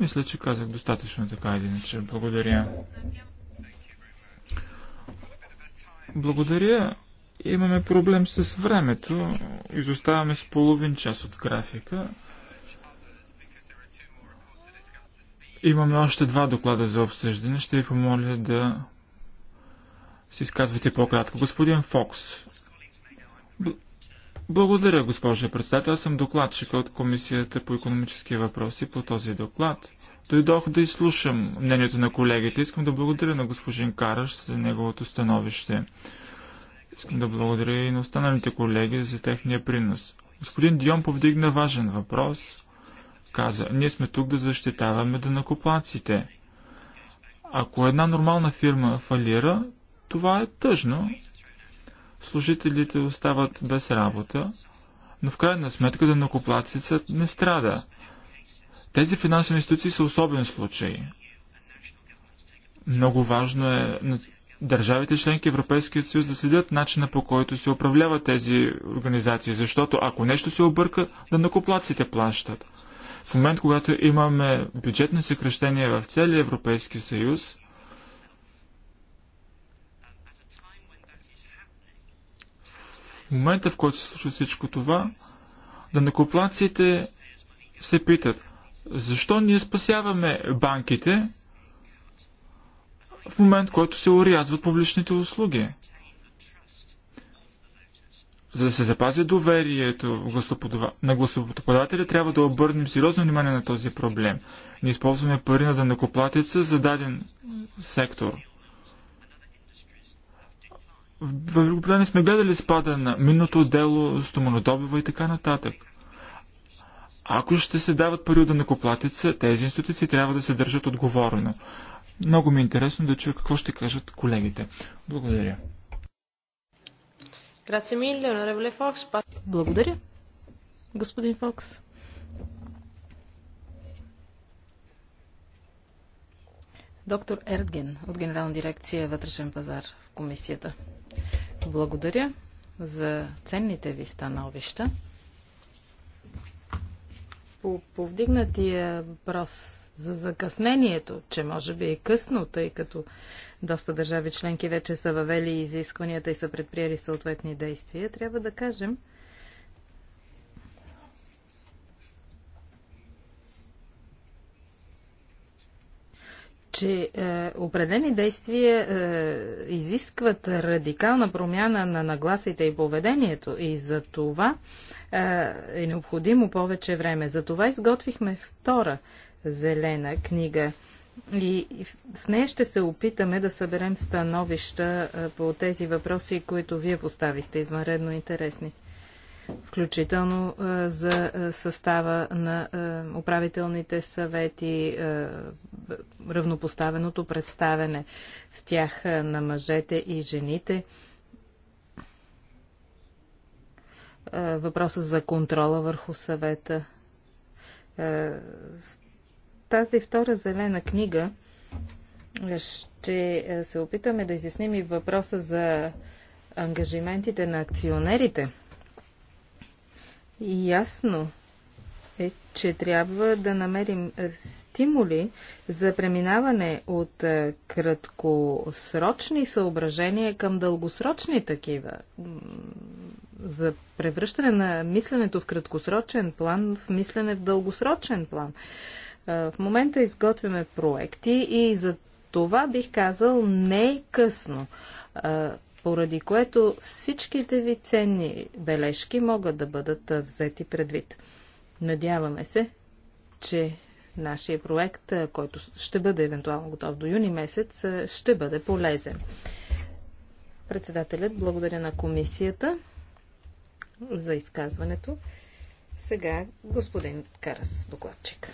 Мисля, че казах достатъчно така или иначе. Благодаря. Благодаря. Имаме проблем с времето. Изоставаме с половин час от графика. Имаме още два доклада за обсъждане. Ще ви помоля да се изказвате по-кратко. Господин Фокс. Благодаря, госпожа председател. Аз съм докладчик от Комисията по економически въпроси по този доклад. Дойдох да изслушам мнението на колегите. Искам да благодаря на господин Караш за неговото становище. Искам да благодаря и на останалите колеги за техния принос. Господин Дион повдигна важен въпрос. Каза, ние сме тук да защитаваме данакоплаците. Ако една нормална фирма фалира, това е тъжно. Служителите остават без работа, но в крайна сметка накоплаците не страда. Тези финансови институции са особен случай. Много важно е държавите членки Европейският съюз да следят начина по който се управляват тези организации, защото ако нещо се обърка, да накоплаците плащат. В момент, когато имаме бюджетни съкрещения в целия Европейски съюз, в момента, в който се случва всичко това, да накоплаците се питат, защо ние спасяваме банките, в момент, който се урязват публичните услуги. За да се запази доверието на гласоподателя, трябва да обърнем сериозно внимание на този проблем. Не използваме пари на дънакоплатеца за даден сектор. В Великобритания сме гледали спада на минното дело, стоманодобива и така нататък. Ако ще се дават пари от дънакоплатеца, тези институции трябва да се държат отговорно. Много ми е интересно да чуя какво ще кажат колегите. Благодаря. Благодаря. Господин Фокс. Доктор Ердген от Генерална дирекция Вътрешен пазар в комисията. Благодаря за ценните ви становища. По повдигнатия въпрос за закъснението, че може би е късно, тъй като доста държави членки вече са въвели изискванията и са предприели съответни действия, трябва да кажем, че е, определени действия е, изискват радикална промяна на нагласите и поведението и за това е, е необходимо повече време. За това изготвихме втора зелена книга. И с нея ще се опитаме да съберем становища по тези въпроси, които вие поставихте извънредно интересни. Включително за състава на управителните съвети, равнопоставеното представене в тях на мъжете и жените. Въпросът за контрола върху съвета тази втора зелена книга е, ще е, се опитаме да изясним и въпроса за ангажиментите на акционерите. И ясно е, че трябва да намерим е, стимули за преминаване от краткосрочни съображения към дългосрочни такива. За превръщане на мисленето в краткосрочен план в мислене в дългосрочен план. Е, в момента изготвяме проекти и за това бих казал не е късно, е, поради което всичките ви ценни бележки могат да бъдат е, взети предвид. Надяваме се, че нашия проект, който ще бъде евентуално готов до юни месец, ще бъде полезен. Председателят благодаря на комисията за изказването. Сега господин Карас, докладчик.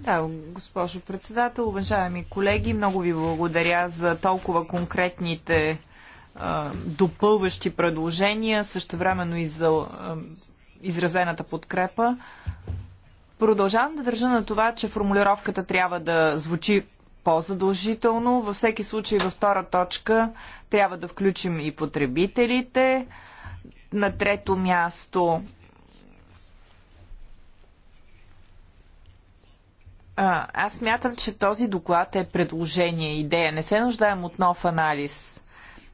Да, госпожо председател, уважаеми колеги, много ви благодаря за толкова конкретните а, допълващи предложения, същевременно и за а, изразената подкрепа. Продължавам да държа на това, че формулировката трябва да звучи по-задължително. Във всеки случай във втора точка трябва да включим и потребителите. На трето място А, аз мятам, че този доклад е предложение, идея. Не се нуждаем от нов анализ.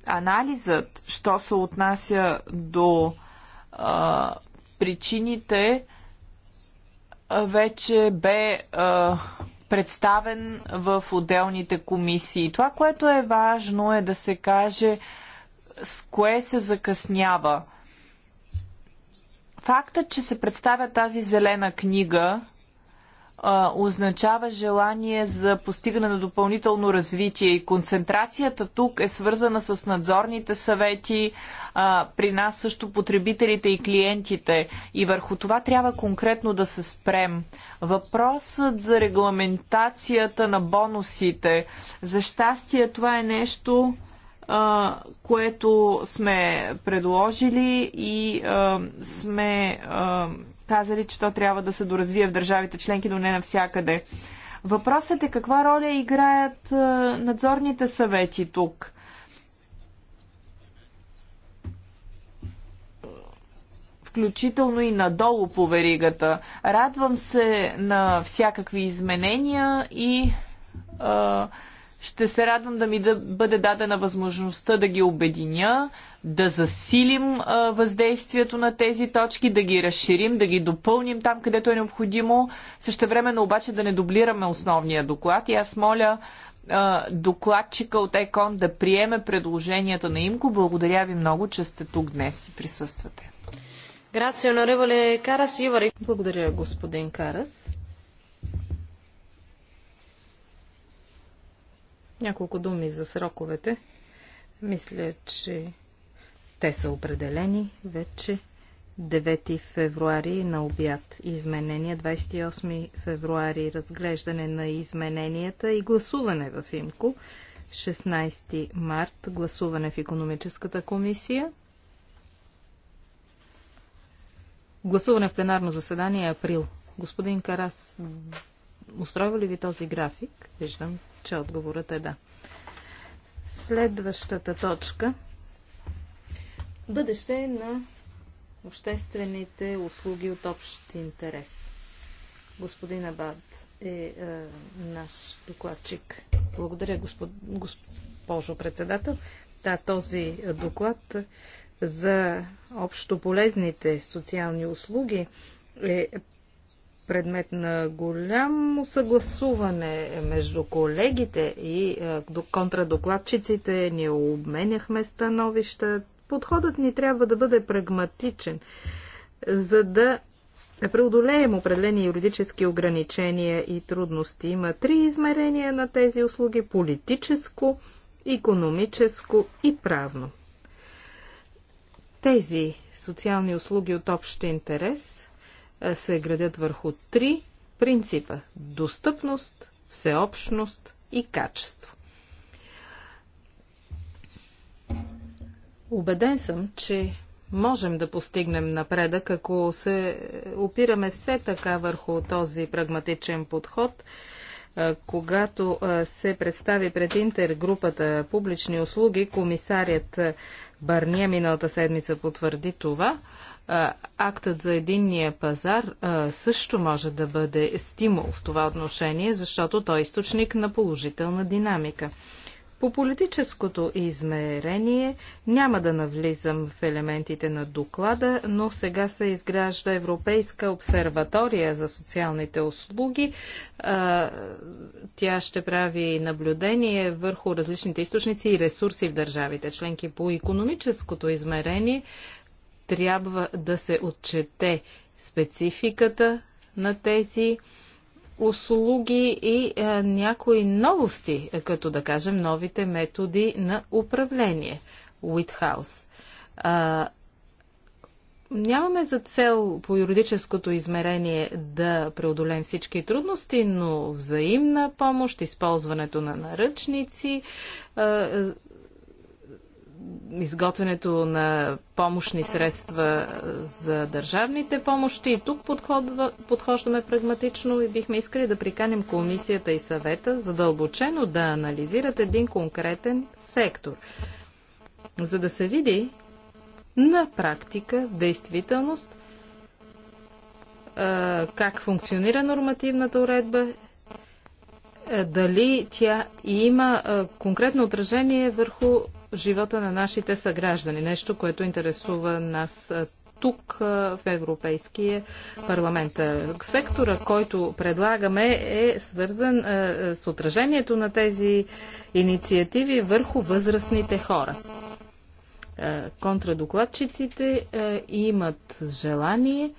Анализът, що се отнася до а, причините, вече бе а, представен в отделните комисии. Това, което е важно е да се каже с кое се закъснява. Фактът, че се представя тази зелена книга, означава желание за постигане на допълнително развитие и концентрацията тук е свързана с надзорните съвети, а, при нас също потребителите и клиентите и върху това трябва конкретно да се спрем. Въпросът за регламентацията на бонусите, за щастие това е нещо, а, което сме предложили и а, сме а, казали, че то трябва да се доразвие в държавите членки, но не навсякъде. Въпросът е каква роля играят надзорните съвети тук. Включително и надолу по веригата. Радвам се на всякакви изменения и а, ще се радвам да ми да бъде дадена възможността да ги обединя, да засилим а, въздействието на тези точки, да ги разширим, да ги допълним там, където е необходимо. време обаче да не дублираме основния доклад. И аз моля а, докладчика от ЕКОН да приеме предложенията на ИМКО. Благодаря ви много, че сте тук днес и присъствате. Благодаря, господин Карас. Няколко думи за сроковете. Мисля, че те са определени вече. 9 февруари на обяд изменения, 28 февруари разглеждане на измененията и гласуване в ИМКО, 16 март гласуване в економическата комисия, гласуване в пленарно заседание април. Господин Карас, устроива ли ви този график? Виждам, че отговорът е да. Следващата точка. Бъдеще на обществените услуги от общ интерес. Господин Абад е, е наш докладчик. Благодаря, господ, госпожо председател. Да, този доклад за общо полезните социални услуги е предмет на голямо съгласуване между колегите и е, контрадокладчиците. Ние обменяхме становища. Подходът ни трябва да бъде прагматичен, за да преодолеем определени юридически ограничения и трудности. Има три измерения на тези услуги – политическо, економическо и правно. Тези социални услуги от общ интерес – се градят върху три принципа – достъпност, всеобщност и качество. Убеден съм, че можем да постигнем напредък, ако се опираме все така върху този прагматичен подход, когато се представи пред интергрупата публични услуги, комисарият Барния миналата седмица потвърди това – Актът за единния пазар също може да бъде стимул в това отношение, защото той е източник на положителна динамика. По политическото измерение няма да навлизам в елементите на доклада, но сега се изгражда Европейска обсерватория за социалните услуги. Тя ще прави наблюдение върху различните източници и ресурси в държавите членки. По економическото измерение трябва да се отчете спецификата на тези услуги и а, е, някои новости, е, като да кажем новите методи на управление. Уитхаус. нямаме за цел по юридическото измерение да преодолем всички трудности, но взаимна помощ, използването на наръчници, а, изготвянето на помощни средства за държавните помощи. И тук подходва, подхождаме прагматично и бихме искали да приканим комисията и съвета задълбочено да анализират един конкретен сектор, за да се види на практика, в действителност, как функционира нормативната уредба дали тя има конкретно отражение върху живота на нашите съграждани. Нещо, което интересува нас тук в Европейския парламент. Сектора, който предлагаме, е свързан с отражението на тези инициативи върху възрастните хора. Контрадокладчиците имат желание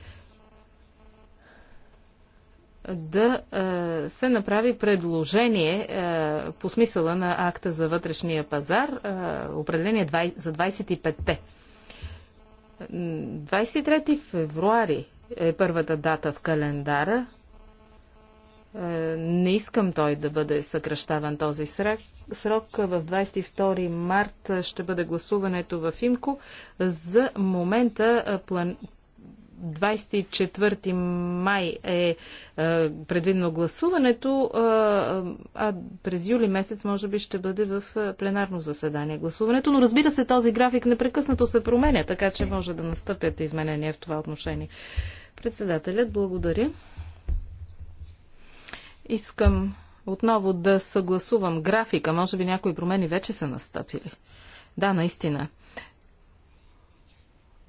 да е, се направи предложение е, по смисъла на акта за вътрешния пазар, е, определение за 25-те. 23 февруари е първата дата в календара. Не искам той да бъде съкръщаван този срок. Срок в 22 март ще бъде гласуването в Имко. За момента план... 24 май е, е предвидено гласуването, е, е, а през юли месец може би ще бъде в пленарно заседание гласуването. Но разбира се, този график непрекъснато се променя, така че може да настъпят изменения в това отношение. Председателят, благодаря. Искам отново да съгласувам графика. Може би някои промени вече са настъпили. Да, наистина.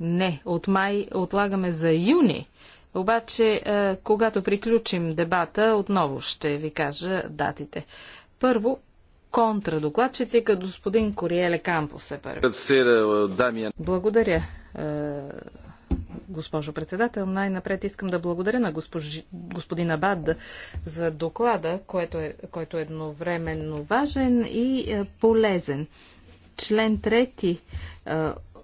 Не, от май отлагаме за юни. Обаче, е, когато приключим дебата, отново ще ви кажа датите. Първо, контрадокладчици, като господин Кориеле Кампос е първи. Е, благодаря, е, госпожо председател. Най-напред искам да благодаря на госпожи, господин Абад за доклада, който е, който е едновременно важен и полезен. Член трети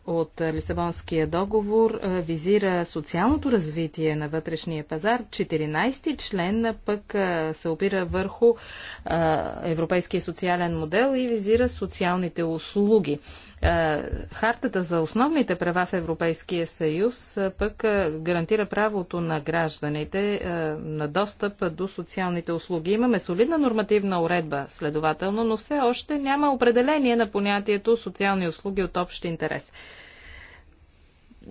от Лисабонския договор е, визира социалното развитие на вътрешния пазар. 14-ти член пък е, се опира върху е, европейския социален модел и визира социалните услуги. Е, хартата за основните права в Европейския съюз е, пък е, гарантира правото на гражданите на достъп до социалните услуги. Имаме солидна нормативна уредба, следователно, но все още няма определение на понятието социални услуги от общ интерес.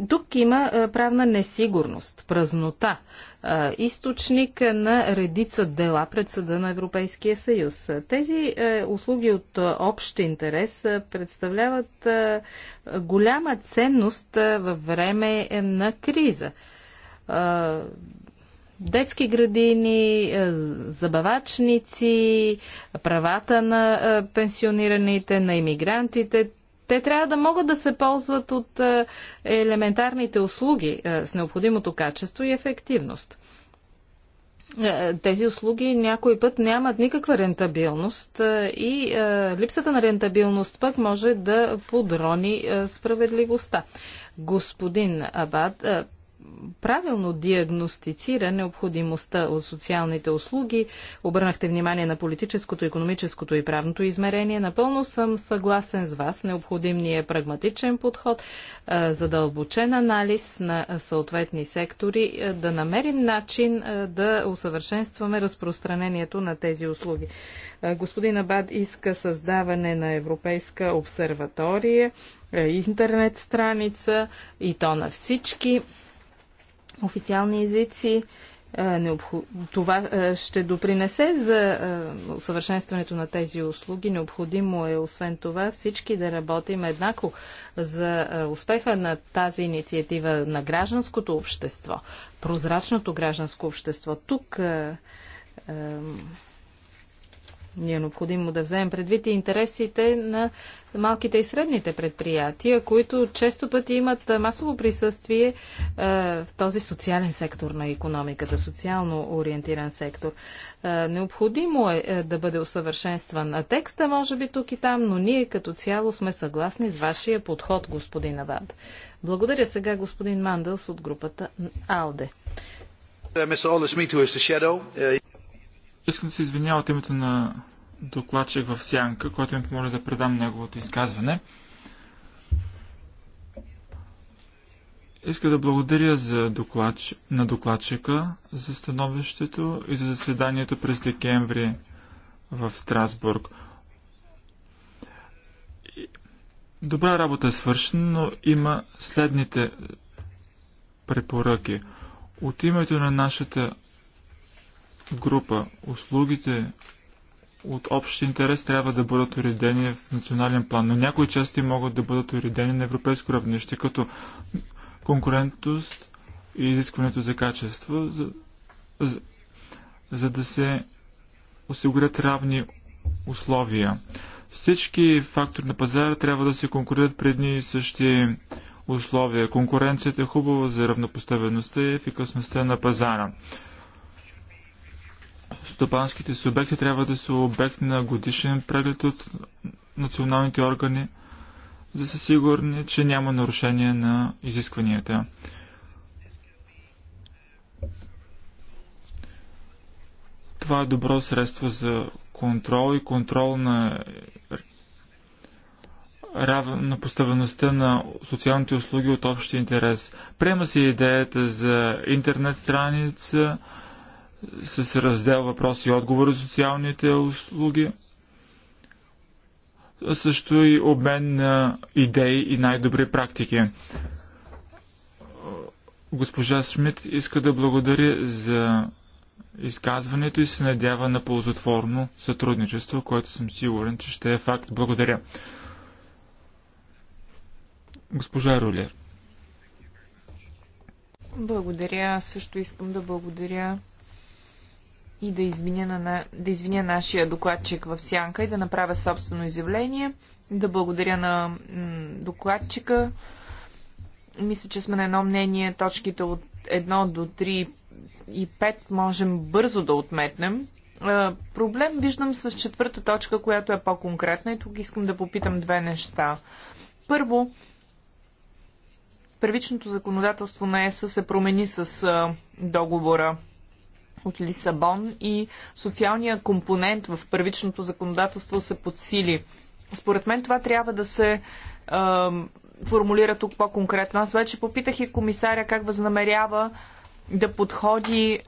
Тук има правна несигурност, празнота, източник на редица дела пред съда на Европейския съюз. Тези е, услуги от общ интерес представляват голяма ценност във време на криза. Детски градини, забавачници, правата на пенсионираните, на иммигрантите, те трябва да могат да се ползват от е, елементарните услуги е, с необходимото качество и ефективност. Е, тези услуги някой път нямат никаква рентабилност и липсата на рентабилност пък може да подрони справедливостта. Господин Абад, правилно диагностицира необходимостта от социалните услуги. Обърнахте внимание на политическото, економическото и правното измерение. Напълно съм съгласен с вас. Необходим ни е прагматичен подход, задълбочен анализ на съответни сектори, да намерим начин да усъвършенстваме разпространението на тези услуги. Господин Абад иска създаване на Европейска обсерватория, интернет страница и то на всички официални езици. Е, това е, ще допринесе за е, усъвършенстването на тези услуги. Необходимо е, освен това, всички да работим еднакво за успеха на тази инициатива на гражданското общество, прозрачното гражданско общество. Тук ние е необходимо да вземем предвид и интересите на малките и средните предприятия, които често пъти имат масово присъствие е, в този социален сектор на економиката, социално ориентиран сектор. Е, необходимо е, е да бъде усъвършенстван текста, може би тук и там, но ние като цяло сме съгласни с вашия подход, господин Авад. Благодаря сега господин Мандълс от групата АЛДЕ. Искам да се извиня от името на докладчик в Сянка, който ми помоли да предам неговото изказване. Иска да благодаря за докладч... на докладчика за становището и за заседанието през декември в Страсбург. Добра работа е свършена, но има следните препоръки. От името на нашата група. Услугите от общ интерес трябва да бъдат уредени в национален план, но някои части могат да бъдат уредени на европейско равнище, като конкурентност и изискването за качество, за, за, за да се осигурят равни условия. Всички фактори на пазара трябва да се конкурират при едни и същи условия. Конкуренцията е хубава за равнопоставеността и ефикасността на пазара. Стопанските субекти трябва да са обект на годишен преглед от националните органи, за да са сигурни, че няма нарушение на изискванията. Това е добро средство за контрол и контрол на поставеността на социалните услуги от общия интерес. Приема се идеята за интернет страница, с раздел въпроси и отговори социалните услуги, също и обмен на идеи и най-добри практики. Госпожа Смит иска да благодари за изказването и се надява на ползотворно сътрудничество, което съм сигурен, че ще е факт. Благодаря. Госпожа Рулер. Благодаря. Също искам да благодаря и да извиня, на, да извиня нашия докладчик в Сянка и да направя собствено изявление, да благодаря на докладчика. Мисля, че сме на едно мнение. Точките от 1 до 3 и 5 можем бързо да отметнем. Проблем виждам с четвърта точка, която е по-конкретна и тук искам да попитам две неща. Първо, първичното законодателство на ЕС се промени с договора от Лисабон и социалния компонент в първичното законодателство се подсили. Според мен това трябва да се е, формулира тук по-конкретно. Аз вече попитах и комисаря как възнамерява да подходи е,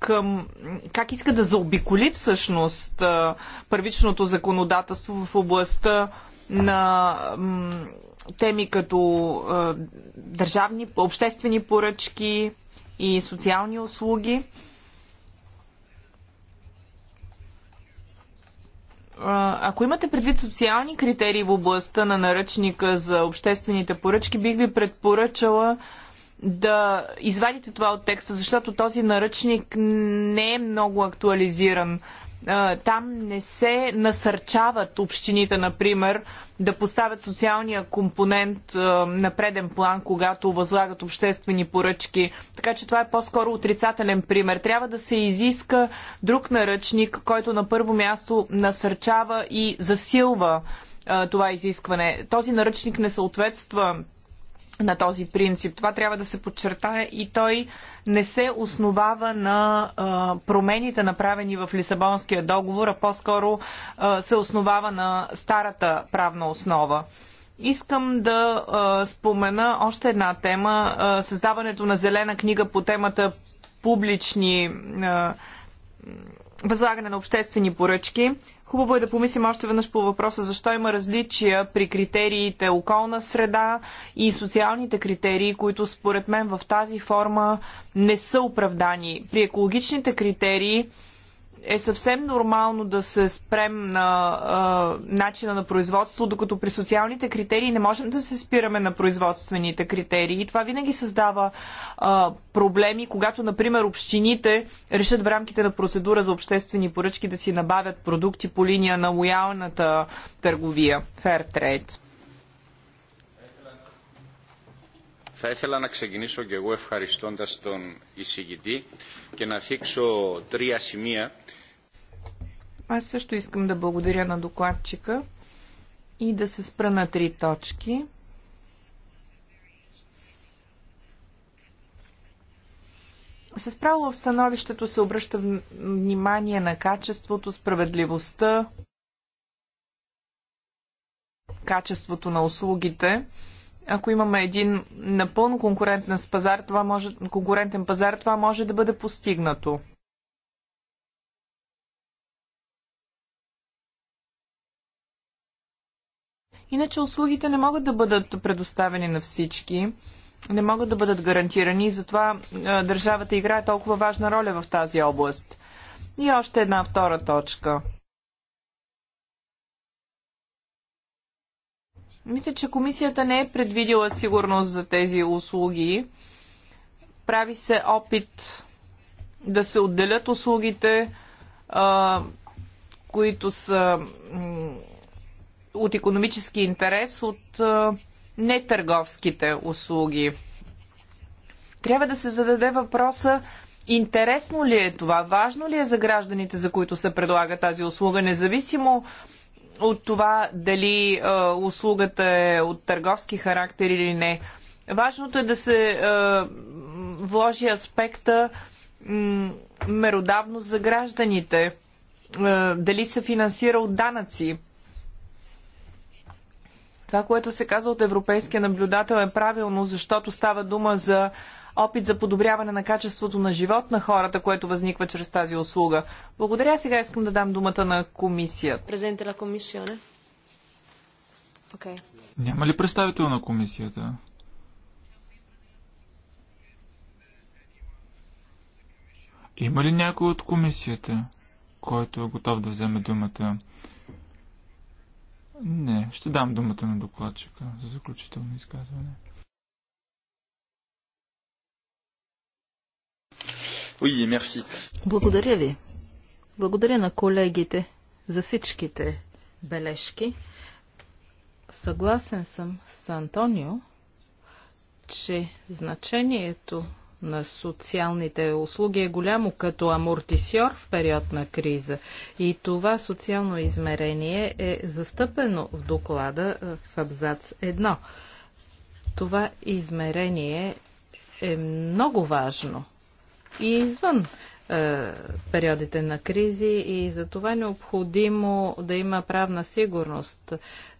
към как иска да заобиколи всъщност е, първичното законодателство в областта на теми като е, държавни, обществени поръчки, и социални услуги. Ако имате предвид социални критерии в областта на наръчника за обществените поръчки, бих ви предпоръчала да извадите това от текста, защото този наръчник не е много актуализиран там не се насърчават общините, например, да поставят социалния компонент на преден план, когато възлагат обществени поръчки. Така че това е по-скоро отрицателен пример. Трябва да се изиска друг наръчник, който на първо място насърчава и засилва това изискване. Този наръчник не съответства на този принцип. Това трябва да се подчертае и той не се основава на а, промените направени в Лисабонския договор, а по-скоро се основава на старата правна основа. Искам да а, спомена още една тема. А, създаването на зелена книга по темата публични а, възлагане на обществени поръчки. Хубаво е да помислим още веднъж по въпроса защо има различия при критериите околна среда и социалните критерии, които според мен в тази форма не са оправдани. При екологичните критерии е съвсем нормално да се спрем на а, начина на производство, докато при социалните критерии не можем да се спираме на производствените критерии. И това винаги създава а, проблеми, когато, например, общините решат в рамките на процедура за обществени поръчки да си набавят продукти по линия на лоялната търговия, fair trade. Θα ήθελα να ξεκινήσω και εγώ ευχαριστώντας τον εισηγητή και να θίξω τρία σημεία. Аз също искам да благодаря на докладчика и да се спра на три точки. С право в становището се обръща внимание на качеството, справедливостта, качеството на услугите ако имаме един напълно конкурентен пазар, това може, конкурентен пазар, това може да бъде постигнато. Иначе услугите не могат да бъдат предоставени на всички, не могат да бъдат гарантирани и затова държавата играе толкова важна роля в тази област. И още една втора точка – Мисля, че комисията не е предвидила сигурност за тези услуги. Прави се опит да се отделят услугите, а, които са от економически интерес от а, нетърговските услуги. Трябва да се зададе въпроса интересно ли е това, важно ли е за гражданите, за които се предлага тази услуга, независимо от това дали а, услугата е от търговски характер или не. Важното е да се а, вложи аспекта меродавност за гражданите, а, дали се финансира от данъци. Това, което се казва от европейския наблюдател е правилно, защото става дума за опит за подобряване на качеството на живот на хората, което възниква чрез тази услуга. Благодаря. Сега искам да дам думата на комисията. Президента на комисия, Okay. Няма ли представител на комисията? Има ли някой от комисията, който е готов да вземе думата? Не, ще дам думата на докладчика за заключително изказване. Oui, merci. Благодаря ви. Благодаря на колегите за всичките бележки. Съгласен съм с Антонио, че значението на социалните услуги е голямо като амортисьор в период на криза. И това социално измерение е застъпено в доклада е, в абзац 1. Това измерение е много важно и извън е, периодите на кризи и за това е необходимо да има правна сигурност.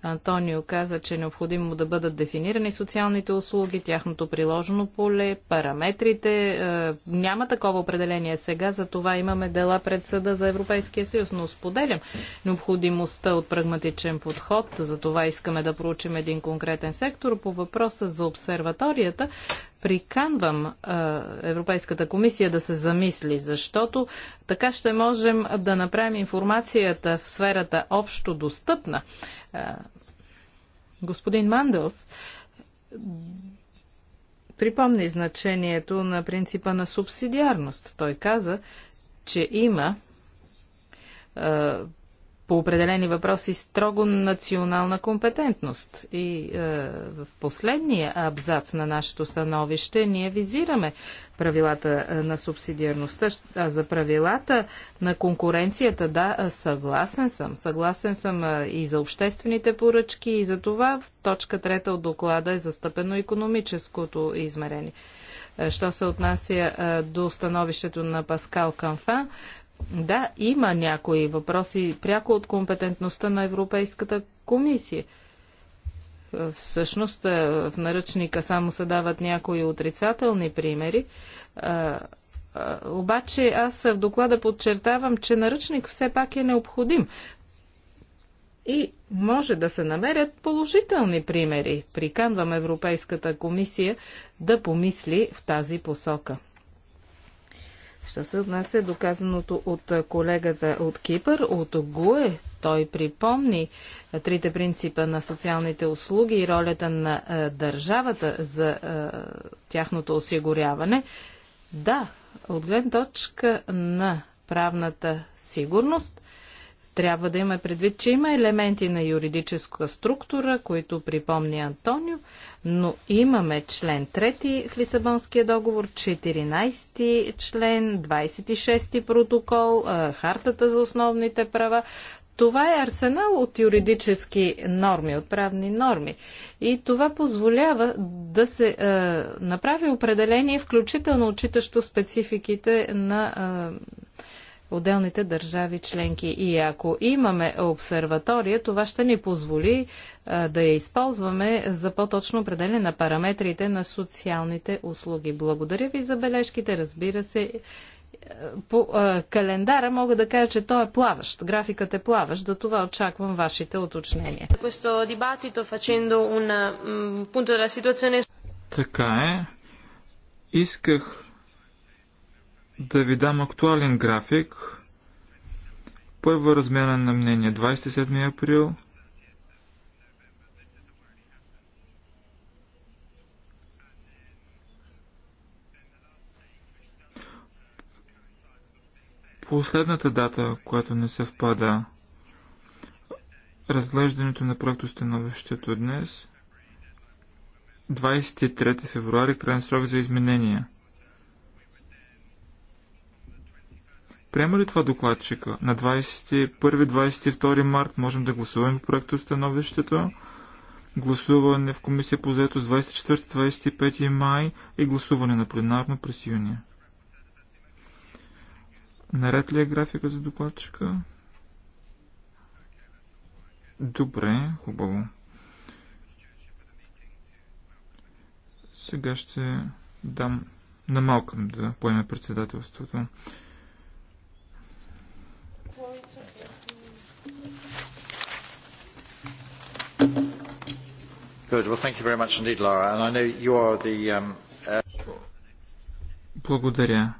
Антонио каза, че е необходимо да бъдат дефинирани социалните услуги, тяхното приложено поле, параметрите. Е, няма такова определение сега, за това имаме дела пред съда за Европейския съюз, но споделям необходимостта от прагматичен подход. За това искаме да проучим един конкретен сектор. По въпроса за обсерваторията, приканвам а, Европейската комисия да се замисли, защото така ще можем да направим информацията в сферата общо достъпна. А, господин Манделс припомни значението на принципа на субсидиарност. Той каза, че има а, по определени въпроси строго национална компетентност. И е, в последния абзац на нашето становище ние визираме правилата е, на субсидиарността. А за правилата на конкуренцията, да, е, съгласен съм. Съгласен съм е, и за обществените поръчки, и за това в точка трета от доклада е застъпено економическото измерение. Що се отнася до становището на Паскал Канфа, да, има някои въпроси пряко от компетентността на Европейската комисия. Е, всъщност е, в наръчника само се дават някои отрицателни примери. Е, обаче аз в доклада подчертавам, че наръчник все пак е необходим. И може да се намерят положителни примери. Приканвам Европейската комисия да помисли в тази посока. Що се отнася до казаното от колегата от Кипър, от ГУЕ, той припомни трите принципа на социалните услуги и ролята на е, държавата за е, тяхното осигуряване. Да, от гледна точка на правната сигурност, трябва да има предвид, че има елементи на юридическа структура, които припомни Антонио, но имаме член 3 в Лисабонския договор, 14 член, 26 протокол, Хартата за основните права. Това е арсенал от юридически норми, от правни норми. И това позволява да се е, направи определение, включително отчитащо спецификите на. Е, отделните държави членки. И ако имаме обсерватория, това ще ни позволи а, да я използваме за по-точно определение на параметрите на социалните услуги. Благодаря ви за бележките, разбира се. По а, календара мога да кажа, че той е плаващ. Графикът е плаващ, за това очаквам вашите уточнения. Така е. Исках да ви дам актуален график. Първа размяна на мнение 27 април. Последната дата, която не съвпада, разглеждането на проектостановището днес, 23 февруари, крайен срок за изменения – Приема ли това докладчика? На 21-22 март можем да гласуваме проекто становището. Гласуване в комисия по заето с 24-25 май и гласуване на пленарно през юни. Наред ли е графика за докладчика? Добре, хубаво. Сега ще дам на Малкам да поеме председателството. Um, uh, Благодаря.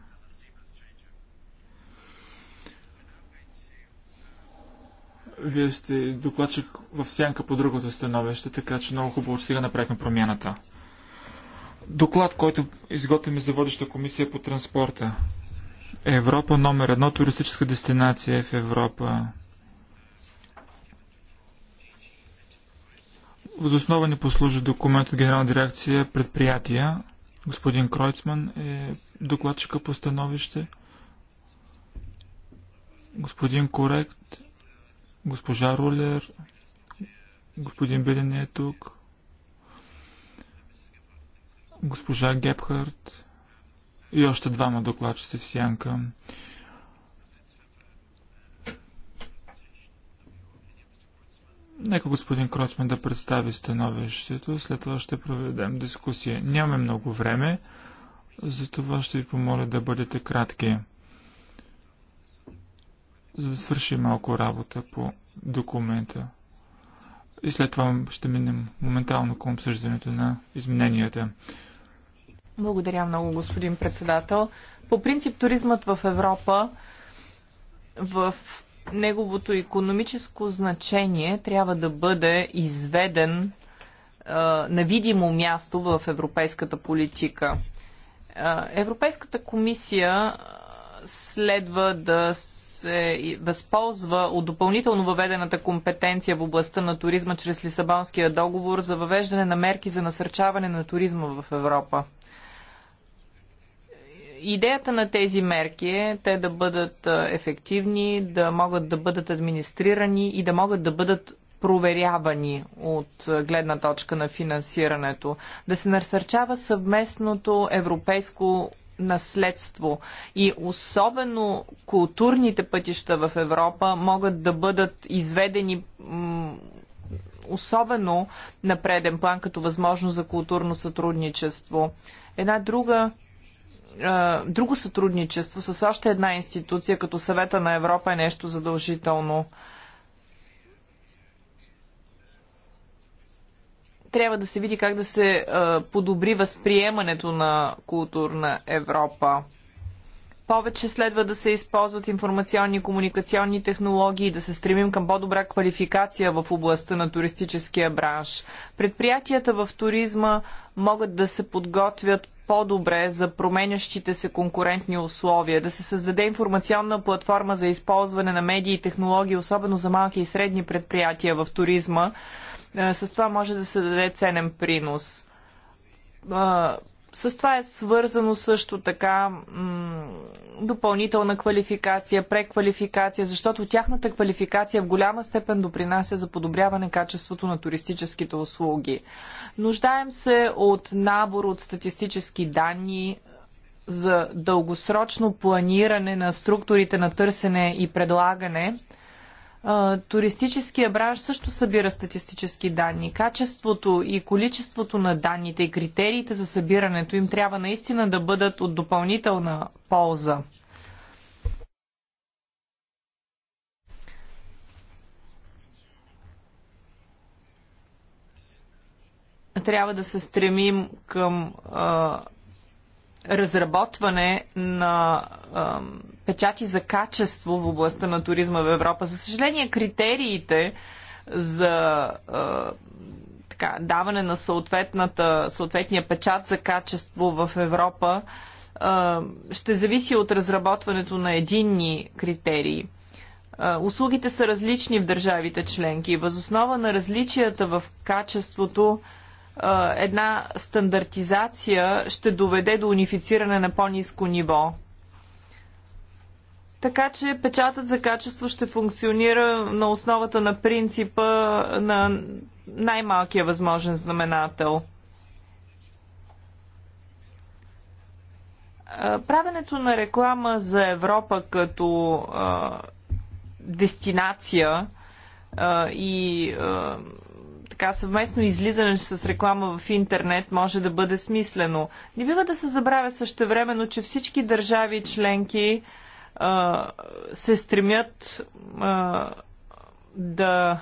Вие сте докладчик в сянка по другото становище, така че много хубаво, сега направихме промяната. Доклад, който изготвяме за водеща комисия по транспорта. Европа номер едно туристическа дестинация е в Европа. Възоснова ни послужи документ от Генерална дирекция предприятия. Господин Кройцман е докладчика по становище. Господин Корект, госпожа Рулер, господин Билен е тук, госпожа Гепхарт и още двама докладчици в сянка. Нека господин Крочмен да представи становището, след това ще проведем дискусия. Нямаме много време, затова ще ви помоля да бъдете кратки, за да свършим малко работа по документа. И след това ще минем моментално към обсъждането на измененията. Благодаря много, господин председател. По принцип, туризмът в Европа в неговото економическо значение трябва да бъде изведен а, на видимо място в европейската политика. А, Европейската комисия следва да се възползва от допълнително въведената компетенция в областта на туризма чрез Лисабонския договор за въвеждане на мерки за насърчаване на туризма в Европа. Идеята на тези мерки е те да бъдат ефективни, да могат да бъдат администрирани и да могат да бъдат проверявани от гледна точка на финансирането. Да се насърчава съвместното европейско наследство и особено културните пътища в Европа могат да бъдат изведени особено на преден план като възможност за културно сътрудничество. Една друга друго сътрудничество с още една институция, като съвета на Европа е нещо задължително. Трябва да се види как да се подобри възприемането на културна Европа. Повече следва да се използват информационни и комуникационни технологии и да се стремим към по-добра квалификация в областта на туристическия бранш. Предприятията в туризма могат да се подготвят по-добре за променящите се конкурентни условия, да се създаде информационна платформа за използване на медии и технологии, особено за малки и средни предприятия в туризма. Е, с това може да се даде ценен принос е, с това е свързано също така допълнителна квалификация, преквалификация, защото тяхната квалификация в голяма степен допринася за подобряване качеството на туристическите услуги. Нуждаем се от набор от статистически данни за дългосрочно планиране на структурите на търсене и предлагане – туристическия бранш също събира статистически данни. Качеството и количеството на данните и критериите за събирането им трябва наистина да бъдат от допълнителна полза. Трябва да се стремим към разработване на а, печати за качество в областта на туризма в Европа. За съжаление, критериите за а, така, даване на съответната, съответния печат за качество в Европа а, ще зависи от разработването на единни критерии. Услугите са различни в държавите членки. Възоснова на различията в качеството, една стандартизация ще доведе до унифициране на по-низко ниво. Така че печатът за качество ще функционира на основата на принципа на най-малкия възможен знаменател. Правенето на реклама за Европа като а, дестинация а, и а, така съвместно излизане с реклама в интернет може да бъде смислено. Не бива да се забравя също времено, че всички държави членки а, се стремят а, да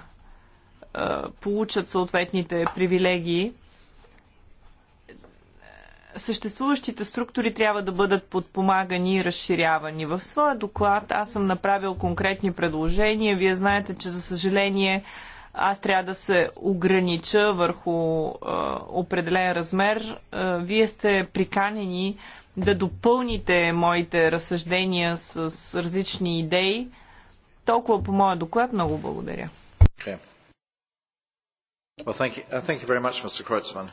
а, получат съответните привилегии. Съществуващите структури трябва да бъдат подпомагани и разширявани. В своя доклад аз съм направил конкретни предложения. Вие знаете, че за съжаление аз трябва да се огранича върху а, определен размер. А, вие сте приканени да допълните моите разсъждения с, с различни идеи. Толкова по моя доклад. Много благодаря. Okay. Well, thank you. Uh, thank you very much, Mr.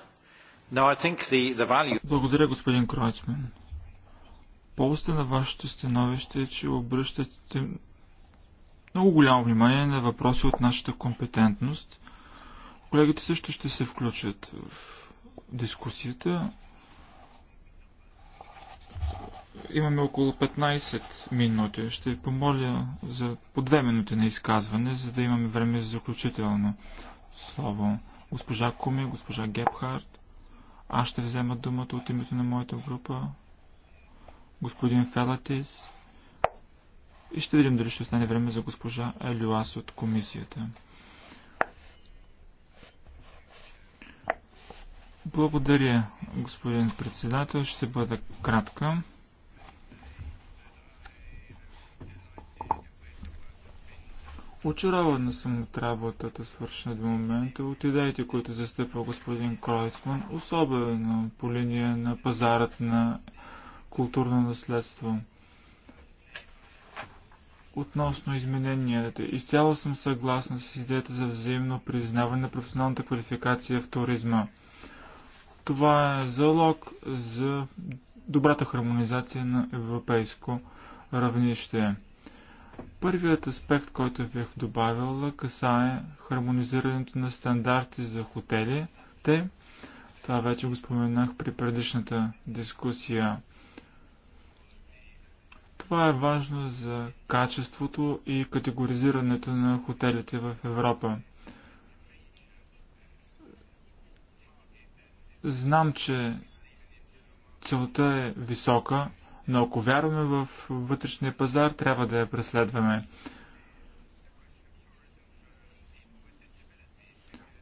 No, I think the, the value... Благодаря, господин Кройцман. Ползата на вашето становище е, че обръщате много голямо внимание на въпроси от нашата компетентност. Колегите също ще се включат в дискусията. Имаме около 15 минути. Ще ви помоля за по две минути на изказване, за да имаме време за заключително слово. Госпожа Куми, госпожа Гепхард, аз ще взема думата от името на моята група. Господин Фелатис, и ще видим дали ще остане време за госпожа Елюас от комисията. Благодаря, господин председател. Ще бъда кратка. Очарована съм от работата, свършена до момента, от идеите, които застъпва господин Кройцман, особено по линия на пазарът на културно наследство. Относно измененията, изцяло съм съгласна с идеята за взаимно признаване на професионалната квалификация в туризма. Това е залог за добрата хармонизация на европейско равнище. Първият аспект, който бих добавила, касае хармонизирането на стандарти за хотели. Те, това вече го споменах при предишната дискусия. Това е важно за качеството и категоризирането на хотелите в Европа. Знам, че целта е висока, но ако вярваме в вътрешния пазар, трябва да я преследваме.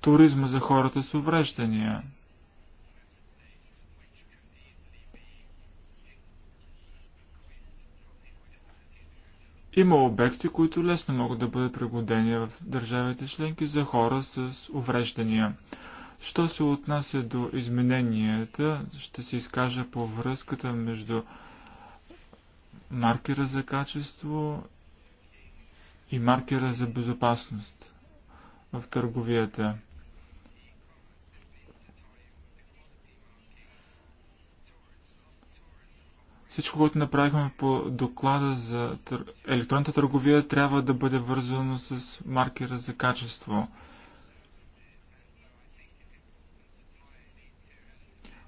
Туризма за хората с увреждания – Има обекти, които лесно могат да бъдат пригодени в държавите членки за хора с увреждания. Що се отнася до измененията, ще се изкажа по връзката между маркера за качество и маркера за безопасност в търговията. Всичко, което направихме по доклада за тър... електронната търговия, трябва да бъде вързано с маркера за качество.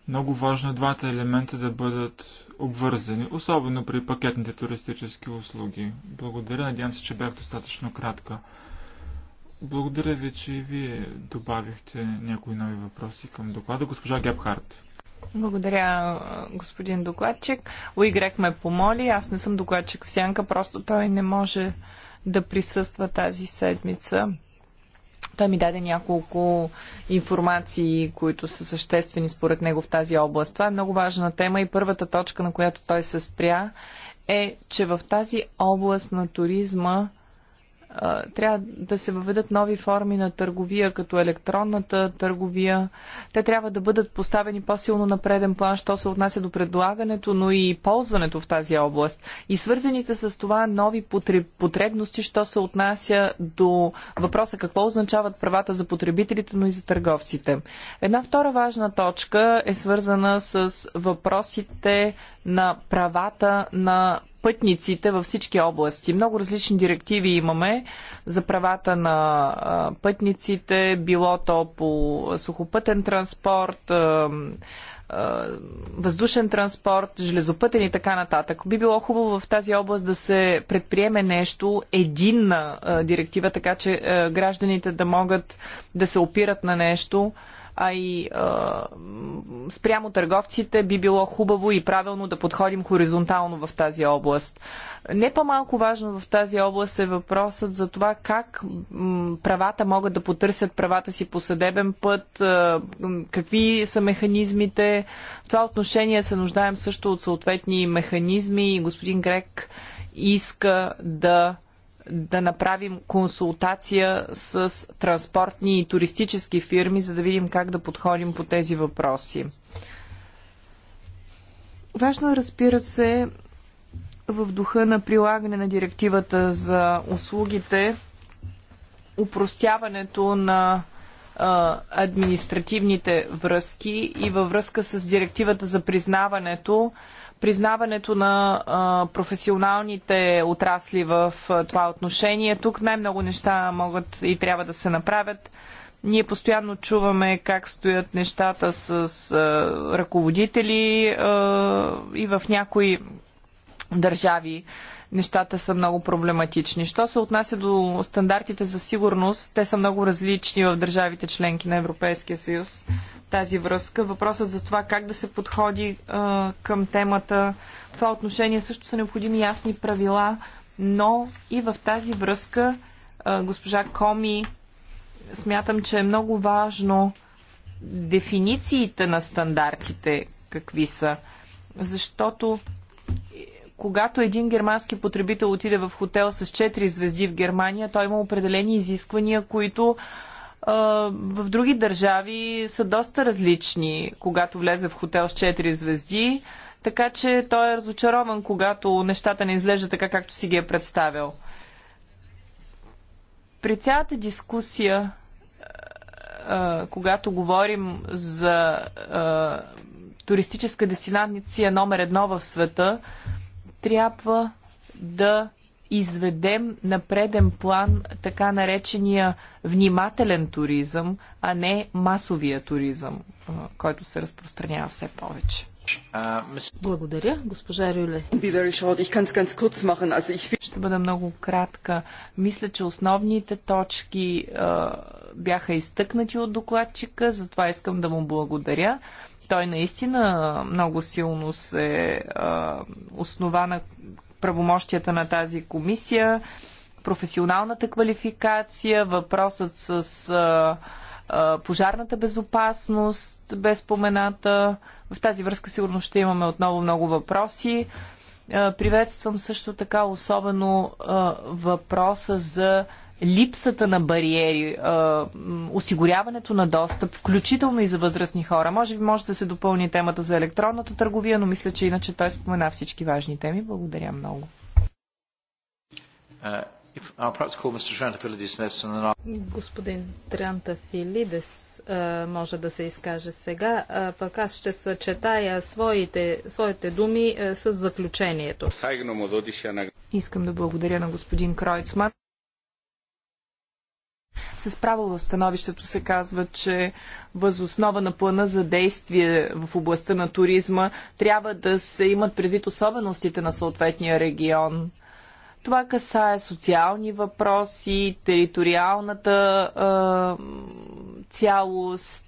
Много важно е двата елемента да бъдат обвързани, особено при пакетните туристически услуги. Благодаря, надявам се, че бях достатъчно кратка. Благодаря ви, че и вие добавихте някои нови въпроси към доклада. Госпожа Гебхарт. Благодаря, господин докладчик. Уигрек ме помоли. Аз не съм докладчик в Сянка, просто той не може да присъства тази седмица. Той ми даде няколко информации, които са съществени според него в тази област. Това е много важна тема и първата точка, на която той се спря, е, че в тази област на туризма трябва да се въведат нови форми на търговия, като електронната търговия. Те трябва да бъдат поставени по-силно на преден план, що се отнася до предлагането, но и ползването в тази област. И свързаните с това нови потребности, що се отнася до въпроса какво означават правата за потребителите, но и за търговците. Една втора важна точка е свързана с въпросите на правата на пътниците във всички области. Много различни директиви имаме за правата на пътниците, било то по сухопътен транспорт, въздушен транспорт, железопътен и така нататък. Би било хубаво в тази област да се предприеме нещо, единна директива, така че гражданите да могат да се опират на нещо а и а, спрямо търговците би било хубаво и правилно да подходим хоризонтално в тази област. Не по-малко важно в тази област е въпросът за това как правата могат да потърсят правата си по съдебен път, а, какви са механизмите. В това отношение се нуждаем също от съответни механизми и господин Грек иска да да направим консултация с транспортни и туристически фирми, за да видим как да подходим по тези въпроси. Важно е, разбира се, в духа на прилагане на директивата за услугите, упростяването на а, административните връзки и във връзка с директивата за признаването признаването на а, професионалните отрасли в а, това отношение. Тук най-много неща могат и трябва да се направят. Ние постоянно чуваме как стоят нещата с а, ръководители а, и в някои държави нещата са много проблематични. Що се отнася до стандартите за сигурност, те са много различни в държавите членки на Европейския съюз тази връзка. Въпросът за това как да се подходи а, към темата. В това отношение също са необходими ясни правила, но и в тази връзка а, госпожа Коми смятам, че е много важно дефинициите на стандартите какви са. Защото е, когато един германски потребител отиде в хотел с 4 звезди в Германия, той има определени изисквания, които в други държави са доста различни, когато влезе в хотел с 4 звезди, така че той е разочарован, когато нещата не изглеждат така, както си ги е представил. При цялата дискусия, когато говорим за туристическа дестинация номер едно в света, трябва да изведем на преден план така наречения внимателен туризъм, а не масовия туризъм, който се разпространява все повече. Благодаря, госпожа Рюле. Ще бъда много кратка. Мисля, че основните точки бяха изтъкнати от докладчика, затова искам да му благодаря той наистина много силно се а, основа на правомощията на тази комисия, професионалната квалификация, въпросът с а, а, пожарната безопасност, без спомената. В тази връзка сигурно ще имаме отново много въпроси. А, приветствам също така особено а, въпроса за липсата на бариери, осигуряването на достъп, включително и за възрастни хора. Може би може да се допълни темата за електронната търговия, но мисля, че иначе той спомена всички важни теми. Благодаря много. Uh, господин Филидес, може да се изкаже сега, пък аз ще съчетая своите, своите думи с заключението. Искам да благодаря на господин Кройцман. С право в становището се казва, че възоснова на плана за действие в областта на туризма трябва да се имат предвид особеностите на съответния регион. Това касае социални въпроси, териториалната е, цялост,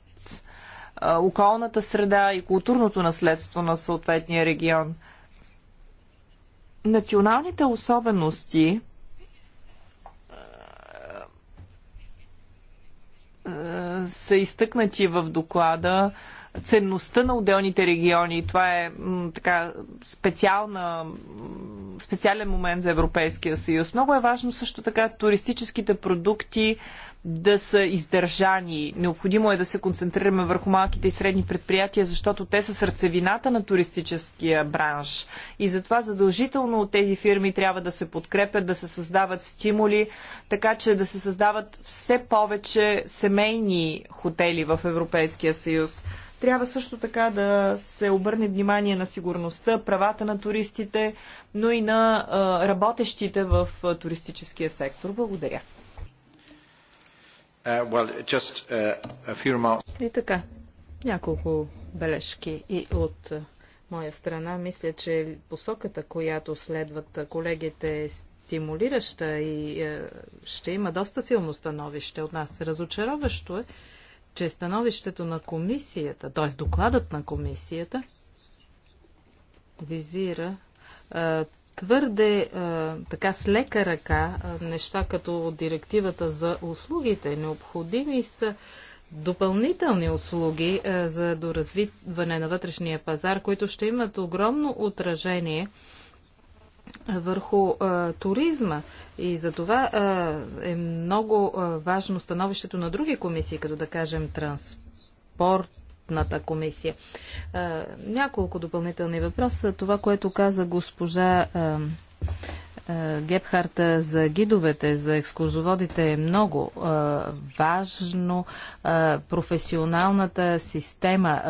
е, околната среда и културното наследство на съответния регион. Националните особености Е, са изтъкнати в доклада ценността на отделните региони. Това е така специална, специален момент за Европейския съюз. Много е важно също така туристическите продукти да са издържани. Необходимо е да се концентрираме върху малките и средни предприятия, защото те са сърцевината на туристическия бранш. И затова задължително тези фирми трябва да се подкрепят, да се създават стимули, така че да се създават все повече семейни хотели в Европейския съюз. Трябва също така да се обърне внимание на сигурността, правата на туристите, но и на работещите в туристическия сектор. Благодаря. Uh, well, just, uh, и така, няколко бележки и от моя страна. Мисля, че посоката, която следват колегите е стимулираща и ще има доста силно становище от нас. Разочароващо е, че становището на комисията, т.е. докладът на комисията, визира а, твърде а, така с лека ръка а, неща като директивата за услугите. Необходими са допълнителни услуги за доразвиване на вътрешния пазар, които ще имат огромно отражение върху а, туризма. И за това а, е много а, важно становището на други комисии, като да кажем транспорт, комисия. няколко допълнителни въпроса. Това, което каза госпожа е, Гепхарта за гидовете, за екскурзоводите е много е, важно. Е, професионалната система,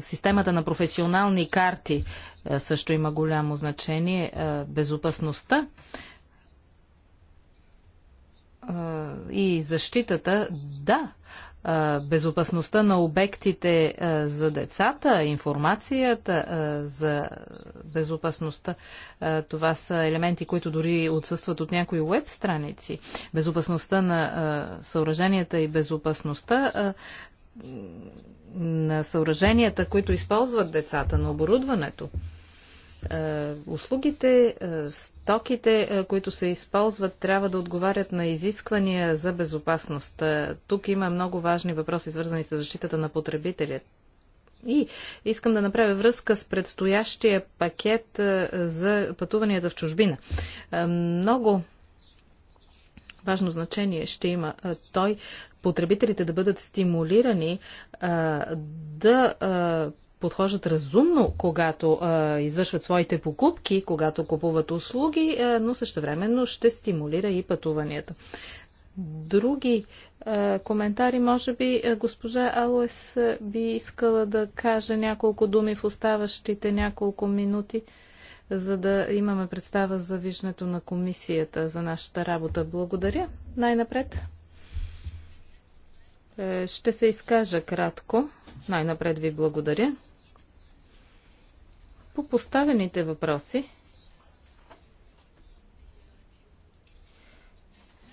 системата на професионални карти също има голямо значение. безопасността и защитата, да, безопасността на обектите за децата, информацията за безопасността. Това са елементи, които дори отсъстват от някои веб страници. Безопасността на съоръженията и безопасността на съоръженията, които използват децата на оборудването. Е, услугите, е, стоките, е, които се използват, трябва да отговарят на изисквания за безопасност. Тук има много важни въпроси, свързани с защитата на потребителя. И искам да направя връзка с предстоящия пакет за пътуванията в чужбина. Много важно значение ще има той, потребителите да бъдат стимулирани да подхождат разумно, когато а, извършват своите покупки, когато купуват услуги, а, но същевременно ще стимулира и пътуванията. Други а, коментари, може би госпожа Алоес би искала да каже няколко думи в оставащите няколко минути, за да имаме представа за виждането на комисията за нашата работа. Благодаря. Най-напред. Е, ще се изкажа кратко. Най-напред ви благодаря. По поставените въпроси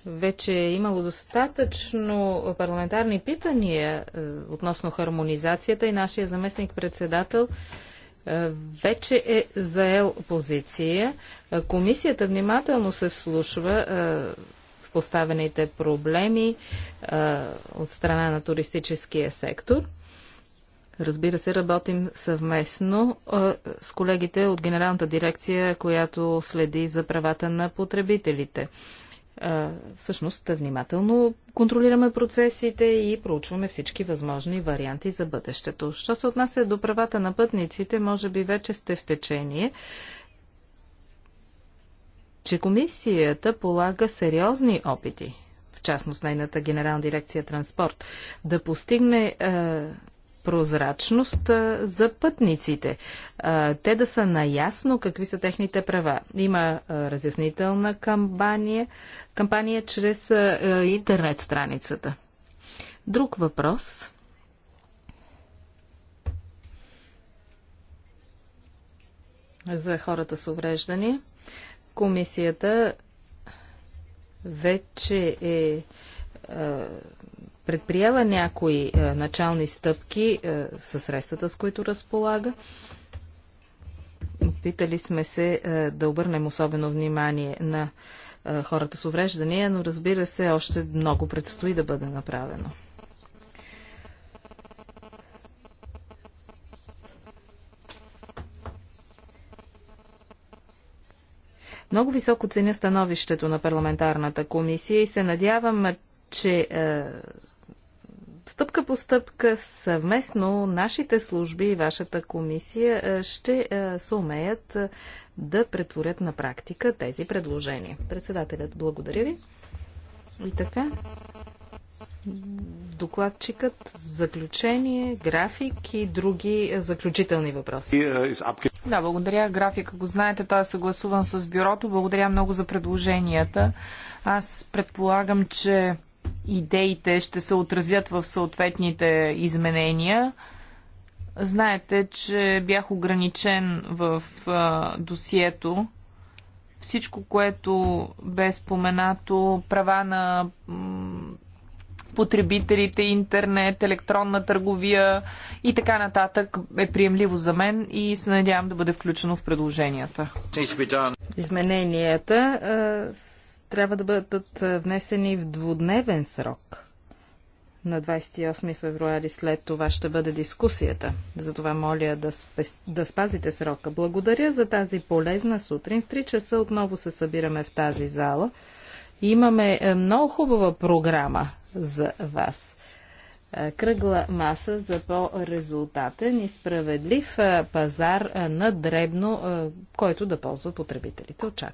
вече е имало достатъчно парламентарни питания е, относно хармонизацията и нашия заместник-председател е, вече е заел позиция. Комисията внимателно се вслушва поставените проблеми а, от страна на туристическия сектор. Разбира се, работим съвместно а, с колегите от Генералната дирекция, която следи за правата на потребителите. А, всъщност, внимателно контролираме процесите и проучваме всички възможни варианти за бъдещето. Що се отнася до правата на пътниците, може би вече сте в течение че комисията полага сериозни опити, в частност нейната генерална дирекция транспорт, да постигне е, прозрачност е, за пътниците. Е, те да са наясно какви са техните права. Има е, разяснителна кампания, кампания чрез е, е, интернет страницата. Друг въпрос за хората с увреждания – Комисията вече е, е предприела някои е, начални стъпки е, със средствата, с които разполага. Питали сме се да обърнем особено внимание на хората с увреждания, но разбира се, още много предстои да бъде направено. Много високо ценя становището на парламентарната комисия и се надявам, че е, стъпка по стъпка съвместно нашите служби и вашата комисия е, ще е, се умеят е, да претворят на практика тези предложения. Председателят, благодаря ви. И така, докладчикът, заключение, график и други заключителни въпроси. Да, благодаря. Графика го знаете, той е съгласуван с бюрото. Благодаря много за предложенията. Аз предполагам, че идеите ще се отразят в съответните изменения. Знаете, че бях ограничен в а, досието. Всичко, което бе споменато, права на потребителите, интернет, електронна търговия и така нататък е приемливо за мен и се надявам да бъде включено в предложенията. Измененията трябва да бъдат внесени в двудневен срок. На 28 февруари след това ще бъде дискусията. Затова моля да, спес... да спазите срока. Благодаря за тази полезна сутрин. В 3 часа отново се събираме в тази зала. Имаме е, много хубава програма за вас. Е, кръгла маса за по-резултатен и справедлив е, пазар на дребно, който да ползва потребителите. Очаквам.